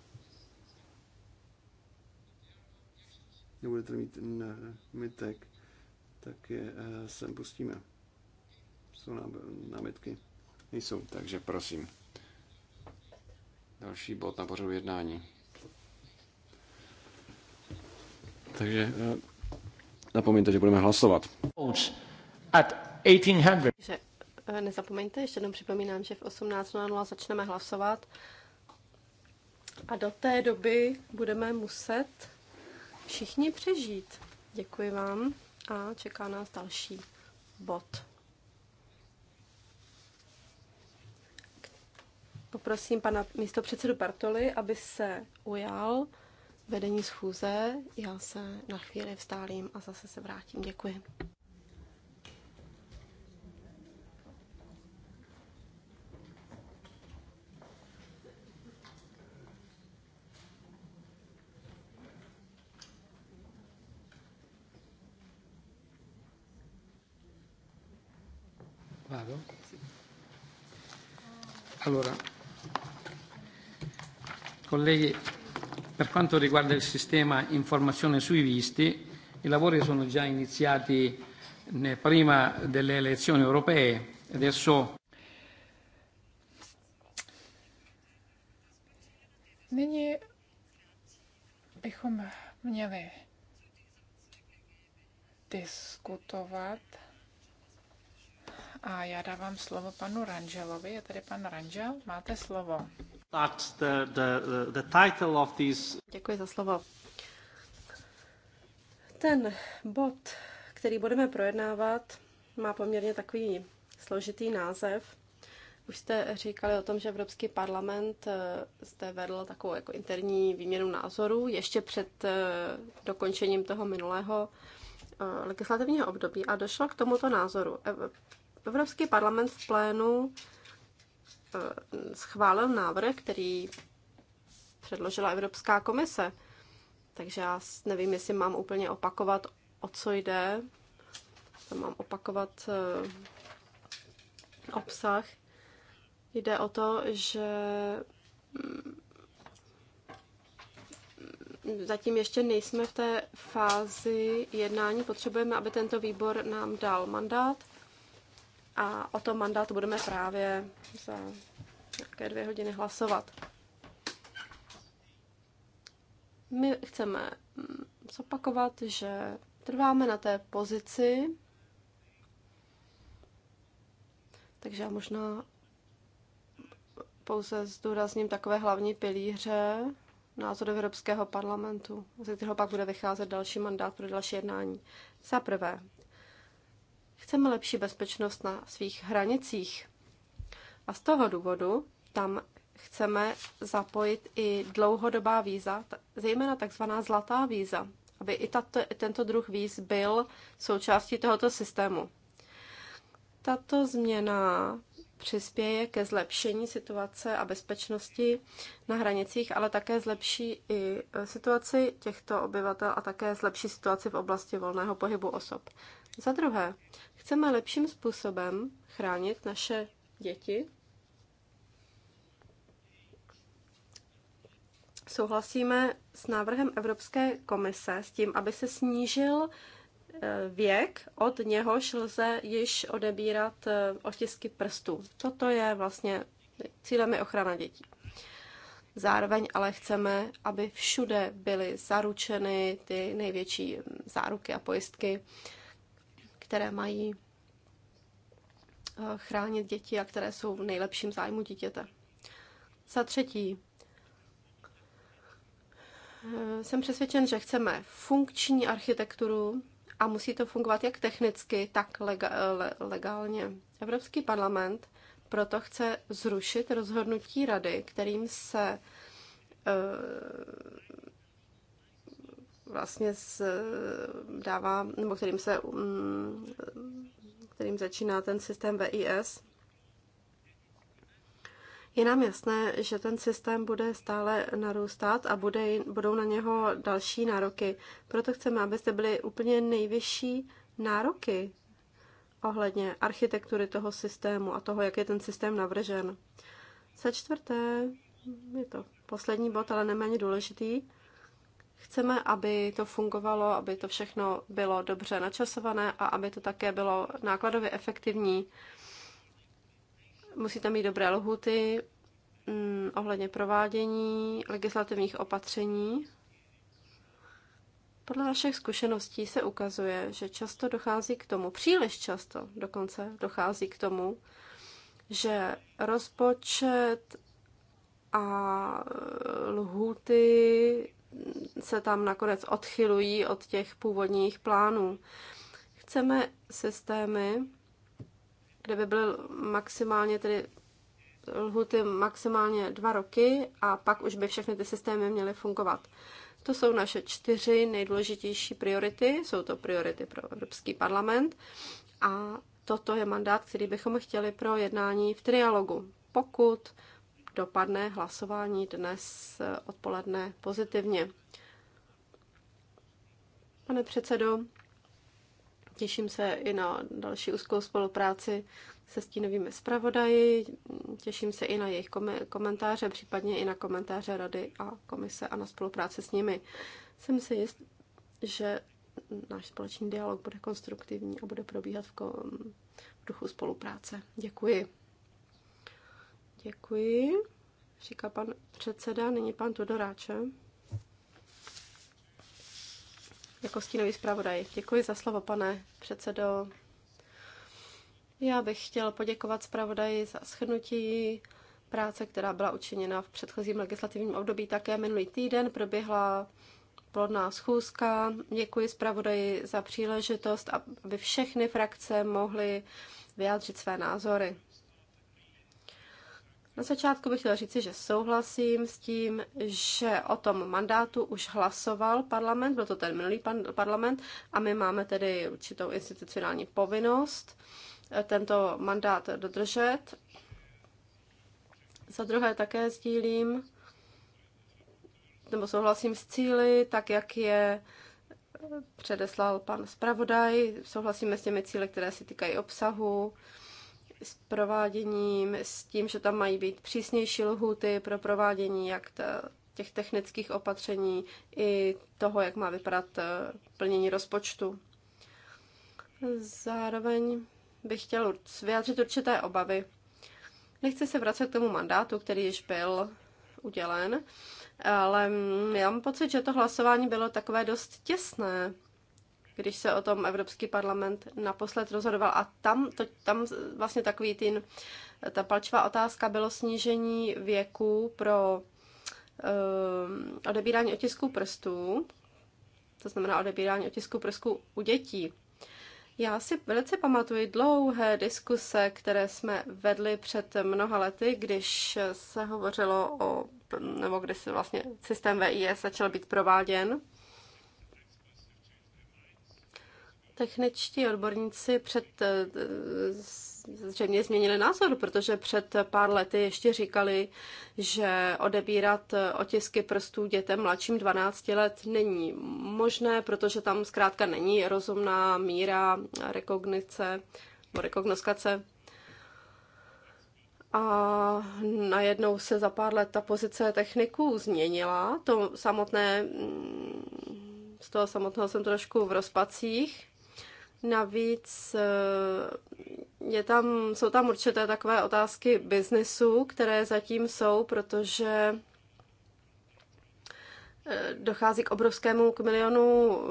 C: Nebudete mít námitek, tak je eh, sem pustíme. Jsou námitky? Nejsou, takže prosím. Další bod na pořadu jednání. Takže eh, napomeňte, že budeme hlasovat. At 1800.
A: Eh, nezapomeňte, ještě jednou připomínám, že v 18.00 začneme hlasovat a do té doby budeme muset všichni přežít. Děkuji vám a čeká nás další bod. Poprosím pana místo předsedu Bartoli, aby se ujal vedení schůze. Já se na chvíli vstálím a zase se vrátím. Děkuji.
B: Vado? Allora, colleghi, per quanto riguarda il sistema informazione sui visti, i lavori sono già iniziati eh, prima delle elezioni europee. Adesso Nyní bychom měli diskutovat a já dávám slovo panu Rangelovi. Je tady pan Rangel, máte slovo.
A: The, the, the title of this... Děkuji za slovo. Ten bod, který budeme projednávat, má poměrně takový složitý název. Už jste říkali o tom, že Evropský parlament eh, zde vedl takovou jako interní výměnu názorů ještě před eh, dokončením toho minulého eh, legislativního období a došlo k tomuto názoru. Evropský parlament v plénu eh, schválil návrh, který předložila Evropská komise. Takže já nevím, jestli mám úplně opakovat, o co jde. To mám opakovat eh, obsah. Jde o to, že mm, mm, zatím ještě nejsme v té fázi jednání. Potřebujeme, aby tento výbor nám dal mandát a o tom mandátu budeme právě za nějaké dvě hodiny hlasovat. My chceme mm, zopakovat, že trváme na té pozici, takže já možná pouze zdůrazním takové hlavní pilíře názoru Evropského parlamentu, ze kterého pak bude vycházet další mandát pro další jednání. Za prvé, Chceme lepší bezpečnost na svých hranicích. A z toho důvodu tam chceme zapojit i dlouhodobá víza, zejména takzvaná zlatá víza, aby i tato, tento druh víz byl součástí tohoto systému. Tato změna přispěje ke zlepšení situace a bezpečnosti na hranicích, ale také zlepší i eh, situaci těchto obyvatel a také zlepší situaci v oblasti volného pohybu osob. Za druhé, chceme lepším způsobem chránit naše děti. Souhlasíme s návrhem Evropské komise s tím, aby se snížil věk, od něhož lze již odebírat eh, otisky prstů. Toto je vlastně cílem je ochrana dětí. Zároveň ale chceme, aby všude byly zaručeny ty největší mm, záruky a pojistky, které mají eh, chránit děti a které jsou v nejlepším zájmu dítěte. Za třetí, eh, jsem přesvědčen, že chceme funkční architekturu, a musí to fungovat jak technicky, tak legálně. Evropský parlament proto chce zrušit rozhodnutí rady, kterým se eh, vlastně s, dává, nebo kterým se, mm, kterým začíná ten systém VIS, je nám jasné, že ten systém bude stále narůstat a bude, budou na něho další nároky. Proto chceme, abyste byli úplně nejvyšší nároky ohledně architektury toho systému a toho, jak je ten systém navržen. Za čtvrté, je to poslední bod, ale neméně důležitý, chceme, aby to fungovalo, aby to všechno bylo dobře načasované a aby to také bylo nákladově efektivní. Musí tam mít dobré lhuty mm, ohledně provádění legislativních opatření. Podle našich zkušeností se ukazuje, že často dochází k tomu, příliš často dokonce dochází k tomu, že rozpočet a e, lhuty se tam nakonec odchylují od těch původních plánů. Chceme systémy, kde by byly maximálně tedy lhuty maximálně dva roky a pak už by všechny ty systémy měly fungovat. To jsou naše čtyři nejdůležitější priority, jsou to priority pro Evropský parlament a toto je mandát, který bychom chtěli pro jednání v trialogu. Pokud dopadne hlasování dnes odpoledne pozitivně. Pane předsedo, Těším se i na další úzkou spolupráci se stínovými zpravodaji, těším se i na jejich komentáře, případně i na komentáře rady a komise a na spolupráci s nimi. Jsem si jist, že náš společný dialog bude konstruktivní a bude probíhat v, kom- v duchu spolupráce. Děkuji. Děkuji, říká pan předseda, nyní pan Tudoráče jako stínový zpravodaj. Děkuji za slovo, pane předsedo. Já bych chtěl poděkovat zpravodaji za shrnutí práce, která byla učiněna v předchozím legislativním období. Také minulý týden proběhla plodná schůzka. Děkuji zpravodaji za příležitost, aby všechny frakce mohly vyjádřit své názory. Na začátku bych chtěla říci, že souhlasím s tím, že o tom mandátu už hlasoval parlament, byl to ten minulý parlament, a my máme tedy určitou institucionální povinnost eh, tento mandát dodržet. Za druhé také sdílím nebo souhlasím s cíly, tak jak je eh, předeslal pan zpravodaj. Souhlasíme s těmi cíly, které se týkají obsahu, s prováděním, s tím, že tam mají být přísnější lhuty pro provádění jak těch technických opatření i toho, jak má vypadat eh, plnění rozpočtu. Zároveň bych chtěl vyjádřit určité obavy. Nechci se vracet k tomu mandátu, který již byl udělen, ale mm, já mám pocit, že to hlasování bylo takové dost těsné když se o tom Evropský parlament naposled rozhodoval. A tam, to, tam vlastně takový ten, ta palčivá otázka bylo snížení věku pro um, odebírání otisků prstů, to znamená odebírání otisků prstů u dětí. Já si velice pamatuji dlouhé diskuse, které jsme vedli před mnoha lety, když se hovořilo o, nebo když se vlastně systém VIS začal být prováděn. Techničtí odborníci před eh, eh, zřejmě změnili názor, protože před pár lety ještě říkali, že odebírat eh, otisky prstů dětem mladším 12 let není možné, protože tam zkrátka není rozumná míra rekognice nebo rekognoskace. A najednou se za pár let ta pozice techniků změnila. To samotné, mm, z toho samotného jsem trošku v rozpacích, Navíc eh, je tam, jsou tam určité takové otázky biznesu, které zatím jsou, protože eh, dochází k obrovskému k milionu eh,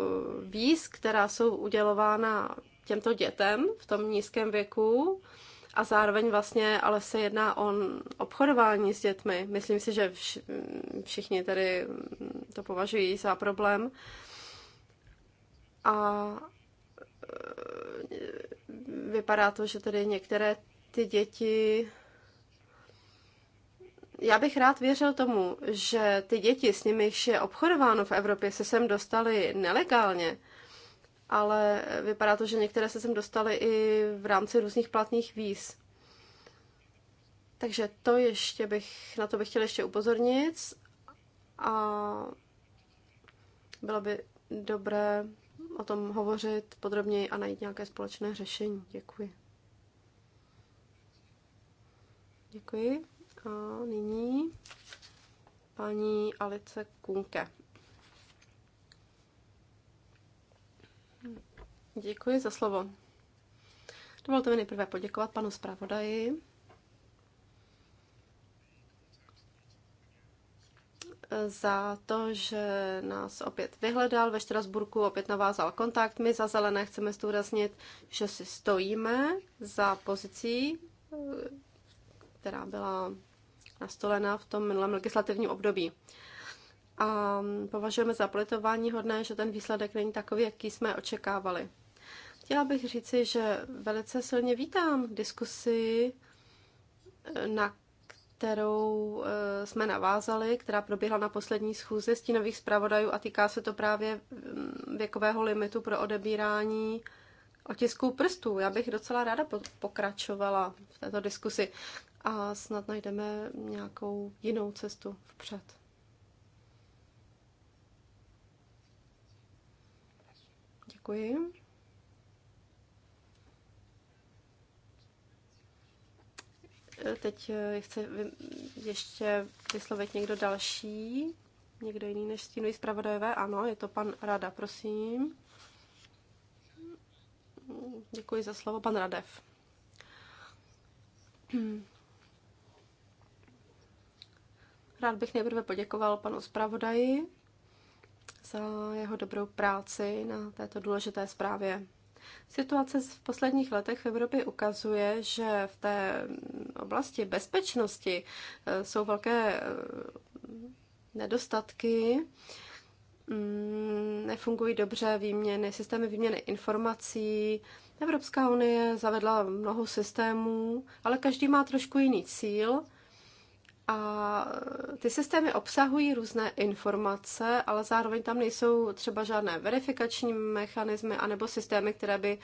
A: víz, která jsou udělována těmto dětem v tom nízkém věku a zároveň vlastně ale se jedná o obchodování s dětmi. Myslím si, že vš- všichni tady to považují za problém. A Eh, vypadá to, že tedy některé ty děti já bych rád věřil tomu, že ty děti, s nimiž je obchodováno v Evropě, se sem dostali nelegálně, ale vypadá to, že některé se sem dostali i v rámci různých platných víz. Takže to ještě bych, na to bych chtěl ještě upozornit a bylo by dobré o tom hovořit podrobněji a najít nějaké společné řešení. Děkuji. Děkuji. A nyní paní Alice Kunke. Děkuji za slovo. Dovolte mi nejprve poděkovat panu zpravodaji za to, že nás opět vyhledal ve Štrasburku, opět navázal kontakt. My za zelené chceme zdůraznit, že si stojíme za pozicí, eh, která byla nastolena v tom minulém legislativním období. A považujeme za politování hodné, že ten výsledek není takový, jaký jsme očekávali. Chtěla bych říci, že velice silně vítám diskusi eh, na kterou eh, jsme navázali, která proběhla na poslední schůzi stínových zpravodajů a týká se to právě mm, věkového limitu pro odebírání otisků prstů. Já bych docela ráda pokračovala v této diskusi a snad najdeme nějakou jinou cestu vpřed. Děkuji. teď eh, chce ještě vyslovit někdo další, někdo jiný než stínový zpravodajové. Ano, je to pan Rada, prosím. Děkuji za slovo, pan Radev. Rád bych nejprve poděkoval panu zpravodaji za jeho dobrou práci na této důležité zprávě. Situace v posledních letech v Evropě ukazuje, že v té oblasti bezpečnosti eh, jsou velké eh, nedostatky, mm, nefungují dobře výměny, systémy výměny informací. Evropská unie zavedla mnoho systémů, ale každý má trošku jiný cíl – a ty systémy obsahují různé informace, ale zároveň tam nejsou třeba žádné verifikační mechanismy anebo systémy, které by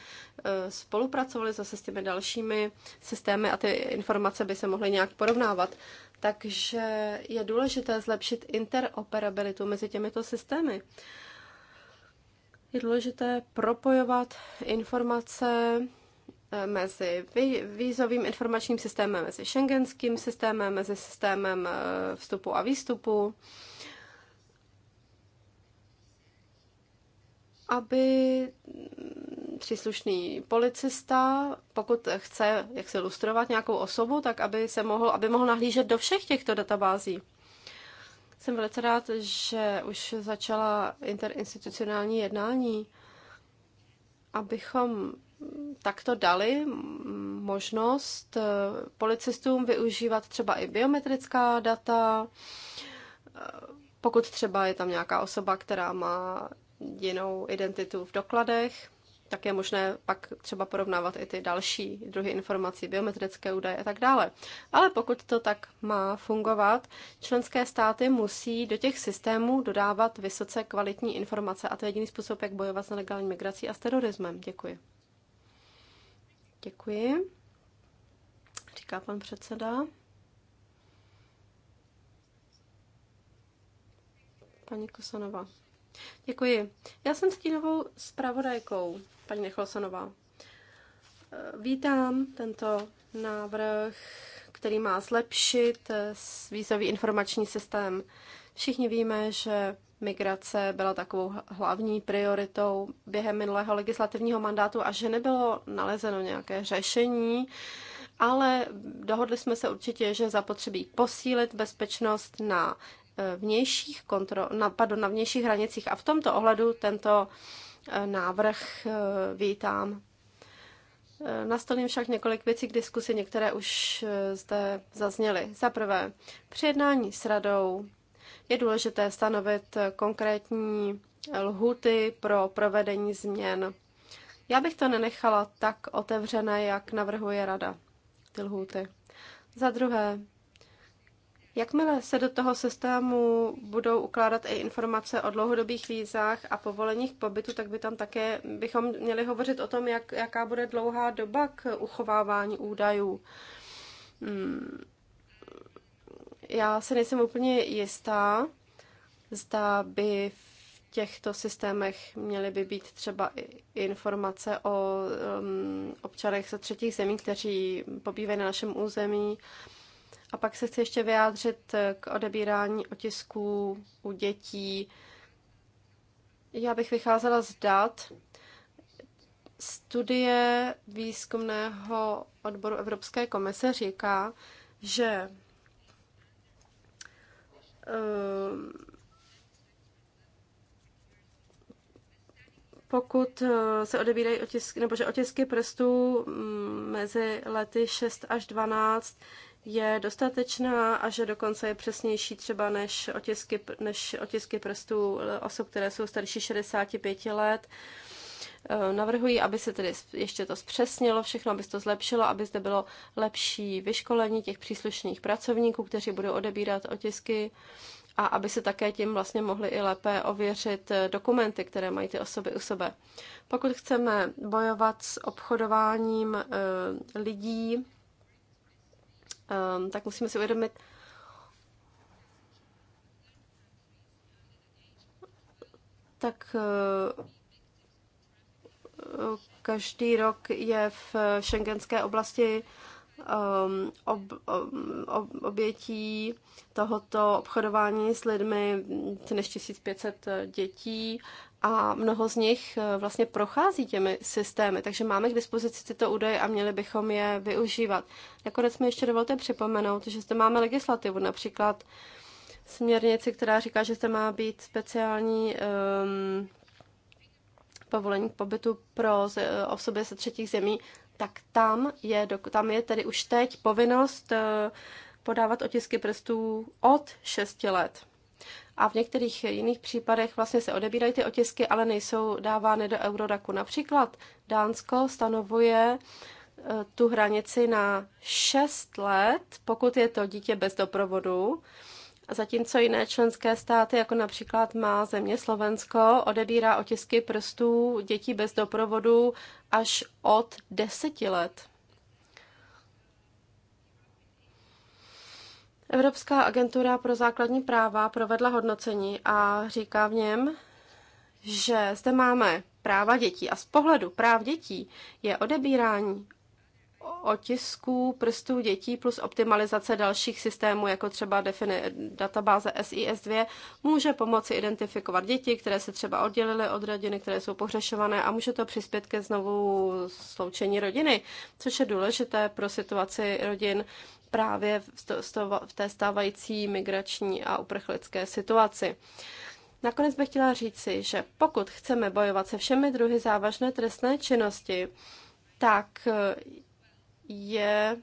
A: e, spolupracovaly zase s těmi dalšími systémy a ty informace by se mohly nějak porovnávat. Takže je důležité zlepšit interoperabilitu mezi těmito systémy. Je důležité propojovat informace Eh, mezi vízovým informačním systémem, mezi šengenským systémem, mezi systémem eh, vstupu a výstupu, aby příslušný policista, pokud chce jak se lustrovat nějakou osobu, tak aby, se mohl, aby mohl nahlížet do všech těchto databází. Jsem velice rád, že už začala interinstitucionální jednání, abychom takto dali možnost eh, policistům využívat třeba i biometrická data, eh, pokud třeba je tam nějaká osoba, která má jinou identitu v dokladech, tak je možné pak třeba porovnávat i ty další druhy informací, biometrické údaje a tak dále. Ale pokud to tak má fungovat, členské státy musí do těch systémů dodávat vysoce kvalitní informace a to je jediný způsob, jak bojovat s nelegální migrací a s terorismem. Děkuji. Děkuji, říká pan předseda. Paní Kosanova. Děkuji. Já jsem stínovou zpravodajkou, paní Nicholsonová. Vítám tento návrh, který má zlepšit vízový informační systém. Všichni víme, že migrace byla takovou hlavní prioritou během minulého legislativního mandátu a že nebylo nalezeno nějaké řešení, ale dohodli jsme se určitě, že zapotřebí posílit bezpečnost na e, vnějších, kontro, na, pardon, na vnějších hranicích a v tomto ohledu tento e, návrh e, vítám. Nastolím však několik věcí k diskusi, některé už zde zazněly. Za prvé, při jednání s radou je důležité stanovit konkrétní lhuty pro provedení změn. Já bych to nenechala tak otevřené, jak navrhuje rada, ty lhuty. Za druhé, Jakmile se do toho systému budou ukládat i informace o dlouhodobých vízách a povoleních pobytu, tak by tam také bychom měli hovořit o tom, jak, jaká bude dlouhá doba k uchovávání údajů. Hmm. Já se nejsem úplně jistá, zda by v těchto systémech měly by být třeba informace o um, občanech ze třetích zemí, kteří pobývají na našem území. A pak se chci ještě vyjádřit k odebírání otisků u dětí. Já bych vycházela z dat studie výzkumného odboru Evropské komise říká, že Ehm, pokud eh, se odebírají otisky, nebo že otisky prstů mm, mezi lety 6 až 12 je dostatečná a že dokonce je přesnější třeba než otisky, než otisky prstů eh, osob, které jsou starší 65 let. Eh, navrhují, aby se tedy ještě to zpřesnilo všechno, aby se to zlepšilo, aby zde bylo lepší vyškolení těch příslušných pracovníků, kteří budou odebírat otisky a aby se také tím vlastně mohli i lépe ověřit eh, dokumenty, které mají ty osoby u sebe. Pokud chceme bojovat s obchodováním eh, lidí, tak musíme si uvědomit, tak Každý rok je v šengenské oblasti um, ob, ob, obětí tohoto obchodování s lidmi než 1500 dětí a mnoho z nich eh, vlastně prochází těmi systémy, takže máme k dispozici tyto údaje a měli bychom je využívat. Nakonec mi ještě dovolte připomenout, že zde máme legislativu, například směrnici, která říká, že zde má být speciální um, povolení k pobytu pro eh, osoby ze třetích zemí, tak tam je, tam je tedy už teď povinnost eh, podávat otisky prstů od 6 let. A v některých jiných případech vlastně se odebírají ty otisky, ale nejsou dávány do Eurodaku. Například Dánsko stanovuje eh, tu hranici na 6 let, pokud je to dítě bez doprovodu. A zatímco jiné členské státy, jako například má země Slovensko, odebírá otisky prstů dětí bez doprovodu až od deseti let. Evropská agentura pro základní práva provedla hodnocení a říká v něm, že zde máme práva dětí a z pohledu práv dětí je odebírání otisků prstů dětí plus optimalizace dalších systémů, jako třeba databáze SIS2, může pomoci identifikovat děti, které se třeba oddělily od rodiny, které jsou pohřešované a může to přispět ke znovu sloučení rodiny, což je důležité pro situaci rodin právě v té stávající migrační a uprchlické situaci. Nakonec bych chtěla říci, že pokud chceme bojovat se všemi druhy závažné trestné činnosti, tak je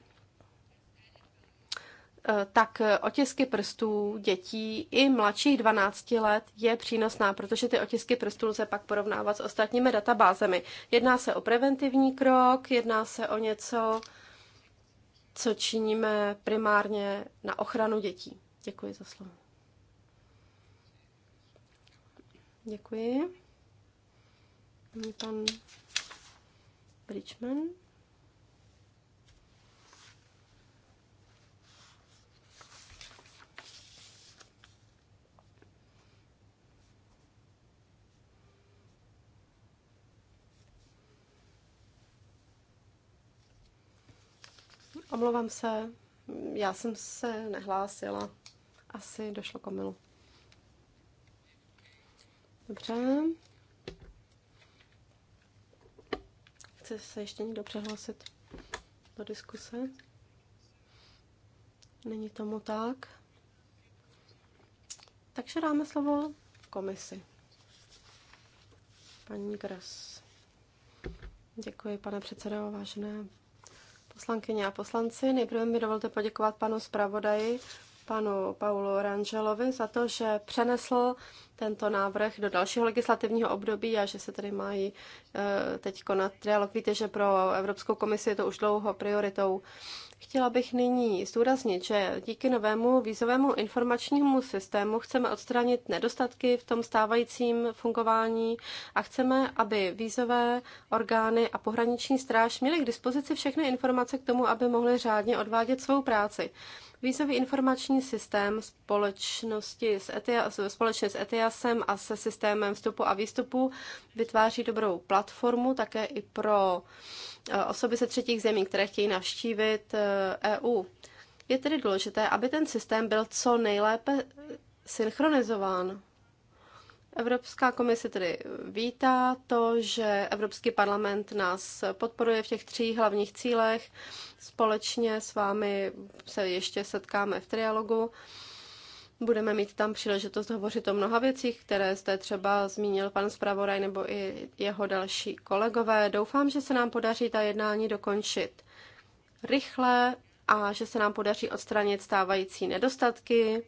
A: eh, tak otisky prstů dětí i mladších 12 let je přínosná, protože ty otisky prstů lze pak porovnávat s ostatními databázemi. Jedná se o preventivní krok, jedná se o něco, co činíme primárně na ochranu dětí. Děkuji za slovo. Děkuji. Pan Bridgman. Omlouvám se, já jsem se nehlásila. Asi došlo k omilu. Dobře. Chce se ještě někdo přihlásit do diskuse? Není tomu tak. Takže dáme slovo komisi. Paní Gras. Děkuji, pane předsedo, vážené poslankyně a poslanci. Nejprve mi dovolte poděkovat panu zpravodaji panu Paulu Rangelovi za to, že přenesl tento návrh do dalšího legislativního období a že se tady mají e, teď konat trialog. Víte, že pro Evropskou komisi je to už dlouho prioritou. Chtěla bych nyní zdůraznit, že díky novému vízovému informačnímu systému chceme odstranit nedostatky v tom stávajícím fungování a chceme, aby vízové orgány a pohraniční stráž měly k dispozici všechny informace k tomu, aby mohly řádně odvádět svou práci. Vízový informační systém společnosti s ETIAS, společně s ETIASem a se systémem vstupu a výstupu vytváří dobrou platformu také i pro e, osoby ze třetích zemí, které chtějí navštívit EU. E Je tedy důležité, aby ten systém byl co nejlépe synchronizován. Evropská komise tedy vítá to, že Evropský parlament nás podporuje v těch tří hlavních cílech. Společně s vámi se ještě setkáme v trialogu. Budeme mít tam příležitost hovořit o mnoha věcích, které jste třeba zmínil pan zpravodaj nebo i jeho další kolegové. Doufám, že se nám podaří ta jednání dokončit rychle a že se nám podaří odstranit stávající nedostatky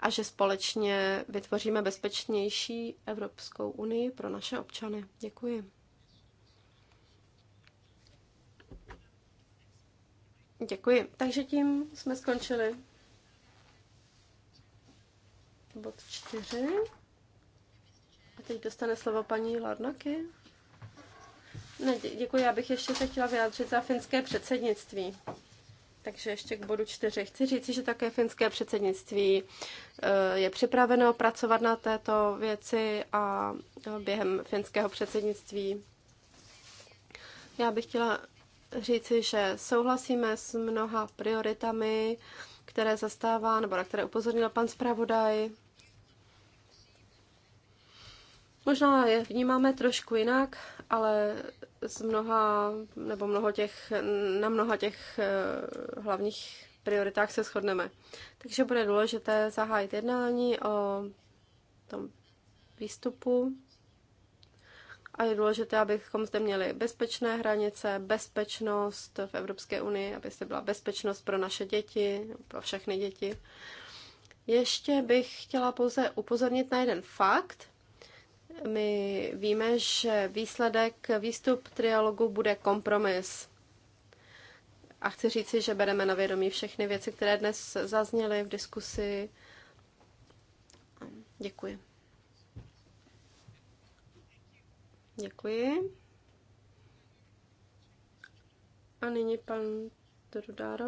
A: a že společně vytvoříme bezpečnější Evropskou unii pro naše občany. Děkuji. Děkuji. Takže tím jsme skončili bod čtyři. A teď dostane slovo paní Larnaky. Ne, děkuji, já bych ještě se chtěla vyjádřit za finské předsednictví. Takže ještě k bodu čtyři. Chci říct, že také finské předsednictví eh, je připraveno pracovat na této věci a eh, během finského předsednictví. Já bych chtěla říci, že souhlasíme s mnoha prioritami, které zastává nebo na které upozornil pan zpravodaj. Možná je vnímáme trošku jinak, ale z mnoha, nebo mnoho těch, na mnoha těch eh, hlavních prioritách se shodneme. Takže bude důležité zahájit jednání o tom výstupu a je důležité, abychom zde měli bezpečné hranice, bezpečnost v Evropské unii, aby se byla bezpečnost pro naše děti, pro všechny děti. Ještě bych chtěla pouze upozornit na jeden fakt, my víme, že výsledek, výstup trialogu bude kompromis. A chci říci, že bereme na vědomí všechny věci, které dnes zazněly v diskusi. Děkuji. Děkuji. A nyní pan Drudáro.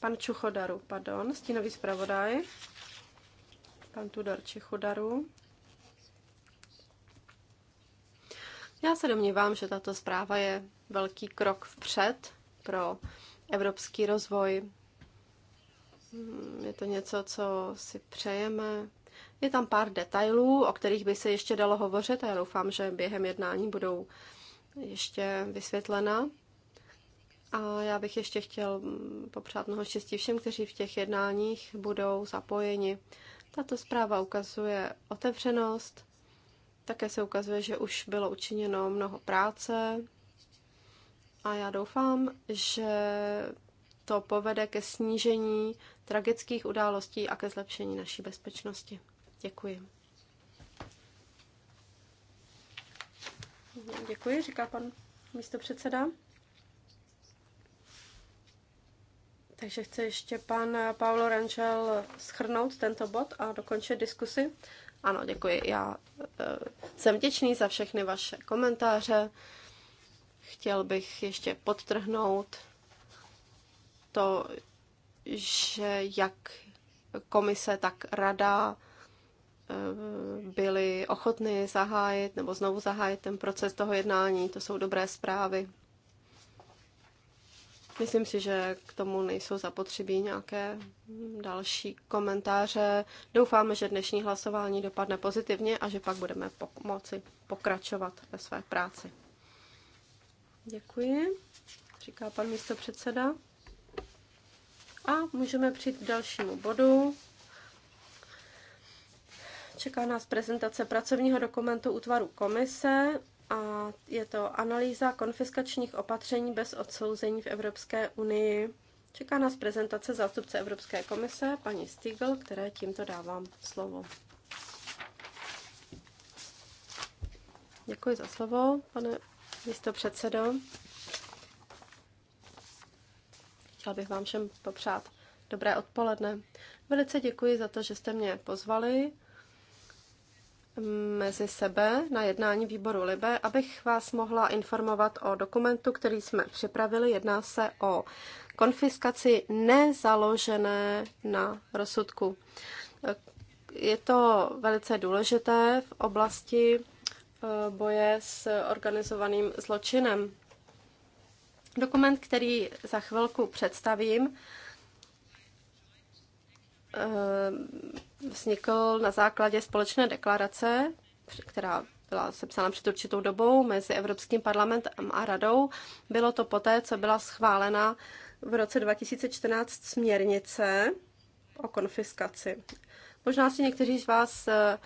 A: Pan Čuchodaru, pardon, stínový zpravodaj tu Tudor Čechodaru. Já se domnívám, že tato zpráva je velký krok vpřed pro evropský rozvoj. Je to něco, co si přejeme. Je tam pár detailů, o kterých by se ještě dalo hovořit a já doufám, že během jednání budou ještě vysvětlena. A já bych ještě chtěl popřát mnoho štěstí všem, kteří v těch jednáních budou zapojeni. Tato zpráva ukazuje otevřenost, také se ukazuje, že už bylo učiněno mnoho práce a já doufám, že to povede ke snížení tragických událostí a ke zlepšení naší bezpečnosti. Děkuji. Děkuji, říká pan předseda. Takže chce ještě pan Paolo Rančel schrnout tento bod a dokončit diskusi. Ano, děkuji. Já eh, jsem vděčný za všechny vaše komentáře. Chtěl bych ještě podtrhnout to, že jak komise, tak rada eh, byly ochotny zahájit nebo znovu zahájit ten proces toho jednání. To jsou dobré zprávy. Myslím si, že k tomu nejsou zapotřebí nějaké další komentáře. Doufáme, že dnešní hlasování dopadne pozitivně a že pak budeme pok- moci pokračovat ve své práci. Děkuji, říká pan místo předseda. A můžeme přijít k dalšímu bodu. Čeká nás prezentace pracovního dokumentu útvaru komise a je to analýza konfiskačních opatření bez odsouzení v Evropské unii. Čeká nás prezentace zástupce Evropské komise, paní Stigl, které tímto dávám slovo. Děkuji za slovo, pane místo předsedo. Chtěla bych vám všem popřát dobré odpoledne. Velice děkuji za to, že jste mě pozvali mezi sebe na jednání výboru Libe, abych vás mohla informovat o dokumentu, který jsme připravili. Jedná se o konfiskaci nezaložené na rozsudku. Je to velice důležité v oblasti eh, boje s organizovaným zločinem. Dokument, který za chvilku představím, Eh, vznikl na základě společné deklarace, která byla sepsána před určitou dobou mezi Evropským parlamentem a radou. Bylo to poté, co byla schválena v roce 2014 směrnice o konfiskaci. Možná si někteří z vás eh,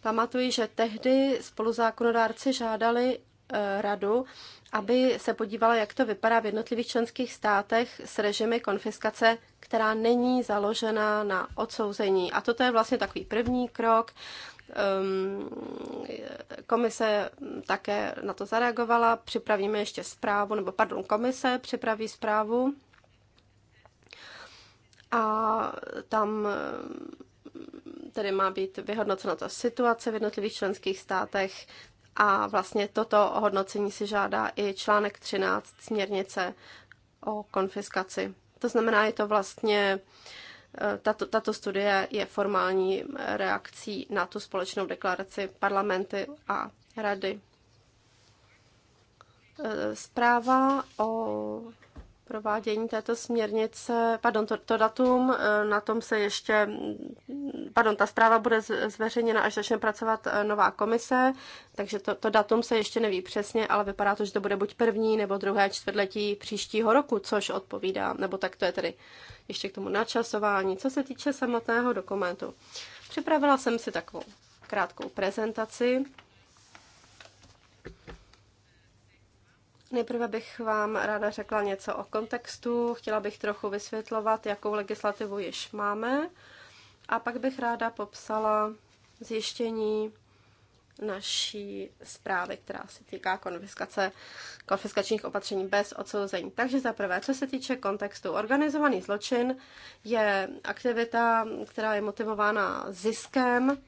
A: pamatují, že tehdy spoluzákonodárci žádali eh, radu, aby se podívala, jak to vypadá v jednotlivých členských státech s režimy konfiskace, která není založena na odsouzení. A toto je vlastně takový první krok. Ehm, komise také na to zareagovala. Připravíme ještě zprávu, nebo pardon, komise připraví zprávu. A tam ehm, tedy má být vyhodnocena ta situace v jednotlivých členských státech, a vlastně toto hodnocení si žádá i článek 13 směrnice o konfiskaci. To znamená, je to vlastně, e, tato, tato studie je formální reakcí na tu společnou deklaraci parlamenty a rady. E, zpráva o provádění této směrnice, pardon, to, to datum, eh, na tom se ještě, mm, pardon, ta zpráva bude zveřejněna, až začne pracovat eh, nová komise, takže to, to datum se ještě neví přesně, ale vypadá to, že to bude buď první nebo druhé čtvrtletí příštího roku, což odpovídá, nebo tak to je tedy ještě k tomu načasování. Co se týče samotného dokumentu, připravila jsem si takovou krátkou prezentaci, Nejprve bych vám ráda řekla něco o kontextu, chtěla bych trochu vysvětlovat, jakou legislativu již máme a pak bych ráda popsala zjištění naší zprávy, která se týká konfiskace, konfiskačních opatření bez odsouzení. Takže za prvé, co se týče kontextu, organizovaný zločin je aktivita, která je motivována ziskem.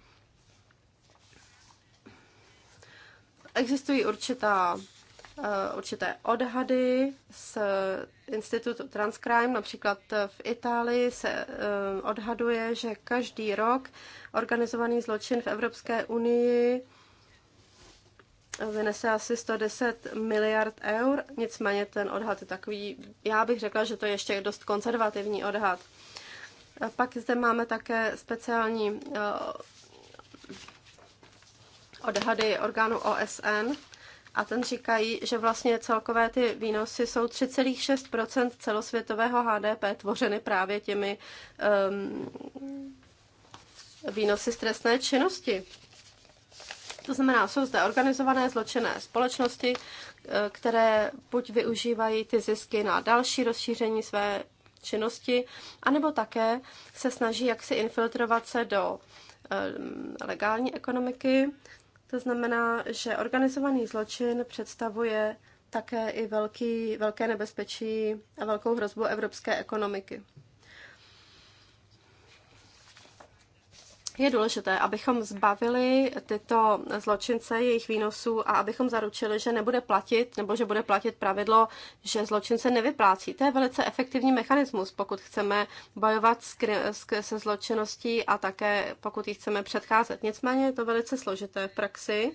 A: Existují určitá Eh, určité odhady z Institutu Transcrime. Například v Itálii se eh, odhaduje, že každý rok organizovaný zločin v Evropské unii vynese asi 110 miliard eur, nicméně ten odhad je takový, já bych řekla, že to je ještě dost konzervativní odhad. Pak zde máme také speciální eh, odhady orgánu OSN, a ten říkají, že vlastně celkové ty výnosy jsou 3,6 celosvětového HDP tvořeny právě těmi um, výnosy z trestné činnosti. To znamená, jsou zde organizované zločinné společnosti, e, které buď využívají ty zisky na další rozšíření své činnosti, anebo také se snaží jaksi infiltrovat se do ehm, legální ekonomiky, to znamená, že organizovaný zločin představuje také i velký, velké nebezpečí a velkou hrozbu evropské ekonomiky. Je důležité, abychom zbavili tyto zločince jejich výnosů a abychom zaručili, že nebude platit nebo že bude platit pravidlo, že zločince nevyplácí. To je velice efektivní mechanismus, pokud chceme bojovat se zločinností a také pokud jich chceme předcházet. Nicméně je to velice složité v praxi,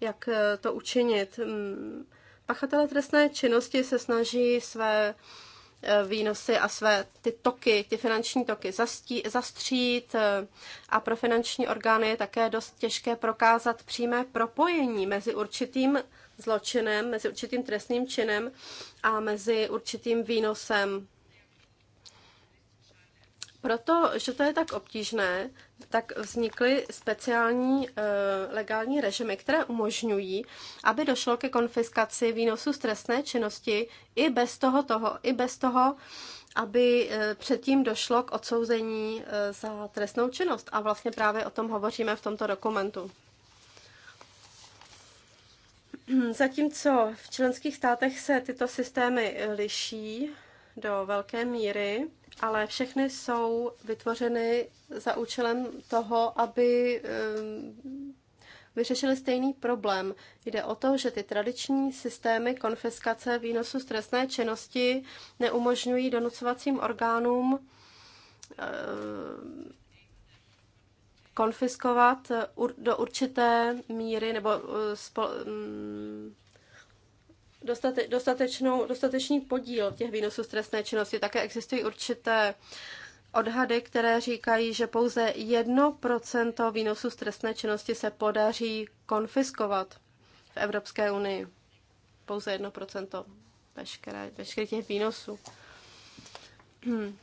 A: jak eh, to učinit. Mm, Pachatelé trestné činnosti se snaží své Eh, výnosy a své ty toky, ty finanční toky zastí, zastřít eh, a pro finanční orgány je také dost těžké prokázat přímé propojení mezi určitým zločinem, mezi určitým trestným činem a mezi určitým výnosem proto, že to je tak obtížné, tak vznikly speciální e, legální režimy, které umožňují, aby došlo ke konfiskaci výnosu z trestné činnosti i bez toho, toho i bez toho, aby e, předtím došlo k odsouzení e, za trestnou činnost. A vlastně právě o tom hovoříme v tomto dokumentu. Zatímco v členských státech se tyto systémy liší do velké míry, ale všechny jsou vytvořeny za účelem toho, aby ehm, vyřešili stejný problém. Jde o to, že ty tradiční systémy konfiskace výnosu z trestné činnosti neumožňují donucovacím orgánům ehm, konfiskovat do určité míry nebo eh, mm, dostate, dostatečnou, dostatečný podíl těch výnosů z trestné činnosti. Také existují určité odhady, které říkají, že pouze 1% výnosů z trestné činnosti se podaří konfiskovat v Evropské unii. Pouze 1% veškeré, veškerých těch výnosů. Hmm.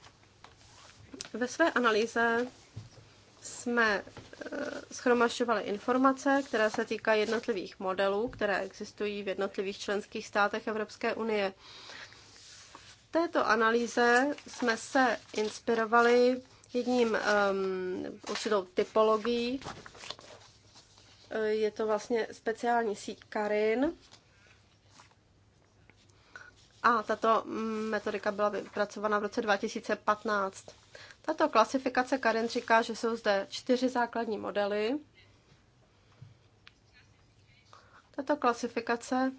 A: Ve své analýze jsme schromažďovali informace, které se týkají jednotlivých modelů, které existují v jednotlivých členských státech Evropské unie. V této analýze jsme se inspirovali jedním um, určitou typologií. Je to vlastně speciální síť Karin. A tato metodika byla vypracována v roce 2015. Tato klasifikace Karen říká, že jsou zde čtyři základní modely. Tato klasifikace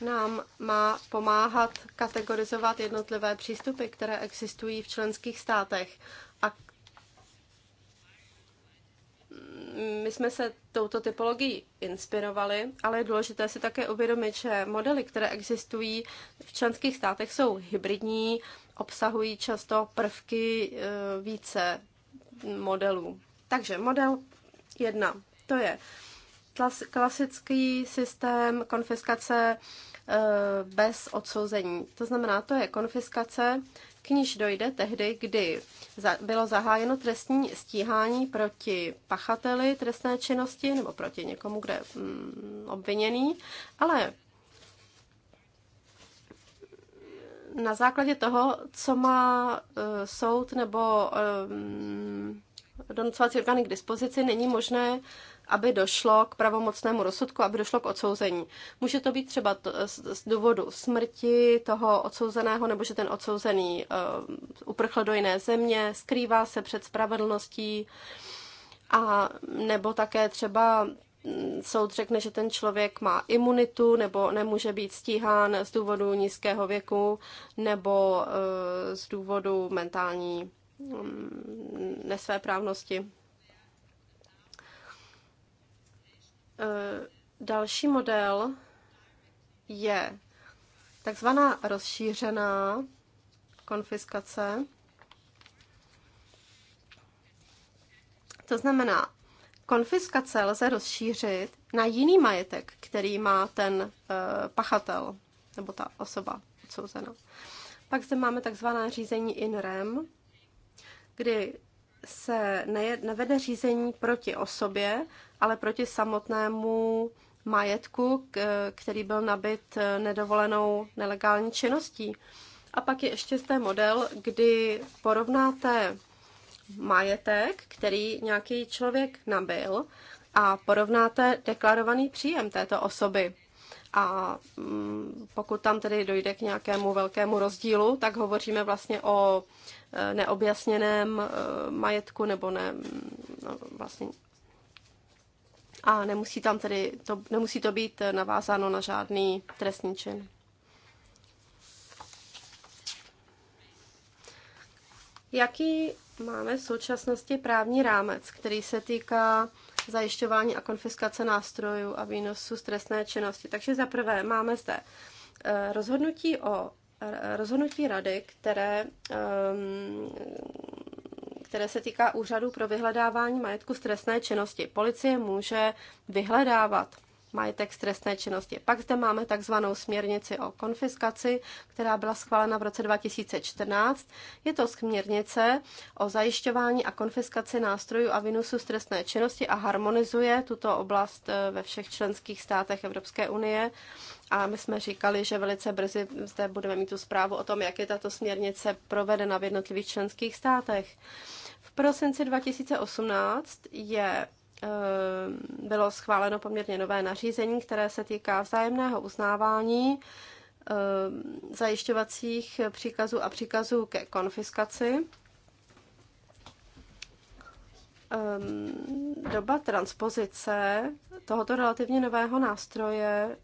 A: nám má pomáhat kategorizovat jednotlivé přístupy, které existují v členských státech. A my jsme se touto typologií inspirovali, ale je důležité si také uvědomit, že modely, které existují v členských státech, jsou hybridní, obsahují často prvky e, více modelů. Takže model 1, to je klasický systém konfiskace e, bez odsouzení. To znamená, to je konfiskace, k níž dojde tehdy, kdy bylo zahájeno trestní stíhání proti pachateli trestné činnosti nebo proti někomu, kdo je mm, obviněný, ale na základě toho, co má uh, soud nebo um, donucovací orgány k dispozici, není možné, aby došlo k pravomocnému rozsudku, aby došlo k odsouzení. Může to být třeba z, z důvodu smrti toho odsouzeného, nebo že ten odsouzený uh, uprchl do jiné země, skrývá se před spravedlností, a nebo také třeba soud řekne, že ten člověk má imunitu nebo nemůže být stíhán z důvodu nízkého věku nebo eh, z důvodu mentální mm, nesvéprávnosti. Eh, další model je takzvaná rozšířená konfiskace. To znamená, Konfiskace lze rozšířit na jiný majetek, který má ten eh, pachatel nebo ta osoba odsouzena. Pak zde máme takzvané řízení in rem, kdy se nevede řízení proti osobě, ale proti samotnému majetku, který byl nabit eh, nedovolenou nelegální činností. A pak je ještě zde model, kdy porovnáte majetek, který nějaký člověk nabil a porovnáte deklarovaný příjem této osoby. A mm, pokud tam tedy dojde k nějakému velkému rozdílu, tak hovoříme vlastně o e, neobjasněném e, majetku nebo ne, mm, no vlastně a nemusí tam tedy, to, nemusí to být e, navázáno na žádný trestní čin. Jaký máme v současnosti právní rámec, který se týká zajišťování a konfiskace nástrojů a výnosu z trestné činnosti? Takže za prvé máme zde eh, rozhodnutí o eh, rozhodnutí rady, které, ehm, které se týká úřadu pro vyhledávání majetku z trestné činnosti. Policie může vyhledávat majetek z trestné činnosti. Pak zde máme takzvanou směrnici o konfiskaci, která byla schválena v roce 2014. Je to směrnice o zajišťování a konfiskaci nástrojů a výnosů z trestné činnosti a harmonizuje tuto oblast eh, ve všech členských státech Evropské unie. A my jsme říkali, že velice brzy zde budeme mít tu zprávu o tom, jak je tato směrnice provedena v jednotlivých členských státech. V prosinci 2018 je Eh, bylo schváleno poměrně nové nařízení, které se týká vzájemného uznávání eh, zajišťovacích příkazů a příkazů ke konfiskaci. Ehm, doba transpozice tohoto relativně nového nástroje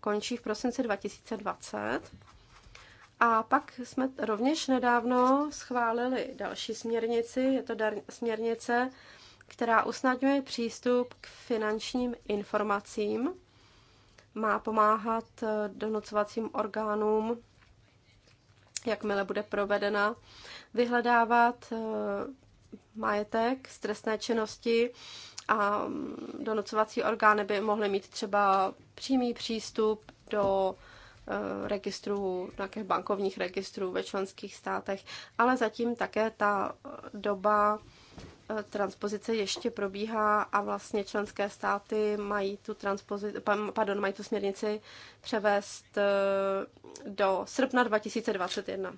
A: končí v prosinci 2020. A pak jsme rovněž nedávno schválili další směrnici, je to směrnice která usnadňuje přístup k finančním informacím, má pomáhat eh, donocovacím orgánům, jakmile bude provedena, vyhledávat eh, majetek z trestné činnosti a mm, donocovací orgány by mohly mít třeba přímý přístup do eh, registrů, nějakých bankovních registrů ve členských státech, ale zatím také ta doba transpozice ještě probíhá a vlastně členské státy mají tu, transpozi- pardon, mají tu směrnici převést eh, do srpna 2021.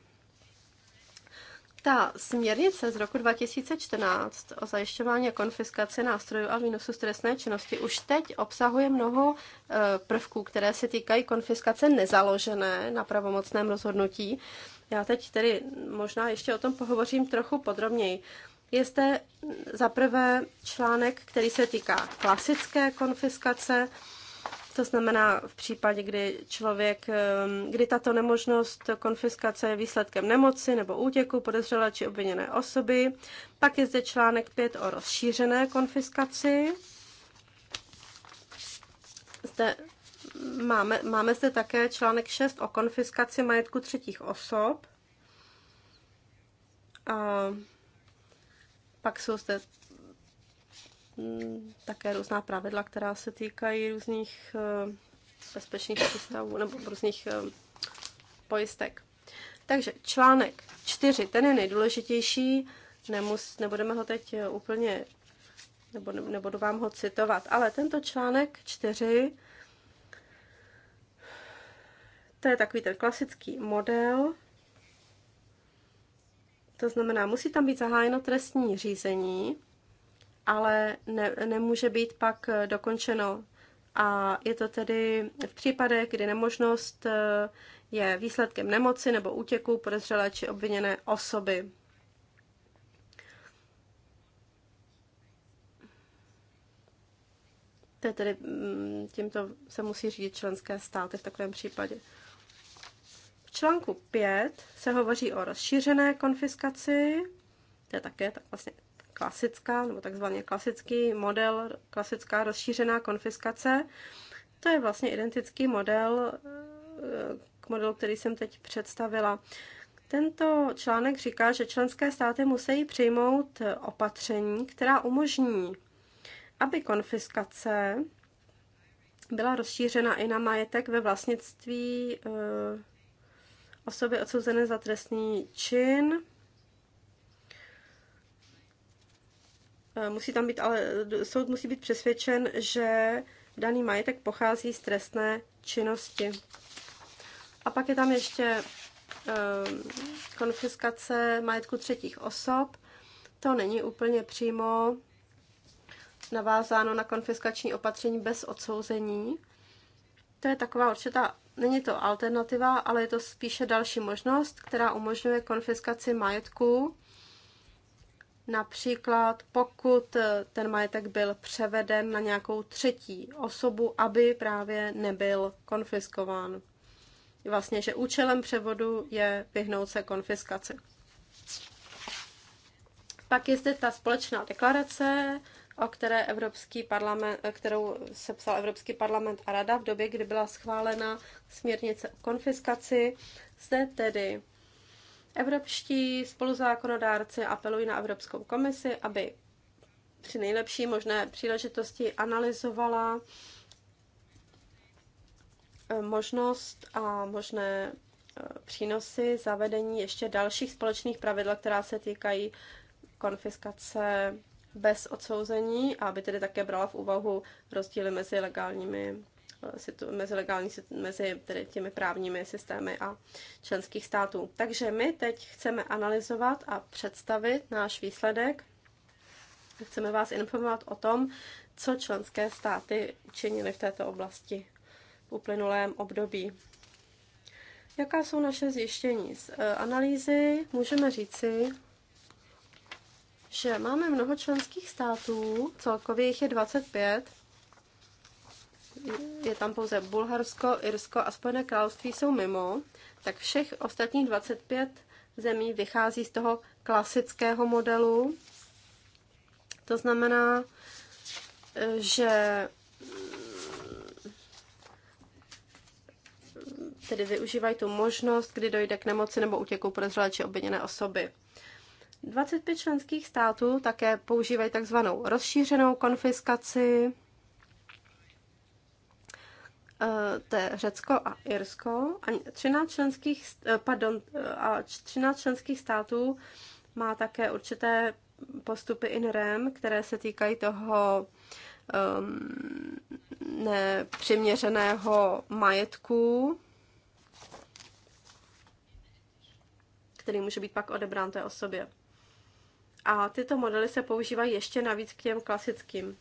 A: Ta směrnice z roku 2014 o zajišťování a konfiskaci nástrojů a výnosu z trestné činnosti už teď obsahuje mnoho eh, prvků, které se týkají konfiskace nezaložené na pravomocném rozhodnutí. Já teď tedy možná ještě o tom pohovořím trochu podrobněji. Je zde zaprvé článek, který se týká klasické konfiskace, to znamená v případě, kdy člověk, ehm, kdy tato nemožnost konfiskace je výsledkem nemoci nebo útěku podezřelé či obviněné osoby. Pak je zde článek 5 o rozšířené konfiskaci. Zde máme, máme zde také článek 6 o konfiskaci majetku třetích osob. A pak jsou zde mm, také různá pravidla, která se týkají různých eh, bezpečných přístavů nebo různých eh, pojistek. Takže článek čtyři. ten je nejdůležitější, Nemus, nebudeme ho teď eh, úplně, nebo ne, nebudu vám ho citovat, ale tento článek čtyři. to je takový ten klasický model, to znamená, musí tam být zahájeno trestní řízení, ale ne, nemůže být pak eh, dokončeno. A je to tedy v případech, kdy nemožnost eh, je výsledkem nemoci nebo útěku podezřelé či obviněné osoby. To je tedy, mm, tímto se musí řídit členské státy v takovém případě článku 5 se hovoří o rozšířené konfiskaci, to je také tak vlastně klasická, nebo takzvaný klasický model, klasická rozšířená konfiskace. To je vlastně identický model eh, k modelu, který jsem teď představila. Tento článek říká, že členské státy musí přijmout opatření, která umožní, aby konfiskace byla rozšířena i na majetek ve vlastnictví eh, osoby odsouzené za trestný čin. Eh, musí tam být, ale soud musí být přesvědčen, že daný majetek pochází z trestné činnosti. A pak je tam ještě eh, konfiskace majetku třetích osob. To není úplně přímo navázáno na konfiskační opatření bez odsouzení. To je taková určitá Není to alternativa, ale je to spíše další možnost, která umožňuje konfiskaci majetku. Například pokud eh, ten majetek byl převeden na nějakou třetí osobu, aby právě nebyl konfiskován. Vlastně, že účelem převodu je vyhnout se konfiskaci. Pak je zde ta společná deklarace, o které Evropský parlament, kterou sepsal Evropský parlament a Rada v době, kdy byla schválena směrnice o konfiskaci. Zde tedy evropští spoluzákonodárci apelují na Evropskou komisi, aby při nejlepší možné příležitosti analyzovala eh, možnost a možné eh, přínosy zavedení ještě dalších společných pravidel, která se týkají konfiskace bez odsouzení a aby tedy také brala v úvahu rozdíly mezi legálními eh, mezi, legální, mezi tedy těmi právními systémy a členských států. Takže my teď chceme analyzovat a představit náš výsledek. Chceme vás informovat o tom, co členské státy učinily v této oblasti v uplynulém období. Jaká jsou naše zjištění? Z eh, analýzy můžeme říci, že máme mnoho členských států, celkově jich je 25, je tam pouze Bulharsko, Irsko a Spojené království jsou mimo, tak všech ostatních 25 zemí vychází z toho klasického modelu. To znamená, že tedy využívají tu možnost, kdy dojde k nemoci nebo útěku podezřelé či obviněné osoby. 25 členských států také používají takzvanou rozšířenou konfiskaci. Eh, to je Řecko a Irsko. A 13 členských, eh, pardon, eh, a 13 členských států má také určité postupy in rem, které se týkají toho um, nepřiměřeného majetku, který může být pak odebrán té osobě a tyto modely se používají ještě navíc k těm klasickým.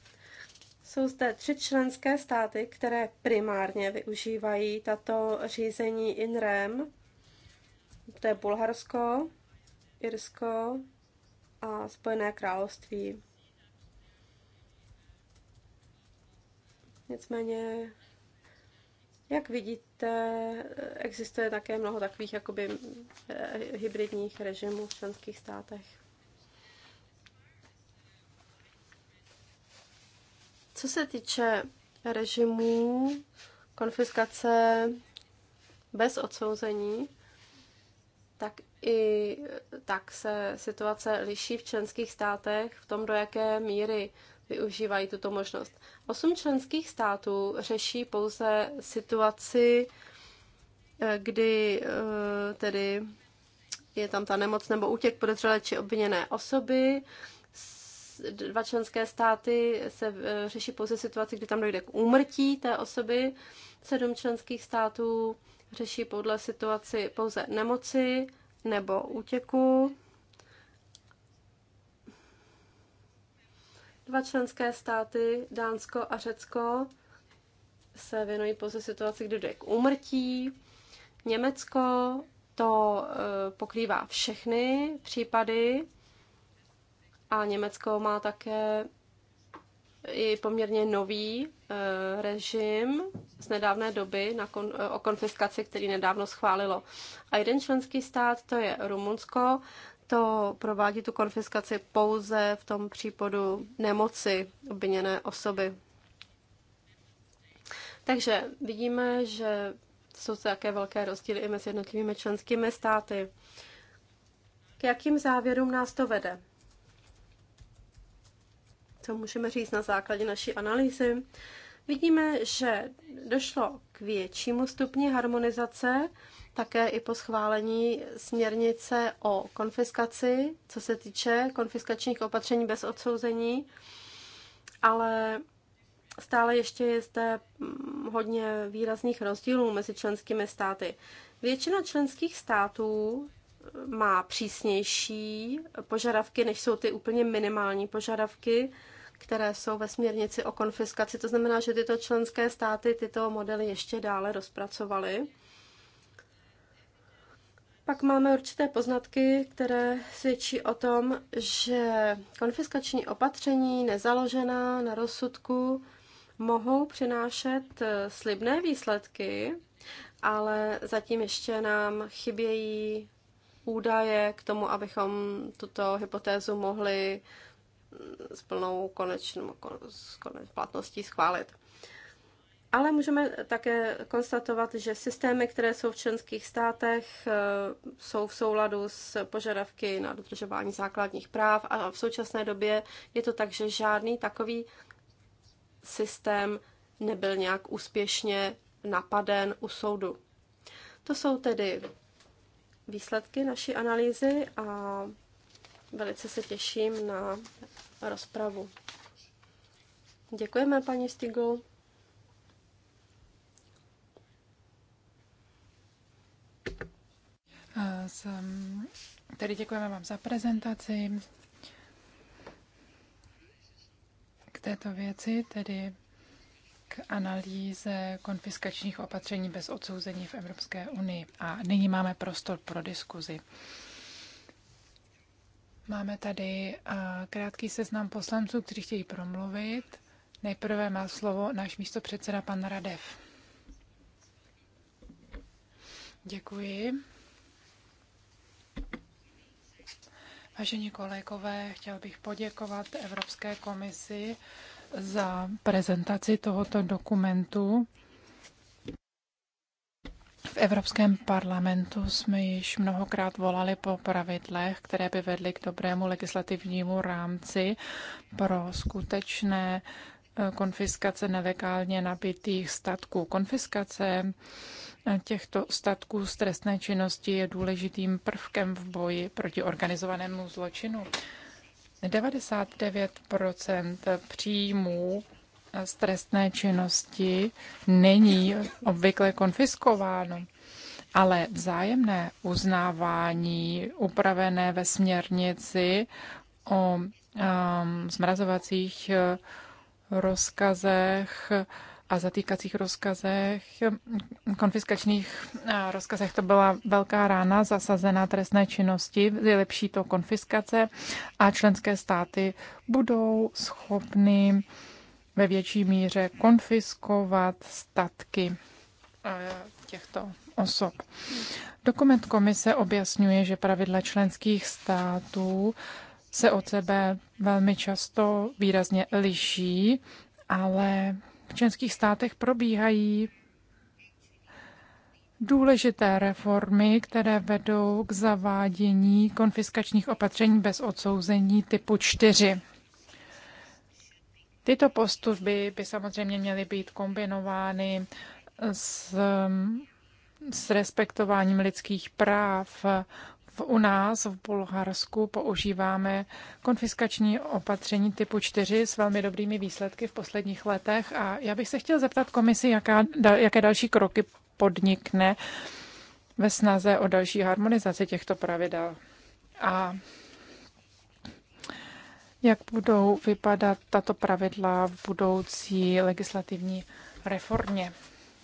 A: Jsou zde tři členské státy, které primárně využívají tato řízení in rem. To je Bulharsko, Irsko a Spojené království. Nicméně, jak vidíte, existuje také mnoho takových jakoby eh, hybridních režimů v členských státech. Co se týče režimu konfiskace bez odsouzení, tak i tak se situace liší v členských státech v tom, do jaké míry využívají tuto možnost. Osm členských států řeší pouze situaci, eh, kdy eh, tedy je tam ta nemoc nebo útěk podezřelé či obviněné osoby, dva členské státy se eh, řeší pouze situaci, kdy tam dojde k úmrtí té osoby. Sedm členských států řeší podle situaci pouze nemoci nebo útěku. Dva členské státy, Dánsko a Řecko, se věnují pouze situaci, kdy jde k úmrtí. Německo to eh, pokrývá všechny případy a Německo má také i poměrně nový eh, režim z nedávné doby na kon, eh, o konfiskaci, který nedávno schválilo. A jeden členský stát, to je Rumunsko, to provádí tu konfiskaci pouze v tom případu nemoci obviněné osoby. Takže vidíme, že jsou také velké rozdíly i mezi jednotlivými členskými státy. K jakým závěrům nás to vede? co můžeme říct na základě naší analýzy? Vidíme, že došlo k většímu stupni harmonizace, také i po schválení směrnice o konfiskaci, co se týče konfiskačních opatření bez odsouzení, ale stále ještě je zde mm, hodně výrazných rozdílů mezi členskými státy. Většina členských států mm, má přísnější požadavky, než jsou ty úplně minimální požadavky, které jsou ve směrnici o konfiskaci. To znamená, že tyto členské státy tyto modely ještě dále rozpracovaly. Pak máme určité poznatky, které svědčí o tom, že konfiskační opatření nezaložená na rozsudku mohou přinášet eh, slibné výsledky, ale zatím ještě nám chybějí údaje k tomu, abychom tuto hypotézu mohli s plnou konečnou s konec, platností schválit. Ale můžeme také konstatovat, že systémy, které jsou v členských státech, eh, jsou v souladu s požadavky na dodržování základních práv a v současné době je to tak, že žádný takový systém nebyl nějak úspěšně napaden u soudu. To jsou tedy výsledky naší analýzy a velice se těším na rozpravu.
B: Děkujeme, paní Stigl. Tedy děkujeme vám za prezentaci k této věci, tedy k analýze konfiskačních opatření bez odsouzení v Evropské unii. A nyní máme prostor pro diskuzi. Máme tady eh, krátký seznam poslanců, kteří chtějí promluvit. Nejprve má slovo náš předseda pan Radev. Děkuji. Vážení kolegové, chtěl bych poděkovat Evropské komisi za prezentaci tohoto dokumentu. V Evropském parlamentu jsme již mnohokrát volali po pravidlech, které by vedly k dobrému legislativnímu rámci pro skutečné eh, konfiskace nelegálně nabitých statků. Konfiskace eh, těchto statků z trestné činnosti je důležitým prvkem v boji proti organizovanému zločinu. 99 příjmů z trestné činnosti není obvykle konfiskováno. Ale vzájemné uznávání upravené ve směrnici o um, zmrazovacích eh, rozkazech a zatýkacích rozkazech, konfiskačních eh, rozkazech to byla velká rána zasazená trestné činnosti, je lepší to konfiskace a členské státy budou schopny ve větší míře konfiskovat statky eh, těchto osob. Dokument komise objasňuje, že pravidla členských států se od sebe velmi často výrazně liší, ale v členských státech probíhají důležité reformy, které vedou k zavádění konfiskačních opatření bez odsouzení typu 4. Tyto postupy by samozřejmě měly být kombinovány s, s respektováním lidských práv. u nás v Bulharsku používáme konfiskační opatření typu 4 s velmi dobrými výsledky v posledních letech a já bych se chtěl zeptat komisi, jaká, jaké další kroky podnikne ve snaze o další harmonizaci těchto pravidel. A jak budou vypadat tato pravidla v budoucí legislativní reformě.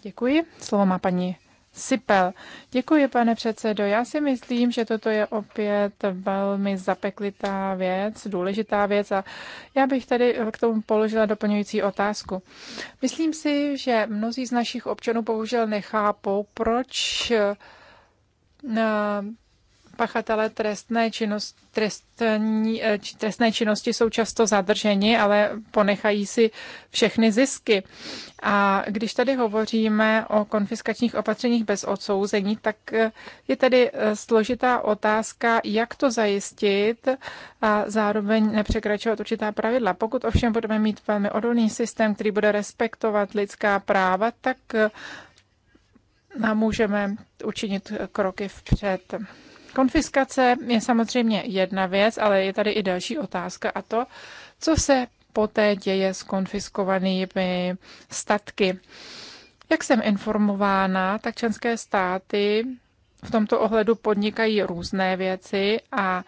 B: Děkuji. Slovo má paní Sipel. Děkuji, pane předsedo. Já si myslím, že toto je opět velmi zapeklitá věc, důležitá věc a já bych tady k tomu položila doplňující otázku. Myslím si, že mnozí z našich občanů bohužel nechápou, proč eh, pachatelé trestné, činnost, trestní, eh, trestné činnosti jsou často zadrženi, ale ponechají si všechny zisky. A když tady hovoříme o konfiskačních opatřeních bez odsouzení, tak eh, je tady eh, složitá otázka, jak to zajistit a zároveň nepřekračovat určitá pravidla. Pokud ovšem budeme mít velmi odolný systém, který bude respektovat lidská práva, tak nám můžeme učinit kroky vpřed. Konfiskace je samozřejmě jedna věc, ale je tady i další otázka a to, co se poté děje s konfiskovanými statky. Jak jsem informována, tak členské státy v tomto ohledu podnikají různé věci a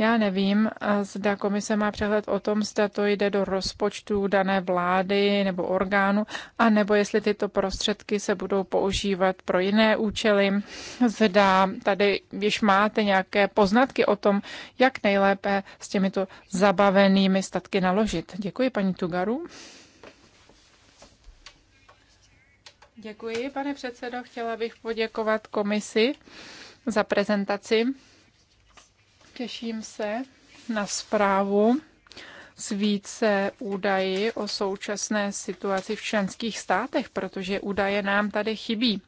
B: já nevím, zda komise má přehled o tom, zda to jde do rozpočtu dané vlády nebo orgánu, a nebo jestli tyto prostředky se budou používat pro jiné účely. Zda tady když máte nějaké poznatky o tom, jak nejlépe s těmito zabavenými statky naložit. Děkuji, paní Tugaru. Děkuji, pane předsedo. Chtěla bych poděkovat komisi za prezentaci. Těším se na zprávu s více údaji o současné situaci v členských státech, protože údaje nám tady chybí.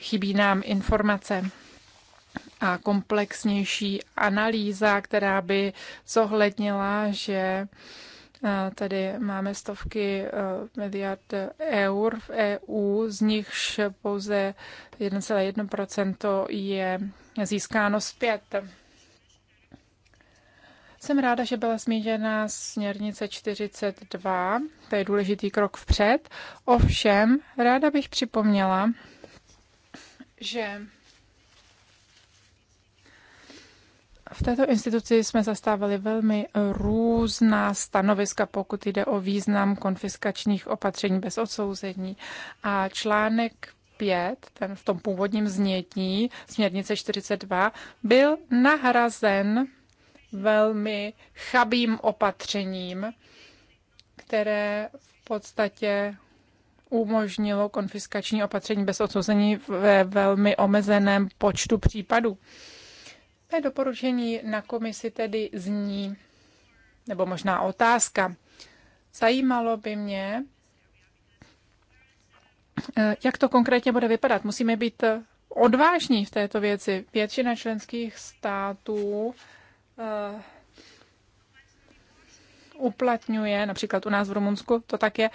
B: Chybí nám informace a komplexnější analýza, která by zohlednila, že eh, Tady máme stovky eh, miliard eur v EU, z nichž pouze 1,1 je získáno zpět. Jsem ráda, že byla zmíněna směrnice 42, to je důležitý krok vpřed. Ovšem, ráda bych připomněla, že v této instituci jsme zastávali velmi různá stanoviska, pokud jde o význam konfiskačních opatření bez odsouzení. A článek 5, ten v tom původním znětí směrnice 42, byl nahrazen velmi chabým opatřením, které v podstatě umožnilo konfiskační opatření bez odsouzení ve velmi omezeném počtu případů. Mé doporučení na komisi tedy zní, nebo možná otázka. Zajímalo by mě, eh, jak to konkrétně bude vypadat. Musíme být eh, odvážní v této věci. Většina členských států Eh, uplatňuje, například u nás v Rumunsku to tak je,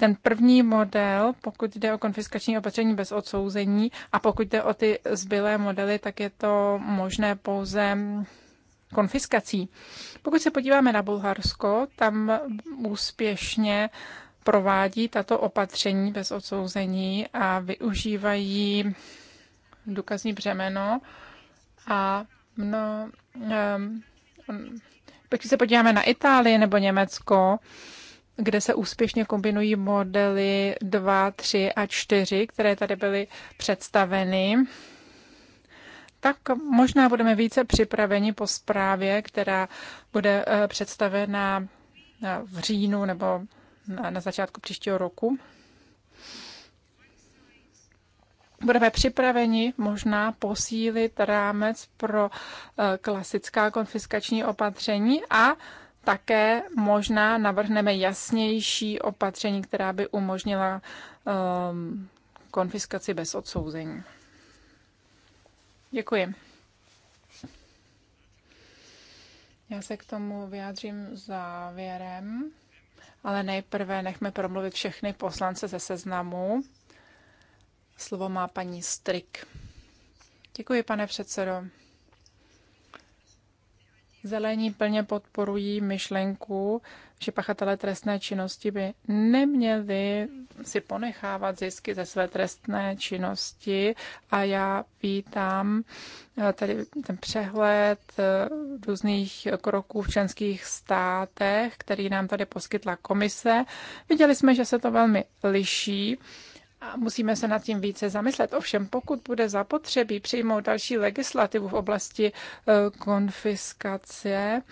B: ten první model, pokud jde o konfiskační opatření bez odsouzení a pokud jde o ty zbylé modely, tak je to možné pouze konfiskací. Pokud se podíváme na Bulharsko, tam úspěšně provádí tato opatření bez odsouzení a využívají důkazní břemeno a No, um, ehm, pokud se podíváme na Itálii nebo Německo, kde se úspěšně kombinují modely 2, 3 a 4, které tady byly představeny, tak možná budeme více připraveni po zprávě, která bude eh, představena eh, v říjnu nebo na začátku příštího roku. budeme připraveni možná posílit rámec pro eh, klasická konfiskační opatření a také možná navrhneme jasnější opatření, která by umožnila um, konfiskaci bez odsouzení. Děkuji. Já se k tomu vyjádřím závěrem, ale nejprve nechme promluvit všechny poslance ze seznamu. Slovo má paní Strik. Děkuji, pane předsedo. Zelení plně podporují myšlenku, že pachatelé trestné činnosti by neměli si ponechávat zisky ze své trestné činnosti a já vítám eh, tady ten přehled eh, různých kroků v členských státech, který nám tady poskytla komise. Viděli jsme, že se to velmi liší a musíme se nad tím více zamyslet. Ovšem, pokud bude zapotřebí přijmout další legislativu v oblasti e, konfiskace, e,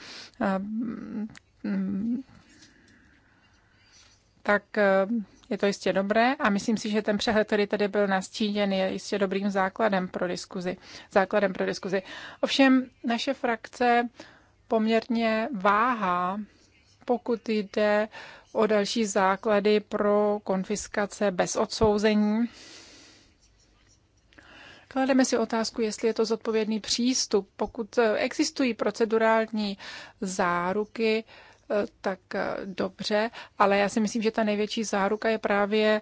B: mm, tak e, je to jistě dobré a myslím si, že ten přehled, který tady byl nastíněn, je jistě dobrým základem pro diskuzi. Základem pro diskuzi. Ovšem, naše frakce poměrně váhá, pokud jde o další základy pro konfiskace bez odsouzení. Klademe si otázku, jestli je to zodpovědný přístup. Pokud existují procedurální záruky, eh, tak eh, dobře, ale já si myslím, že ta největší záruka je právě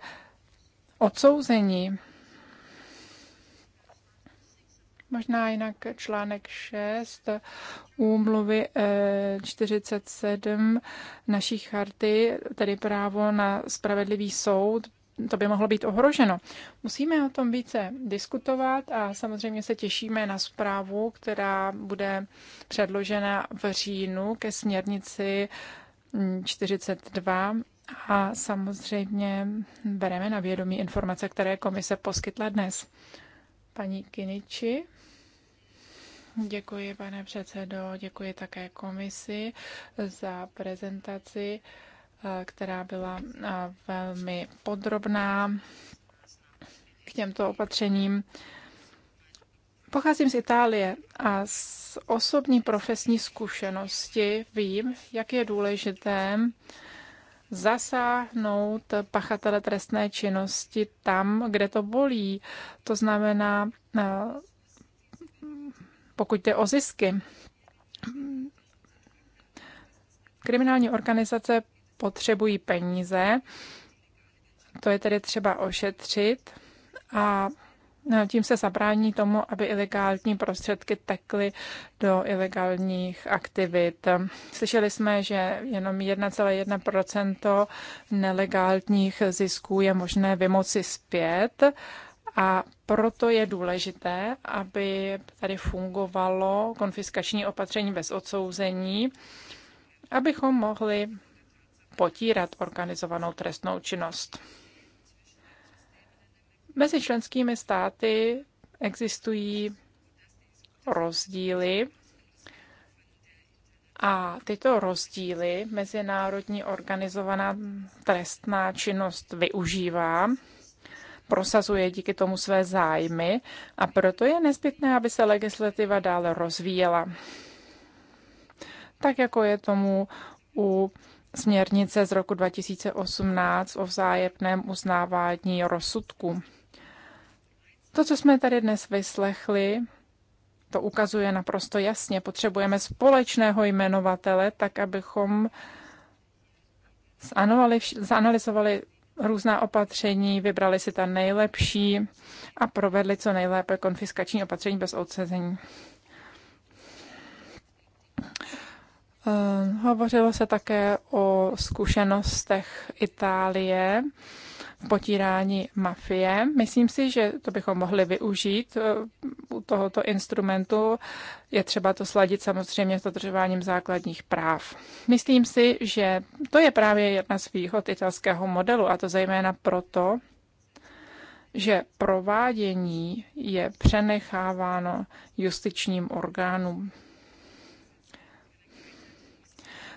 B: odsouzení. Možná jinak článek 6 úmluvy eh, 47 naší charty, tedy právo na spravedlivý soud, to by mohlo být ohroženo. Musíme o tom více diskutovat a samozřejmě se těšíme na zprávu, která bude předložena v říjnu ke směrnici 42 a samozřejmě bereme na vědomí informace, které komise poskytla dnes. Paní Kiniči. Děkuji, pane předsedo, děkuji také komisi za prezentaci, eh, která byla eh, velmi podrobná k těmto opatřením. Pocházím z Itálie a z osobní profesní zkušenosti vím, jak je důležité zasáhnout pachatele trestné činnosti tam, kde to bolí. To znamená eh, pokud jde o zisky. Kriminální organizace potřebují peníze, to je tedy třeba ošetřit a no, tím se zabrání tomu, aby ilegální prostředky tekly do ilegálních aktivit. Slyšeli jsme, že jenom 1,1 nelegálních zisků je možné vymoci zpět a proto je důležité, aby tady fungovalo konfiskační opatření bez odsouzení, abychom mohli potírat organizovanou trestnou činnost. Mezi členskými státy existují rozdíly a tyto rozdíly mezinárodní organizovaná trestná činnost využívá prosazuje díky tomu své zájmy a proto je nezbytné, aby se legislativa dále rozvíjela. Tak jako je tomu u směrnice z roku 2018 o vzájemném uznávání rozsudku. To, co jsme tady dnes vyslechli, to ukazuje naprosto jasně. Potřebujeme společného jmenovatele, tak abychom zanalizovali různá opatření, vybrali si ta nejlepší a provedli co nejlépe konfiskační opatření bez odsezení. Eh, hovořilo se také o zkušenostech Itálie potírání mafie. Myslím si, že to bychom mohli využít eh, u tohoto instrumentu. Je třeba to sladit samozřejmě s dodržováním základních práv. Myslím si, že to je právě jedna z výhod italského modelu, a to zejména proto, že provádění je přenecháváno justičním orgánům.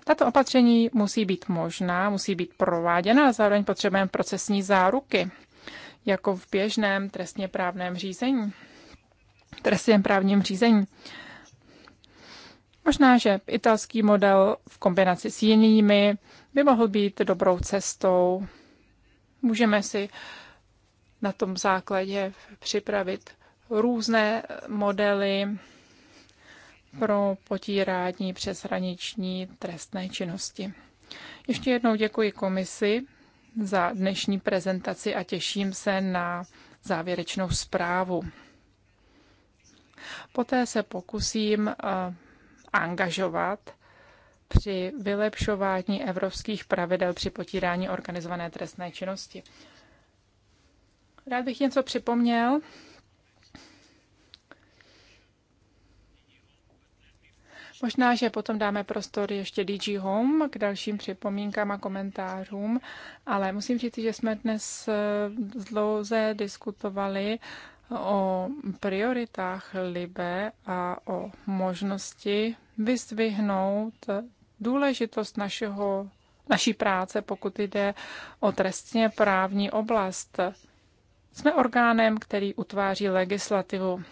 B: Tato opatření musí být možná, musí být prováděna, ale zároveň potřebujeme procesní záruky, jako v běžném trestně právném řízení. Trestně právním řízení. Možná, že italský model v kombinaci s jinými by mohl být dobrou cestou. Můžeme si na tom základě připravit různé modely pro potírání přeshraniční trestné činnosti. Ještě jednou děkuji komisi za dnešní prezentaci a těším se na závěrečnou zprávu. Poté se pokusím eh, angažovat při vylepšování evropských pravidel při potírání organizované trestné činnosti. Rád bych něco připomněl. Možná, že potom dáme prostor ještě DG Home k dalším připomínkám a komentářům, ale musím říct, že jsme dnes eh, dlouze diskutovali o prioritách Libe a o možnosti vyzdvihnout důležitost našeho, naší práce, pokud jde o trestně právní oblast. Jsme orgánem, který utváří legislativu.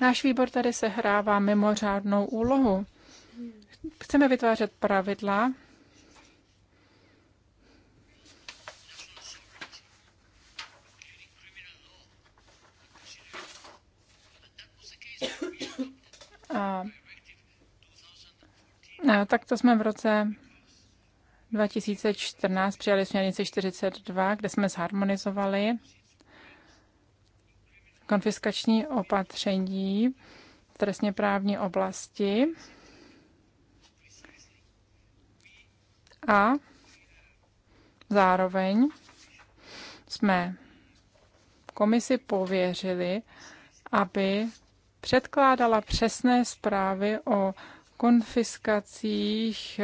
B: Náš výbor tady sehrává mimořádnou úlohu. Chceme vytvářet pravidla, A, a tak to jsme v roce 2014 přijali směrnici 42, kde jsme zharmonizovali konfiskační opatření v trestně právní oblasti. A zároveň jsme komisi pověřili, aby předkládala přesné zprávy o konfiskacích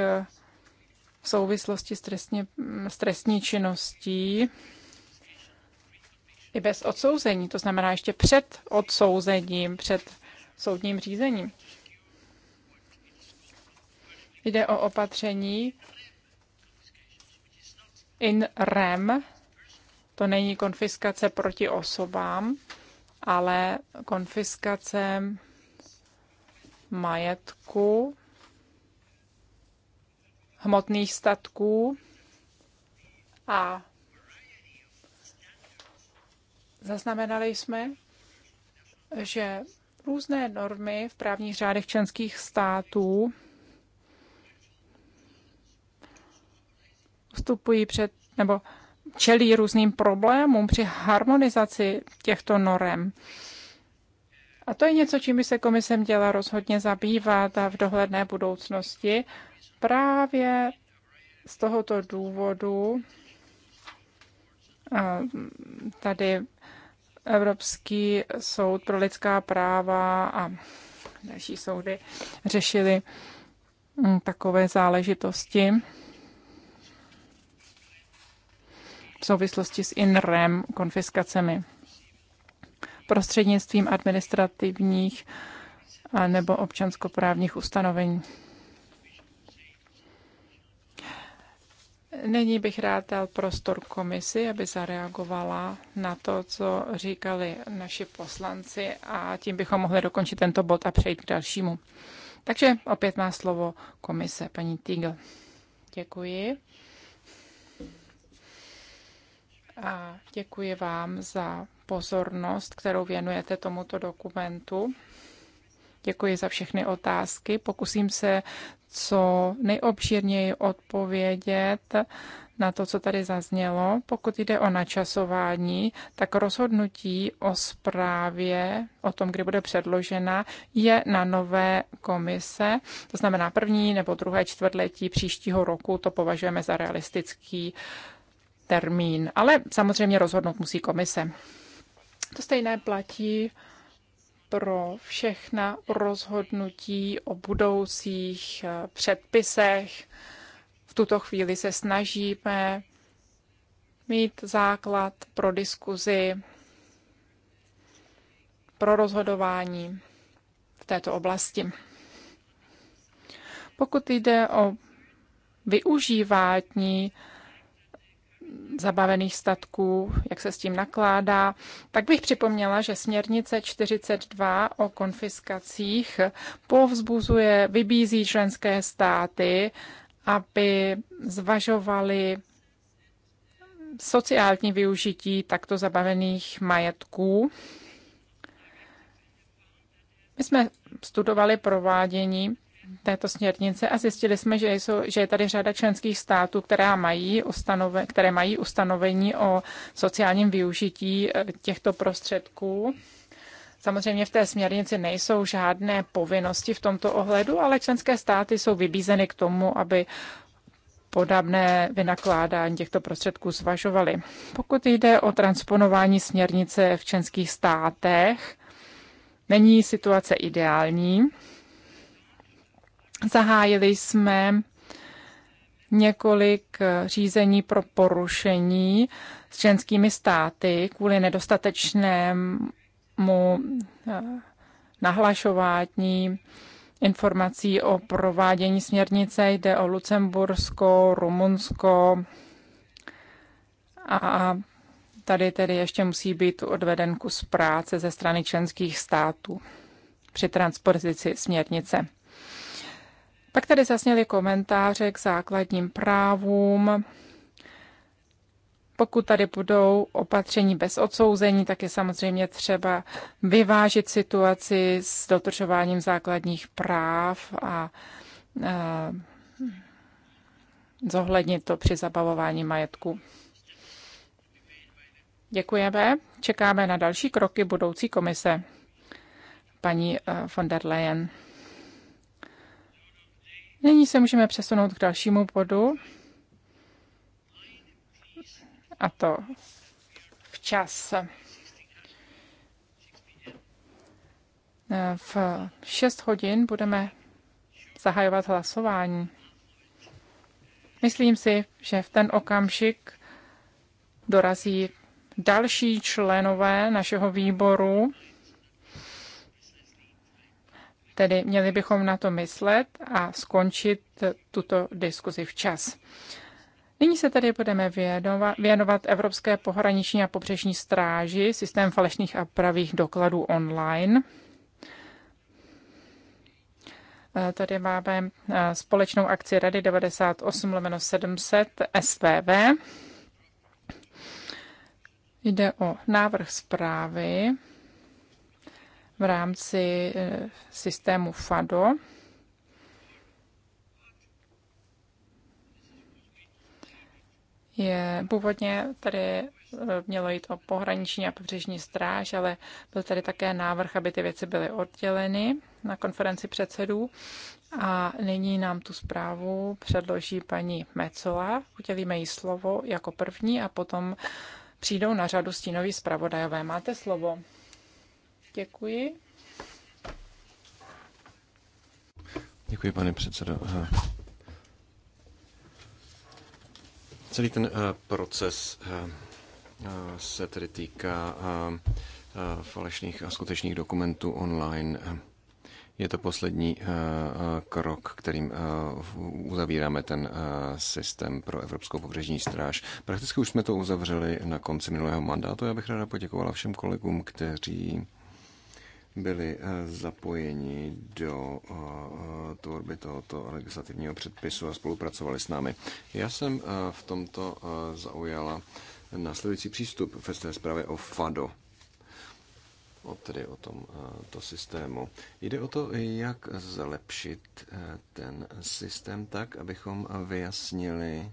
B: v souvislosti s, trestně, s trestní činností i bez odsouzení, to znamená ještě před odsouzením, před soudním řízením. Jde o opatření in rem, to není konfiskace proti osobám, ale konfiskace majetku, hmotných statků a Zaznamenali jsme, že různé normy v právních řádech členských států vstupují před nebo čelí různým problémům při harmonizaci těchto norem. A to je něco, čím by se komise měla rozhodně zabývat a v dohledné budoucnosti. Právě z tohoto důvodu tady Evropský soud pro lidská práva a další soudy řešili mm, takové záležitosti v souvislosti s INREM konfiskacemi prostřednictvím administrativních nebo občanskoprávních ustanovení. Nyní bych rád dal prostor komisi, aby zareagovala na to, co říkali naši poslanci a tím bychom mohli dokončit tento bod a přejít k dalšímu. Takže opět má slovo komise, paní Tigl. Děkuji. A děkuji vám za pozornost, kterou věnujete tomuto dokumentu. Děkuji za všechny otázky. Pokusím se co nejobšírněji odpovědět na to, co tady zaznělo. Pokud jde o načasování, tak rozhodnutí o zprávě, o tom, kdy bude předložena, je na nové komise. To znamená první nebo druhé čtvrtletí příštího roku. To považujeme za realistický termín. Ale samozřejmě rozhodnout musí komise. To stejné platí pro všechna rozhodnutí o budoucích eh, předpisech. V tuto chvíli se snažíme mít základ pro diskuzi, pro rozhodování v této oblasti. Pokud jde o využívání zabavených statků, jak se s tím nakládá, tak bych připomněla, že směrnice 42 o konfiskacích povzbuzuje, vybízí členské státy, aby zvažovali sociální využití takto zabavených majetků. My jsme studovali provádění této směrnice a zjistili jsme, že, jsou, že je tady řada členských států, které mají ustanove, které mají ustanovení o sociálním využití eh, těchto prostředků. Samozřejmě v té směrnici nejsou žádné povinnosti v tomto ohledu, ale členské státy jsou vybízeny k tomu, aby podobné vynakládání těchto prostředků zvažovaly. Pokud jde o transponování směrnice v členských státech, není situace ideální. Zahájili jsme několik eh, řízení pro porušení s členskými státy kvůli nedostatečnému eh, nahlašování informací o provádění směrnice. Jde o Lucembursko, Rumunsko a tady tedy ještě musí být odveden kus práce ze strany členských států při transpozici směrnice. Pak tady zasněly komentáře k základním právům. Pokud tady budou opatření bez odsouzení, tak je samozřejmě třeba vyvážit situaci s dotržováním základních práv a e, zohlednit to při zabavování majetku. Děkujeme. Čekáme na další kroky budoucí komise paní e, von der Leyen. Nyní se můžeme přesunout k dalšímu bodu. A to včas. V 6 hodin budeme zahajovat hlasování. Myslím si, že v ten okamžik dorazí další členové našeho výboru Tedy měli bychom na to myslet a skončit tuto diskuzi včas. Nyní se tedy budeme věnovat, věnovat Evropské pohraniční a pobřežní stráži, systém falešných a pravých dokladů online. Eh, tady máme eh, společnou akci Rady 98 700 svv. Jde o návrh zprávy v rámci eh, systému FADO. Je, původně tady eh, mělo jít o pohraniční a pobřežní stráž, ale byl tady také návrh, aby ty věci byly odděleny na konferenci předsedů. A nyní nám tu zprávu předloží paní Mecola. Udělíme jí slovo jako první a potom přijdou na řadu stínoví zpravodajové. Máte slovo. Děkuji.
C: Děkuji, pane předsedo. Celý ten eh, proces eh, se tedy týká eh, falešných a skutečných dokumentů online. Je to poslední krok, kterým uzavíráme ten systém pro Evropskou pobřežní stráž. Prakticky už jsme to uzavřeli na konci minulého mandátu. Já bych ráda poděkovala všem kolegům, kteří byli eh, zapojeni do eh, tvorby tohoto legislativního předpisu a spolupracovali s námi. Já jsem eh, v tomto zaujala následující přístup ve své zprávě o FADO, o, tedy o tom to systému. Jde o to, jak zlepšit ten systém tak, abychom vyjasnili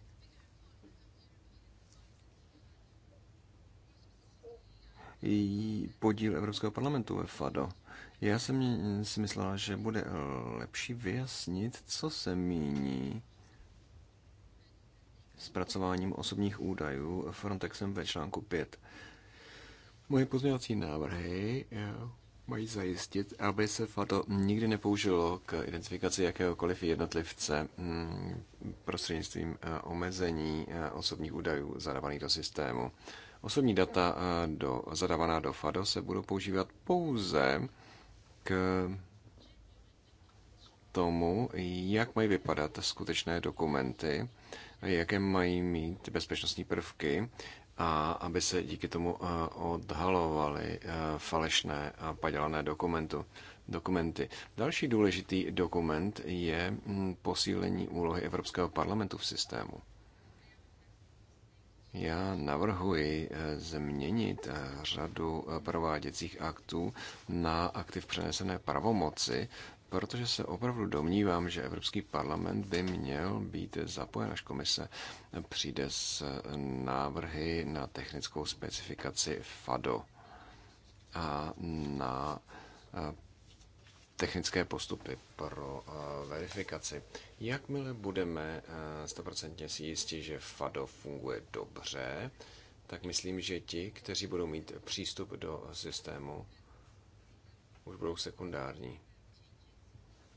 C: podíl Evropského parlamentu ve FADO. Já jsem si myslela, že bude lepší vyjasnit, co se míní zpracováním osobních údajů Frontexem ve článku 5. Moje pozměňovací návrhy eh, mají zajistit, aby se FADO nikdy nepoužilo k identifikaci jakéhokoliv jednotlivce mm, prostřednictvím eh, omezení eh, osobních údajů zadávaných do systému. Osobní data eh, do, zadávaná do FADO se budou používat pouze k tomu, jak mají vypadat skutečné dokumenty, jaké mají mít bezpečnostní prvky a aby se díky tomu eh, odhalovaly eh, falešné a padělané dokumentu, dokumenty. Další důležitý dokument je mm, posílení úlohy Evropského parlamentu v systému. Já navrhuji eh, změnit eh, řadu eh, prováděcích aktů na aktiv přenesené pravomoci, protože se opravdu domnívám, že Evropský parlament by měl být zapojen, až komise přijde s návrhy na technickou specifikaci FADO a na technické postupy pro eh, verifikaci. Jakmile budeme 100% eh, si jistí, že FADO funguje dobře, tak myslím, že ti, kteří budou mít přístup do systému, už budou sekundární.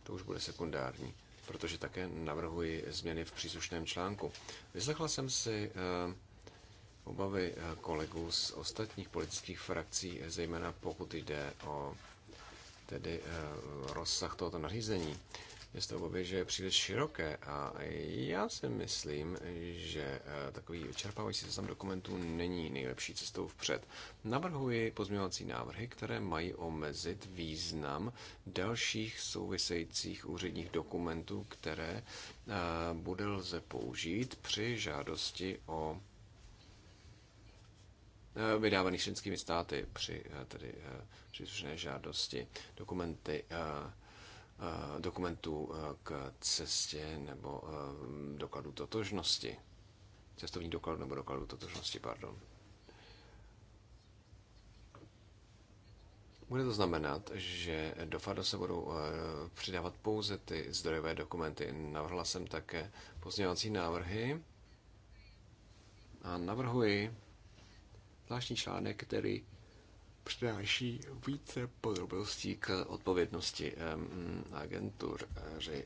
C: To už bude sekundární, protože také navrhuji změny v příslušném článku. Vyslechla jsem si eh, obavy kolegů z ostatních politických frakcí, zejména pokud jde o tedy eh, rozsah tohoto nařízení. Je z toho obě, že je příliš široké a já si myslím, že eh, takový vyčerpávající seznam dokumentů není nejlepší cestou vpřed. Navrhuji pozměňovací návrhy, které mají omezit význam dalších souvisejících úředních dokumentů, které eh, bude lze použít při žádosti o Eh, vydávaný členskými státy při eh, tedy eh, příslušné žádosti dokumenty dokumentů k cestě nebo dokladu totožnosti. Cestovní doklad nebo dokladu totožnosti, pardon. Bude to znamenat, že do FADO se budou přidávat pouze ty zdrojové dokumenty. Navrhla jsem také pozměňovací návrhy a navrhuji, zvláštní článek, který přináší více podrobností k odpovědnosti mm, agentur, že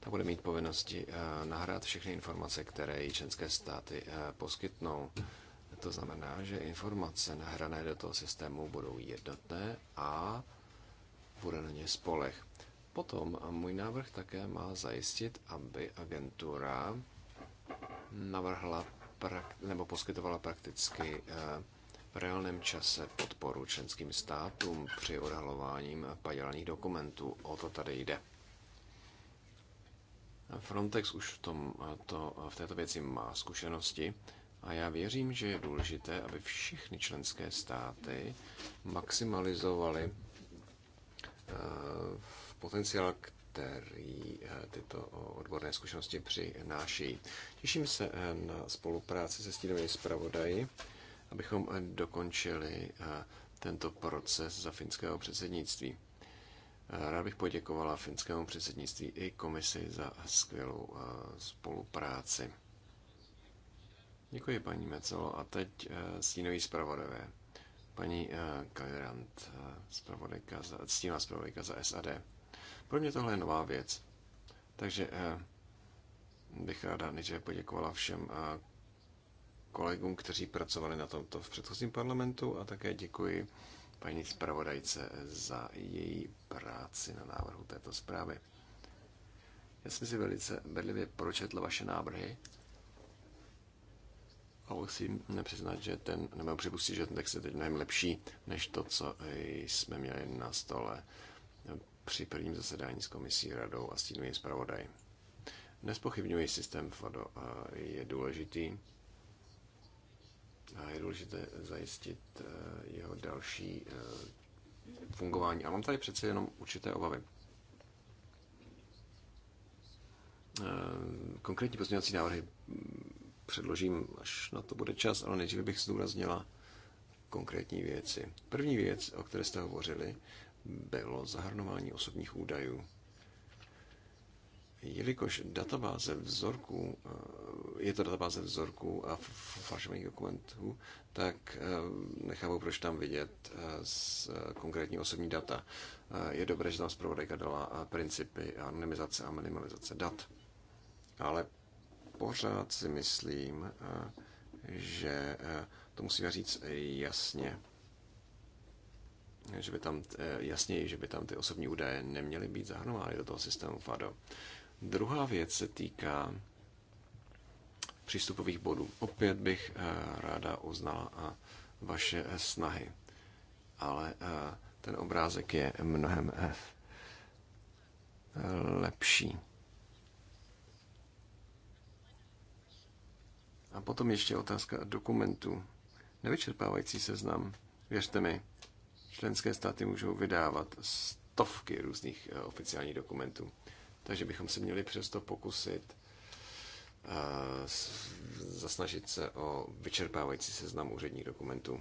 C: Ta bude mít povinnosti eh, nahrát všechny informace, které jí členské státy eh, poskytnou. To znamená, že informace nahrané do toho systému budou jednotné a bude na ně spoleh. Potom můj návrh také má zajistit, aby agentura navrhla prak, nebo poskytovala prakticky eh, v reálném čase podporu členským státům při odhalováním padělaných dokumentů. O to tady jde. Frontex už v, tom, eh, to, eh, v této věci má zkušenosti a já věřím, že je důležité, aby všechny členské státy maximalizovaly potenciál, který eh, tyto eh, odborné zkušenosti přináší. Těším se eh, na spolupráci se stínovými zpravodaji, abychom dokončili tento proces za finského předsednictví. Rád bych poděkovala finskému předsednictví i komisi za skvělou spolupráci. Děkuji, paní Mecelo. A teď stínový zpravodajové. Paní Kalirant, stínová zpravodajka za SAD. Pro mě tohle je nová věc. Takže eh, bych ráda nejdříve poděkovala všem eh, kolegům, kteří pracovali na tomto v předchozím parlamentu a také děkuji paní zpravodajce za její práci na návrhu této zprávy. Já jsem si velice bedlivě pročetl vaše návrhy a musím nepřiznat, že ten, nebo připustit, že ten text je teď mnohem lepší, než to, co jsme měli na stole při prvním zasedání s komisí, radou a stínovým zpravodaj. Nespochybňuji systém FODO. a eh, je důležitý a je důležité zajistit eh, jeho další eh, fungování. A mám tady přece jenom určité obavy. Konkrétní pozměňovací návrhy mm, předložím, až na to bude čas, ale nejdříve bych zdůraznila konkrétní věci. První věc, o které jste hovořili, bylo zahrnování osobních údajů. Jelikož databáze vzorků, eh, je to databáze vzorků a falšovaných dokumentů, tak eh, nechápu, proč tam vidět eh, konkrétní osobní data. Je dobré, že tam zpravodajka dala principy anonymizace a minimalizace dat. Ale pořád si myslím, že to musíme říct jasně že by tam eh, jasněji, že by tam ty osobní údaje neměly být zahrnovány do toho systému FADO. Druhá věc se týká přístupových bodů. Opět bych eh, ráda uznala vaše eh, snahy, ale ten obrázek je mnohem lepší. A potom ještě otázka dokumentů. Nevyčerpávající seznam, věřte mi, Členské státy můžou vydávat stovky různých eh, oficiálních dokumentů. Takže bychom se měli přesto pokusit eh, zasnažit se o vyčerpávající seznam úředních dokumentů.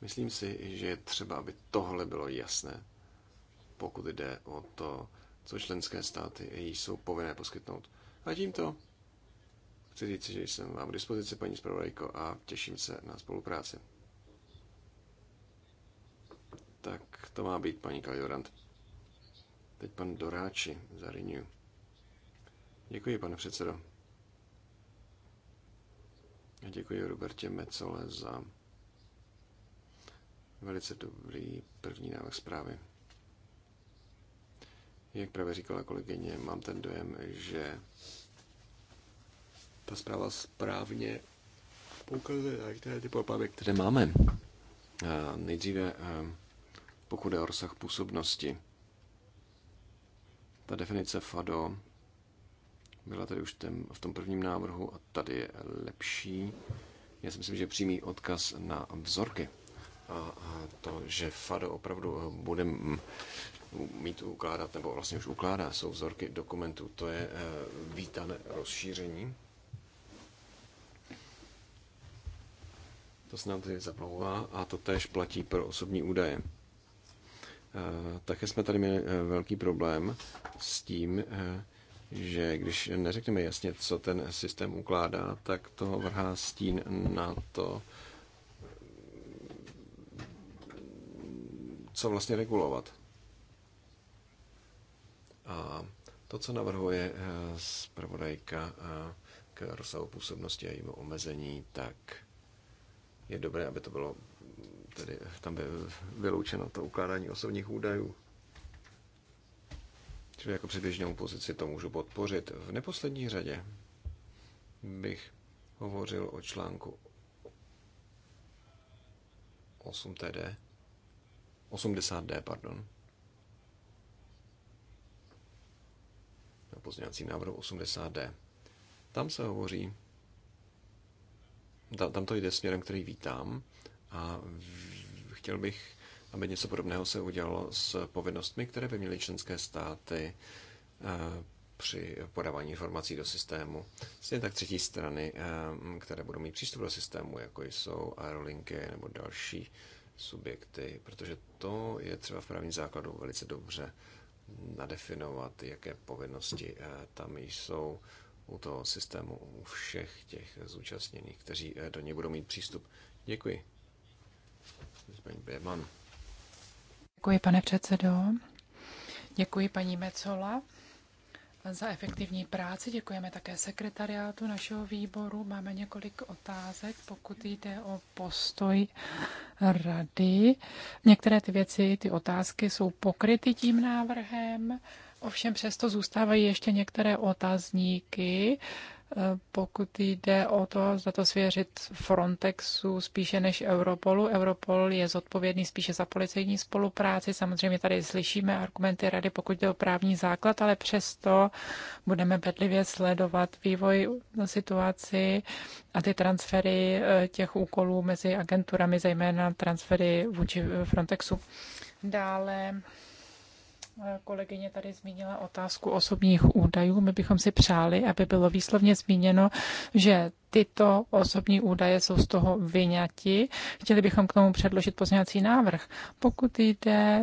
C: Myslím si, že je třeba, aby tohle bylo jasné, pokud jde o to, co členské státy jsou povinné poskytnout. A tímto chci říct, že jsem vám k dispozici, paní zpravodajko, a těším se na spolupráci. Tak to má být paní Kaliorant. Teď pan Doráči zariňuji. Děkuji, pane předsedo. A děkuji Robertě Mecole za velice dobrý první návrh zprávy. Jak právě říkala kolegyně, mám ten dojem, že ta zpráva správně poukazuje na některé ty které máme. A nejdříve eh, pokud je o rozsah působnosti. Ta definice FADO byla tady už ten, v tom prvním návrhu a tady je lepší. Já si myslím, že přímý odkaz na vzorky a to, že FADO opravdu eh, bude mít ukládat, nebo vlastně už ukládá, jsou vzorky dokumentů, to je eh, vítané rozšíření. To se nám tedy zaplouvá a to též platí pro osobní údaje. Eh, také jsme tady měli eh, velký problém s tím, eh, že když neřekneme jasně, co ten systém ukládá, tak to vrhá stín na to, co vlastně regulovat. A to, co navrhuje zpravodajka k rozsahu působnosti a jejímu omezení, tak je dobré, aby to bylo tedy tam by vyloučeno to ukládání osobních údajů. Čili jako předběžnou pozici to můžu podpořit. V neposlední řadě bych hovořil o článku 8 TD, 80D, pardon, na pozměňovací návrh 80D. Tam se hovoří, tam to jde směrem, který vítám, a chtěl bych, aby něco podobného se udělalo s povinnostmi, které by měly členské státy eh, při podávání informací do systému. Stejně tak třetí strany, eh, které budou mít přístup do systému, jako jsou aerolinky nebo další subjekty, protože to je třeba v právním základu velice dobře nadefinovat, jaké povinnosti eh, tam jsou u toho systému, u všech těch zúčastněných, kteří do něj budou mít přístup. Děkuji.
B: Děkuji, pane předsedo. Děkuji, paní Mecola, za efektivní práci. Děkujeme také sekretariátu našeho výboru. Máme několik otázek, pokud jde o postoj rady. Některé ty věci, ty otázky jsou pokryty tím návrhem, ovšem přesto zůstávají ještě některé otazníky pokud jde o to, za to svěřit Frontexu spíše než Europolu. Europol je zodpovědný spíše za policejní spolupráci. Samozřejmě tady slyšíme argumenty rady, pokud jde o právní základ, ale přesto budeme bedlivě sledovat vývoj situaci a ty transfery eh, těch úkolů mezi agenturami, zejména transfery vůči eh, Frontexu. Dále Kolegyně tady zmínila otázku osobních údajů. My bychom si přáli, aby bylo výslovně zmíněno, že tyto osobní údaje jsou z toho vyňati. Chtěli bychom k tomu předložit pozměňovací návrh. Pokud jde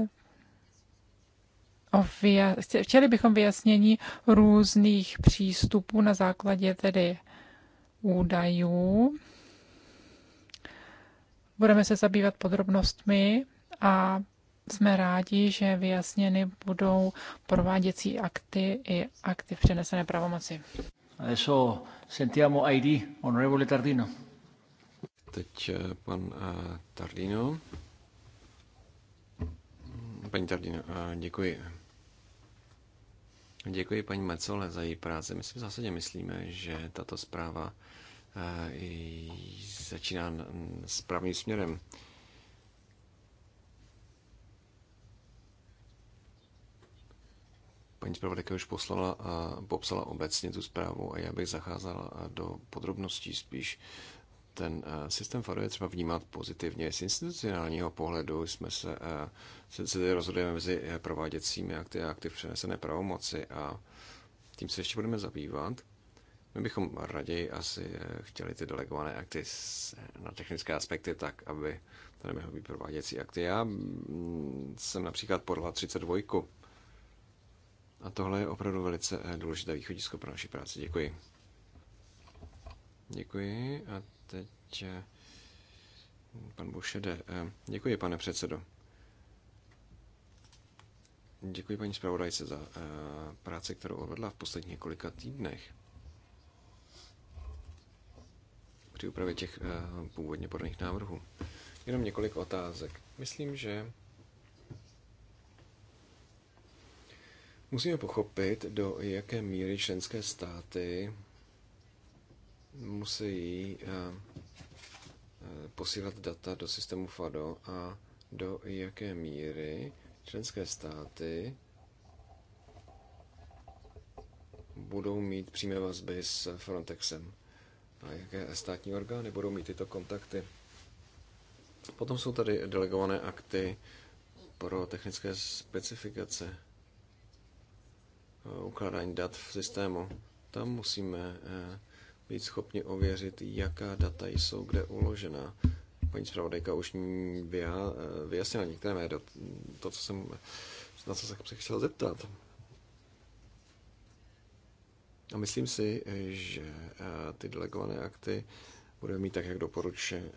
B: vyjasnění, chtěli bychom vyjasnění různých přístupů na základě tedy údajů. Budeme se zabývat podrobnostmi a jsme rádi, že vyjasněny budou prováděcí akty i akty v přenesené pravomoci.
C: Adesso sentiamo ID, onorevole Tardino. Teď eh, pan eh, Tardino. Paní Tardino, eh, děkuji. Děkuji paní Mecole za její práci. My si v zásadě myslíme, že tato zpráva začíná správným směrem. Paní zpravodajka už poslala a popsala obecně tu zprávu a já bych zacházela do podrobností spíš. Ten systém FADO je třeba vnímat pozitivně. Z institucionálního pohledu jsme se, se, se rozhodujeme mezi prováděcími akty a akty přenesené pravomoci a tím se ještě budeme zabývat. My bychom raději asi e, chtěli ty delegované akty na technické aspekty tak, aby to nemohly být prováděcí akty. Já mm, jsem například podala 32 a tohle je opravdu velice eh, důležité východisko pro naši práci. Děkuji. Děkuji. A teď eh, pan Bušede. Eh, děkuji, pane předsedo. Děkuji paní zpravodajce za práci, kterou odvedla v posledních několika týdnech. Při úpravě těch původně podaných návrhů. Jenom několik otázek. Myslím, že Musíme pochopit, do jaké míry členské státy musí eh, eh, posílat data do systému FADO a do jaké míry členské státy budou mít přímé vazby s Frontexem a jaké státní orgány budou mít tyto kontakty. Potom jsou tady delegované akty pro technické specifikace ukládání dat v systému. Tam musíme eh, být schopni ověřit, jaká data jsou kde uložena. Paní zpravodajka už eh, vyjasnila některé mé do, to, co jsem, na co jsem se chtěl zeptat. A myslím si, že eh, ty delegované akty budeme mít tak, jak doporučuje,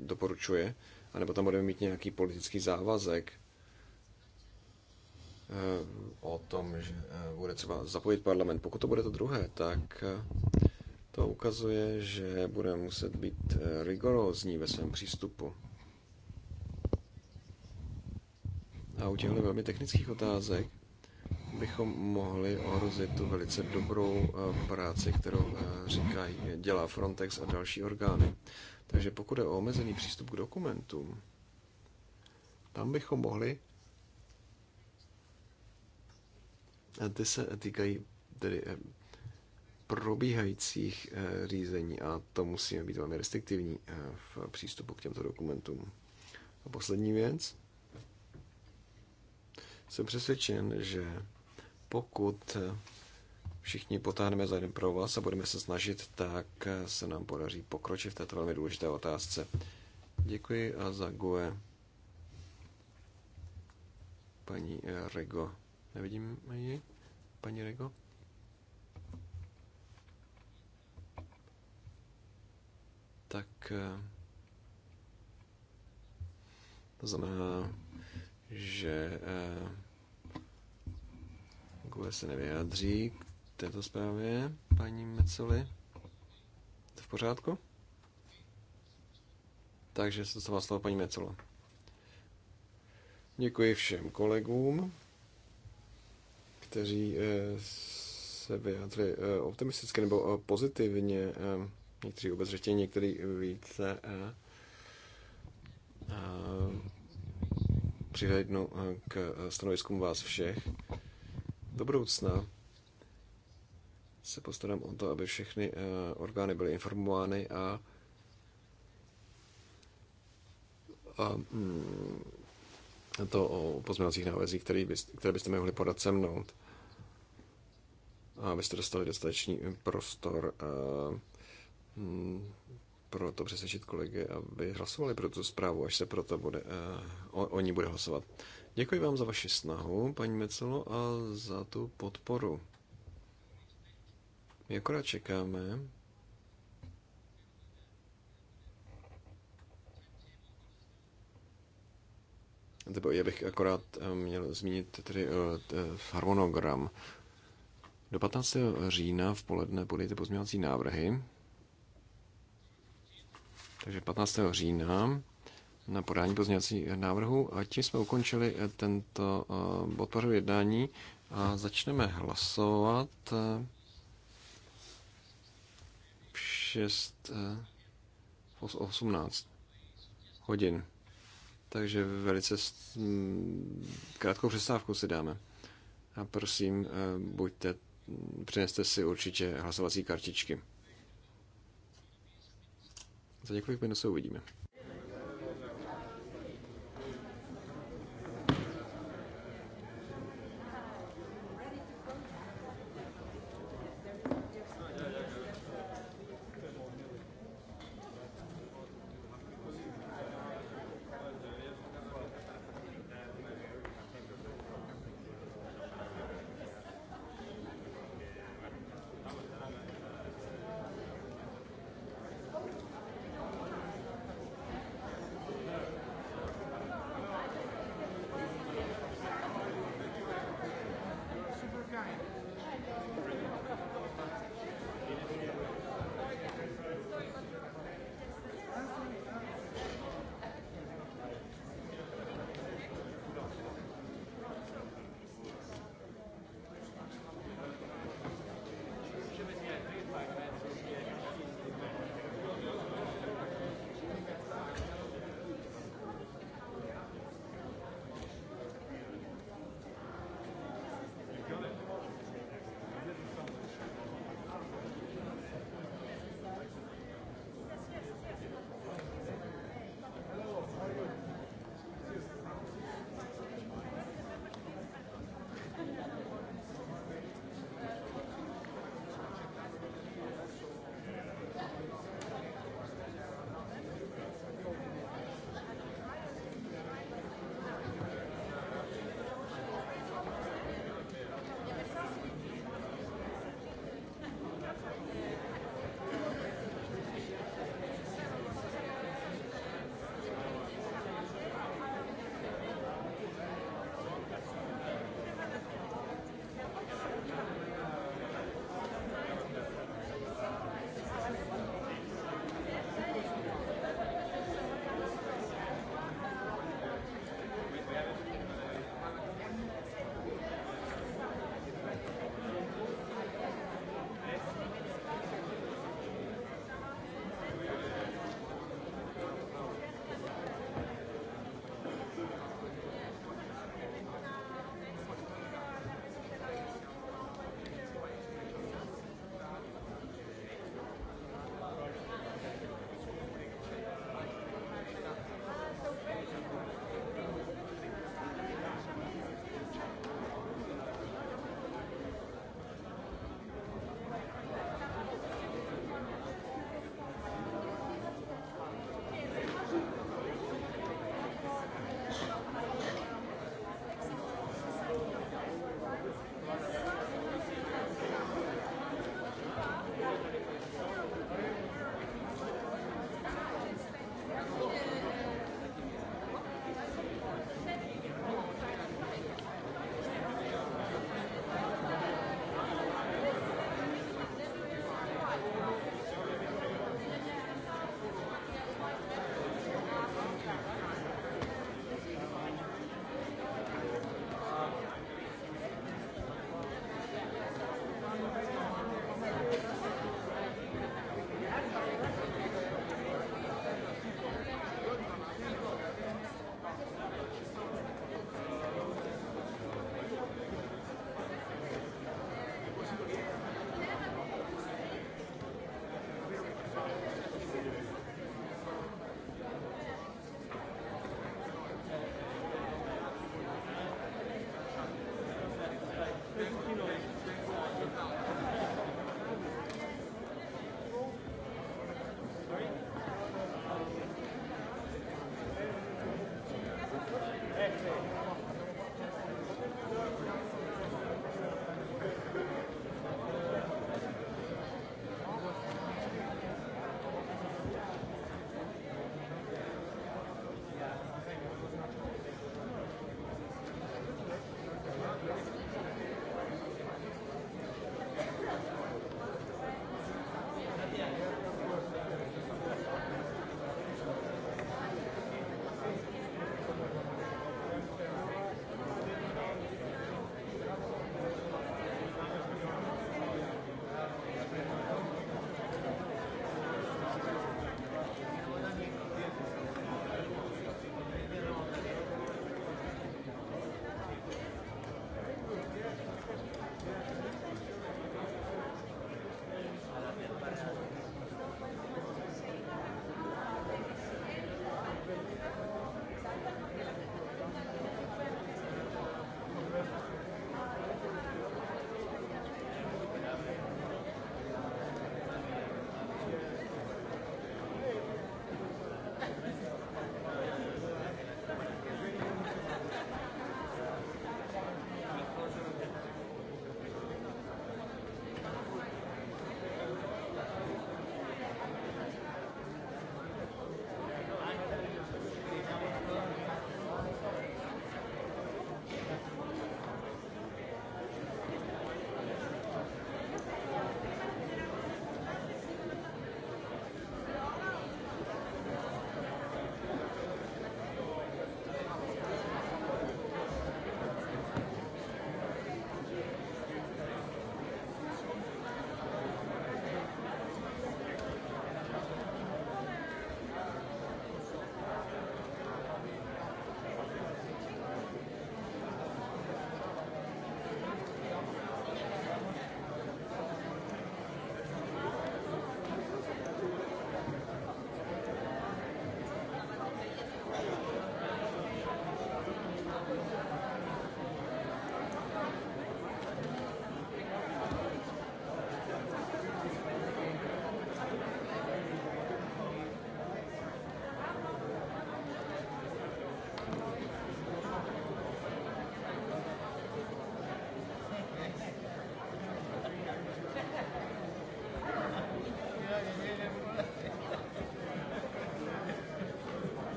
C: doporučuje anebo tam budeme mít nějaký politický závazek, Eh, o tom, že eh, bude třeba zapojit parlament. Pokud to bude to druhé, tak eh, to ukazuje, že bude muset být rigorózní ve svém přístupu. A u těchto velmi technických otázek bychom mohli ohrozit tu velice dobrou práci, kterou říkají, dělá Frontex a další orgány. Takže pokud je o omezený přístup k dokumentům, tam bychom mohli Ty se týkají tedy eh, probíhajících eh, řízení a to musíme být velmi restriktivní eh, v přístupu k těmto dokumentům. A poslední věc. Jsem přesvědčen, že pokud všichni potáhneme za jeden pro vás a budeme se snažit, tak se nám podaří pokročit v této velmi důležité otázce. Děkuji a za GUE paní Rego. Nevidím ji. Paní Rego? Tak eh, to znamená, že eh, Google se nevyjádří k této zprávě paní Mecoli. To v pořádku? Takže se to slovo paní Mecolo. Děkuji všem kolegům kteří eh, se vyjádřili eh, optimisticky nebo eh, pozitivně, někteří obezřetně, někteří více přihlédnu k stanoviskům vás všech. Do budoucna se postarám o to, aby všechny orgány byly informovány a, a mm, to o pozměňovacích návrzích, které, by, které byste mohli podat se mnou. A abyste dostali dostatečný prostor eh, hm, pro to přesvědčit kolegy, aby hlasovali pro tu zprávu, až se proto bude, eh, o, o ní bude hlasovat. Děkuji vám za vaši snahu, paní Mecelo, a za tu podporu. My akorát čekáme, Já bych akorát eh, měl zmínit tedy eh, eh, harmonogram. Do 15. října v poledne podejte pozměňovací návrhy. Takže 15. října na podání pozměňovací návrhu a tím jsme ukončili tento bod pořadu jednání a začneme hlasovat v 6 v 18 hodin. Takže velice krátkou přestávku si dáme. A prosím, eh, buďte, přineste si určitě hlasovací kartičky. Za několik minut se uvidíme.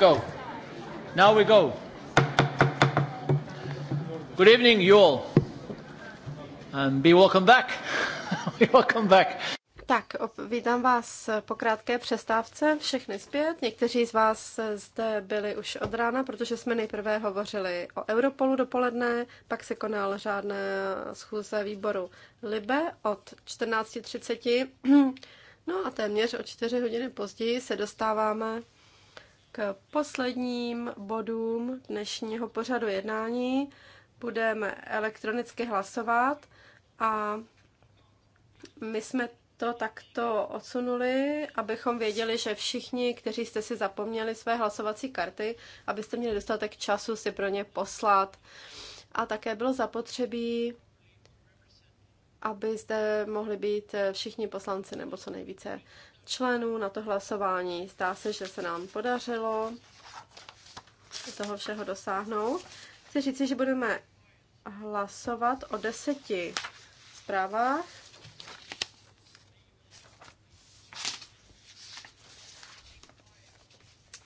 B: go. Now we go.
C: Good evening, you all. And be welcome back. be welcome back.
A: Tak, vítám vás po krátké přestávce, všechny zpět. Někteří z vás zde byli už od rána, protože jsme nejprve hovořili o Europolu dopoledne, pak se konal řádné schůze výboru Libe od 14.30. No a téměř o čtyři hodiny později se dostáváme k posledním bodům dnešního pořadu jednání budeme elektronicky hlasovat a my jsme to takto odsunuli, abychom věděli, že všichni, kteří jste si zapomněli své hlasovací karty, abyste měli dostatek času si pro ně poslat. A také bylo zapotřebí, aby zde mohli být všichni poslanci nebo co nejvíce členů na to hlasování. Zdá se, že se nám podařilo toho všeho dosáhnout. Chci říci, že budeme hlasovat o deseti zprávách.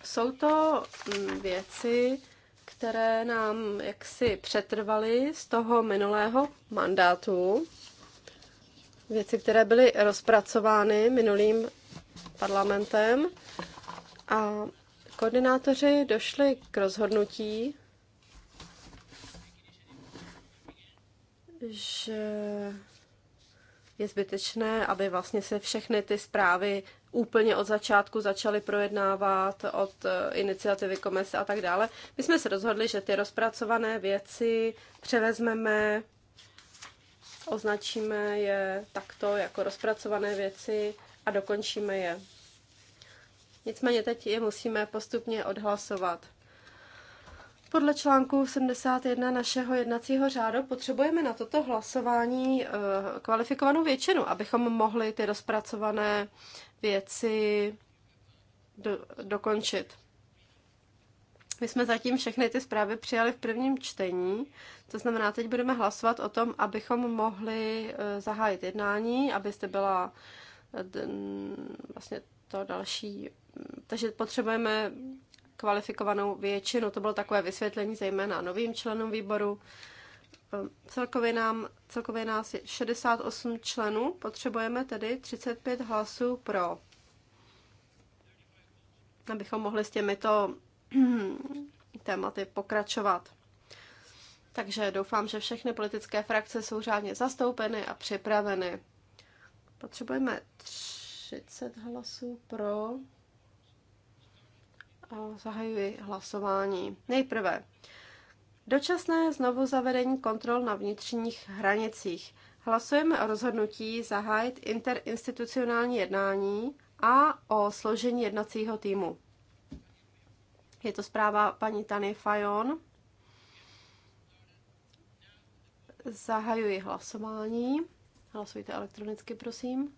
A: Jsou to mm, věci, které nám jaksi přetrvaly z toho minulého mandátu. Věci, které byly rozpracovány minulým parlamentem a koordinátoři došli k rozhodnutí, že je zbytečné, aby vlastně se všechny ty zprávy úplně od začátku začaly projednávat od eh, iniciativy komise a tak dále. My jsme se rozhodli, že ty rozpracované věci převezmeme, označíme je takto jako rozpracované věci a dokončíme je. Nicméně teď je musíme postupně odhlasovat. Podle článku 71 našeho jednacího řádu potřebujeme na toto hlasování eh, kvalifikovanou většinu, abychom mohli ty rozpracované věci do, dokončit. My jsme zatím všechny ty zprávy přijali v prvním čtení, to znamená, teď budeme hlasovat o tom, abychom mohli eh, zahájit jednání, abyste byla vlastně to další. Takže potřebujeme kvalifikovanou většinu. To bylo takové vysvětlení zejména novým členům výboru. Ehm, celkově, nám, celkově nás je 68 členů, potřebujeme tedy 35 hlasů pro, abychom mohli s těmito tématy pokračovat. Takže doufám, že všechny politické frakce jsou řádně zastoupeny a připraveny. Potřebujeme 30 hlasů pro a zahajuji hlasování. Nejprve dočasné zavedení kontrol na vnitřních hranicích. Hlasujeme o rozhodnutí zahájit interinstitucionální jednání a o složení jednacího týmu. Je to zpráva paní Tany Fajon. Zahajuji hlasování. Hlasujte elektronicky, prosím.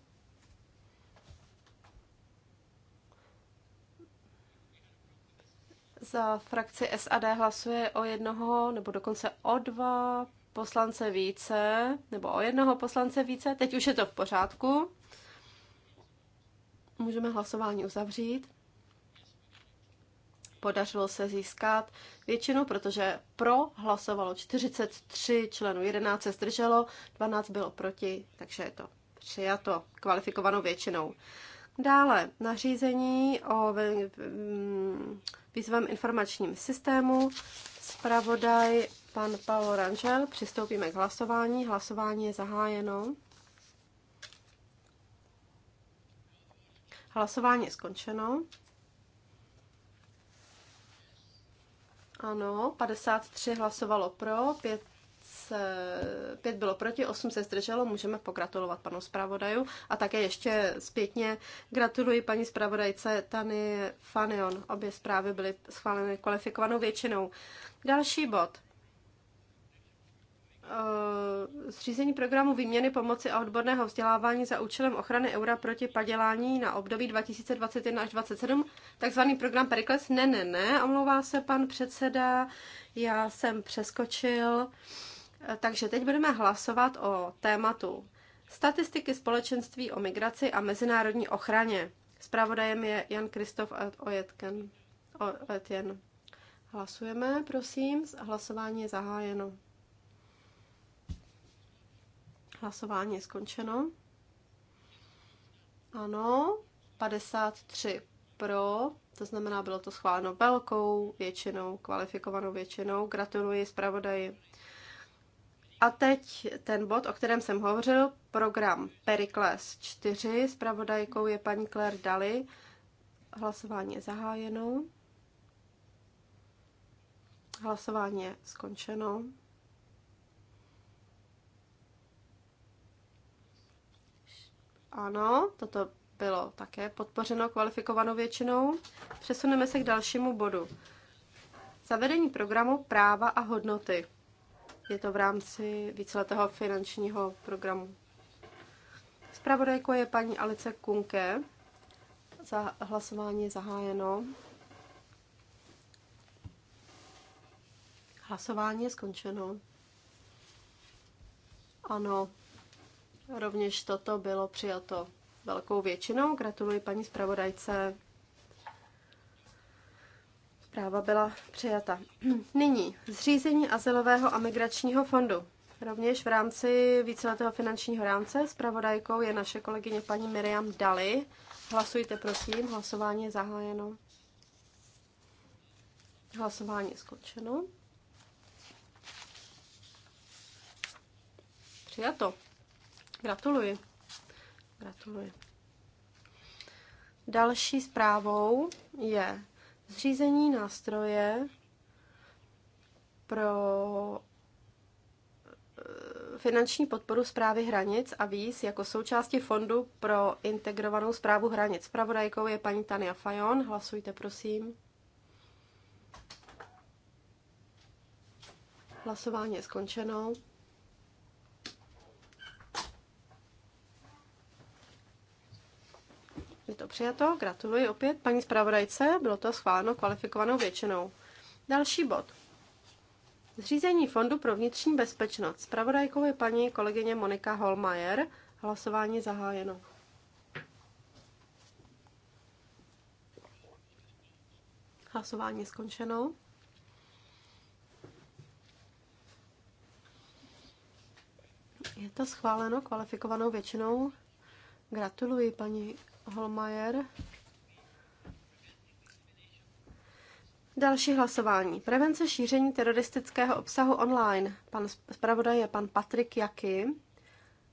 A: Za frakci SAD hlasuje o jednoho, nebo dokonce o dva poslance více, nebo o jednoho poslance více. Teď už je to v pořádku. Můžeme hlasování uzavřít podařilo se získat většinu, protože pro hlasovalo 43 členů, 11 se zdrželo, 12 bylo proti, takže je to přijato kvalifikovanou většinou. Dále nařízení o výzvem informačním systému. Spravodaj pan Paolo Rangel. Přistoupíme k hlasování. Hlasování je zahájeno. Hlasování je skončeno. Ano, 53 hlasovalo pro, 5, pět bylo proti, osm se zdrželo. Můžeme pogratulovat panu zpravodaju. A také ještě zpětně gratuluji paní zpravodajce Tany Fanion. Obě zprávy byly schváleny kvalifikovanou většinou. Další bod. Eh, zřízení programu výměny pomoci a odborného vzdělávání za účelem ochrany eura proti padělání na období 2021 až 2027, takzvaný program Perikles. Ne, ne, ne, omlouvá se pan předseda, já jsem přeskočil. Eh, takže teď budeme hlasovat o tématu statistiky společenství o migraci a mezinárodní ochraně. Zpravodajem je Jan Kristof Ojetken. Hlasujeme, prosím. Hlasování je zahájeno. Hlasování je skončeno. Ano, 53 pro, to znamená, bylo to schváleno velkou většinou, kvalifikovanou většinou. Gratuluji zpravodaji. A teď ten bod, o kterém jsem hovořil, program Perikles 4. Zpravodajkou je paní Claire Daly. Hlasování je zahájeno. Hlasování je skončeno. Ano, toto bylo také podpořeno kvalifikovanou většinou. Přesuneme se k dalšímu bodu. Zavedení programu práva a hodnoty. Je to v rámci víceletého finančního programu. Zpravodajko je paní Alice Kunke. Za hlasování je zahájeno. Hlasování je skončeno. Ano, Rovněž toto bylo přijato velkou většinou. Gratuluji paní zpravodajce. Zpráva byla přijata. Nyní zřízení azylového a migračního fondu. Rovněž v rámci víceletého finančního rámce zpravodajkou je naše kolegyně paní Miriam Dali. Hlasujte prosím, hlasování je zahájeno. Hlasování je skončeno. Přijato. Gratuluji. Gratuluji. Další zprávou je zřízení nástroje pro eh, finanční podporu zprávy hranic a víz jako součásti Fondu pro integrovanou zprávu hranic. Spravodajkou je paní Tania Fajon. Hlasujte, prosím. Hlasování je skončeno. Je to přijato, gratuluji opět paní zpravodajce, bylo to schváleno kvalifikovanou většinou. Další bod. Zřízení Fondu pro vnitřní bezpečnost. Zpravodajkou je paní kolegyně Monika Holmajer. Hlasování zahájeno. Hlasování skončeno. Je to schváleno kvalifikovanou většinou. Gratuluji paní Holmajer. Další hlasování. Prevence šíření teroristického obsahu online. Pan zpravodaj je pan Patrik Jaky.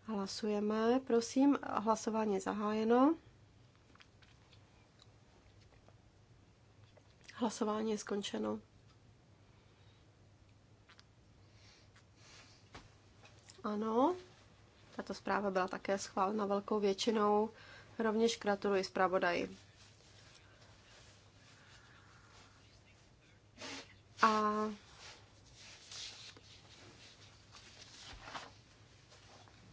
A: Hlasujeme, prosím. Hlasování je zahájeno. Hlasování je skončeno. Ano, tato zpráva byla také schválena velkou většinou. Rovněž gratuluji zpravodaji. A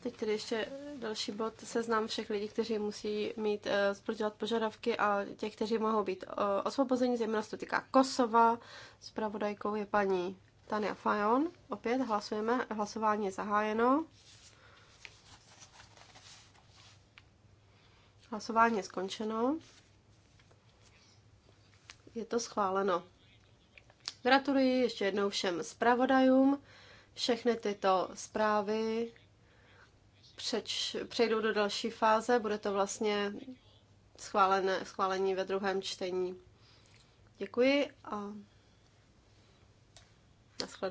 A: Teď tedy ještě další bod, Seznám všech lidí, kteří musí mít, eh, splňovat požadavky a těch, kteří mohou být eh, osvobozeni, zejména se to týká Kosova. Zpravodajkou je paní Tania Fajon. Opět hlasujeme, hlasování je zahájeno. Hlasování je skončeno. Je to schváleno. Gratuluji ještě jednou všem zpravodajům. Všechny tyto zprávy přeč, přejdou do další fáze. Bude to vlastně schválené, schválení ve druhém čtení. Děkuji a nashledanou.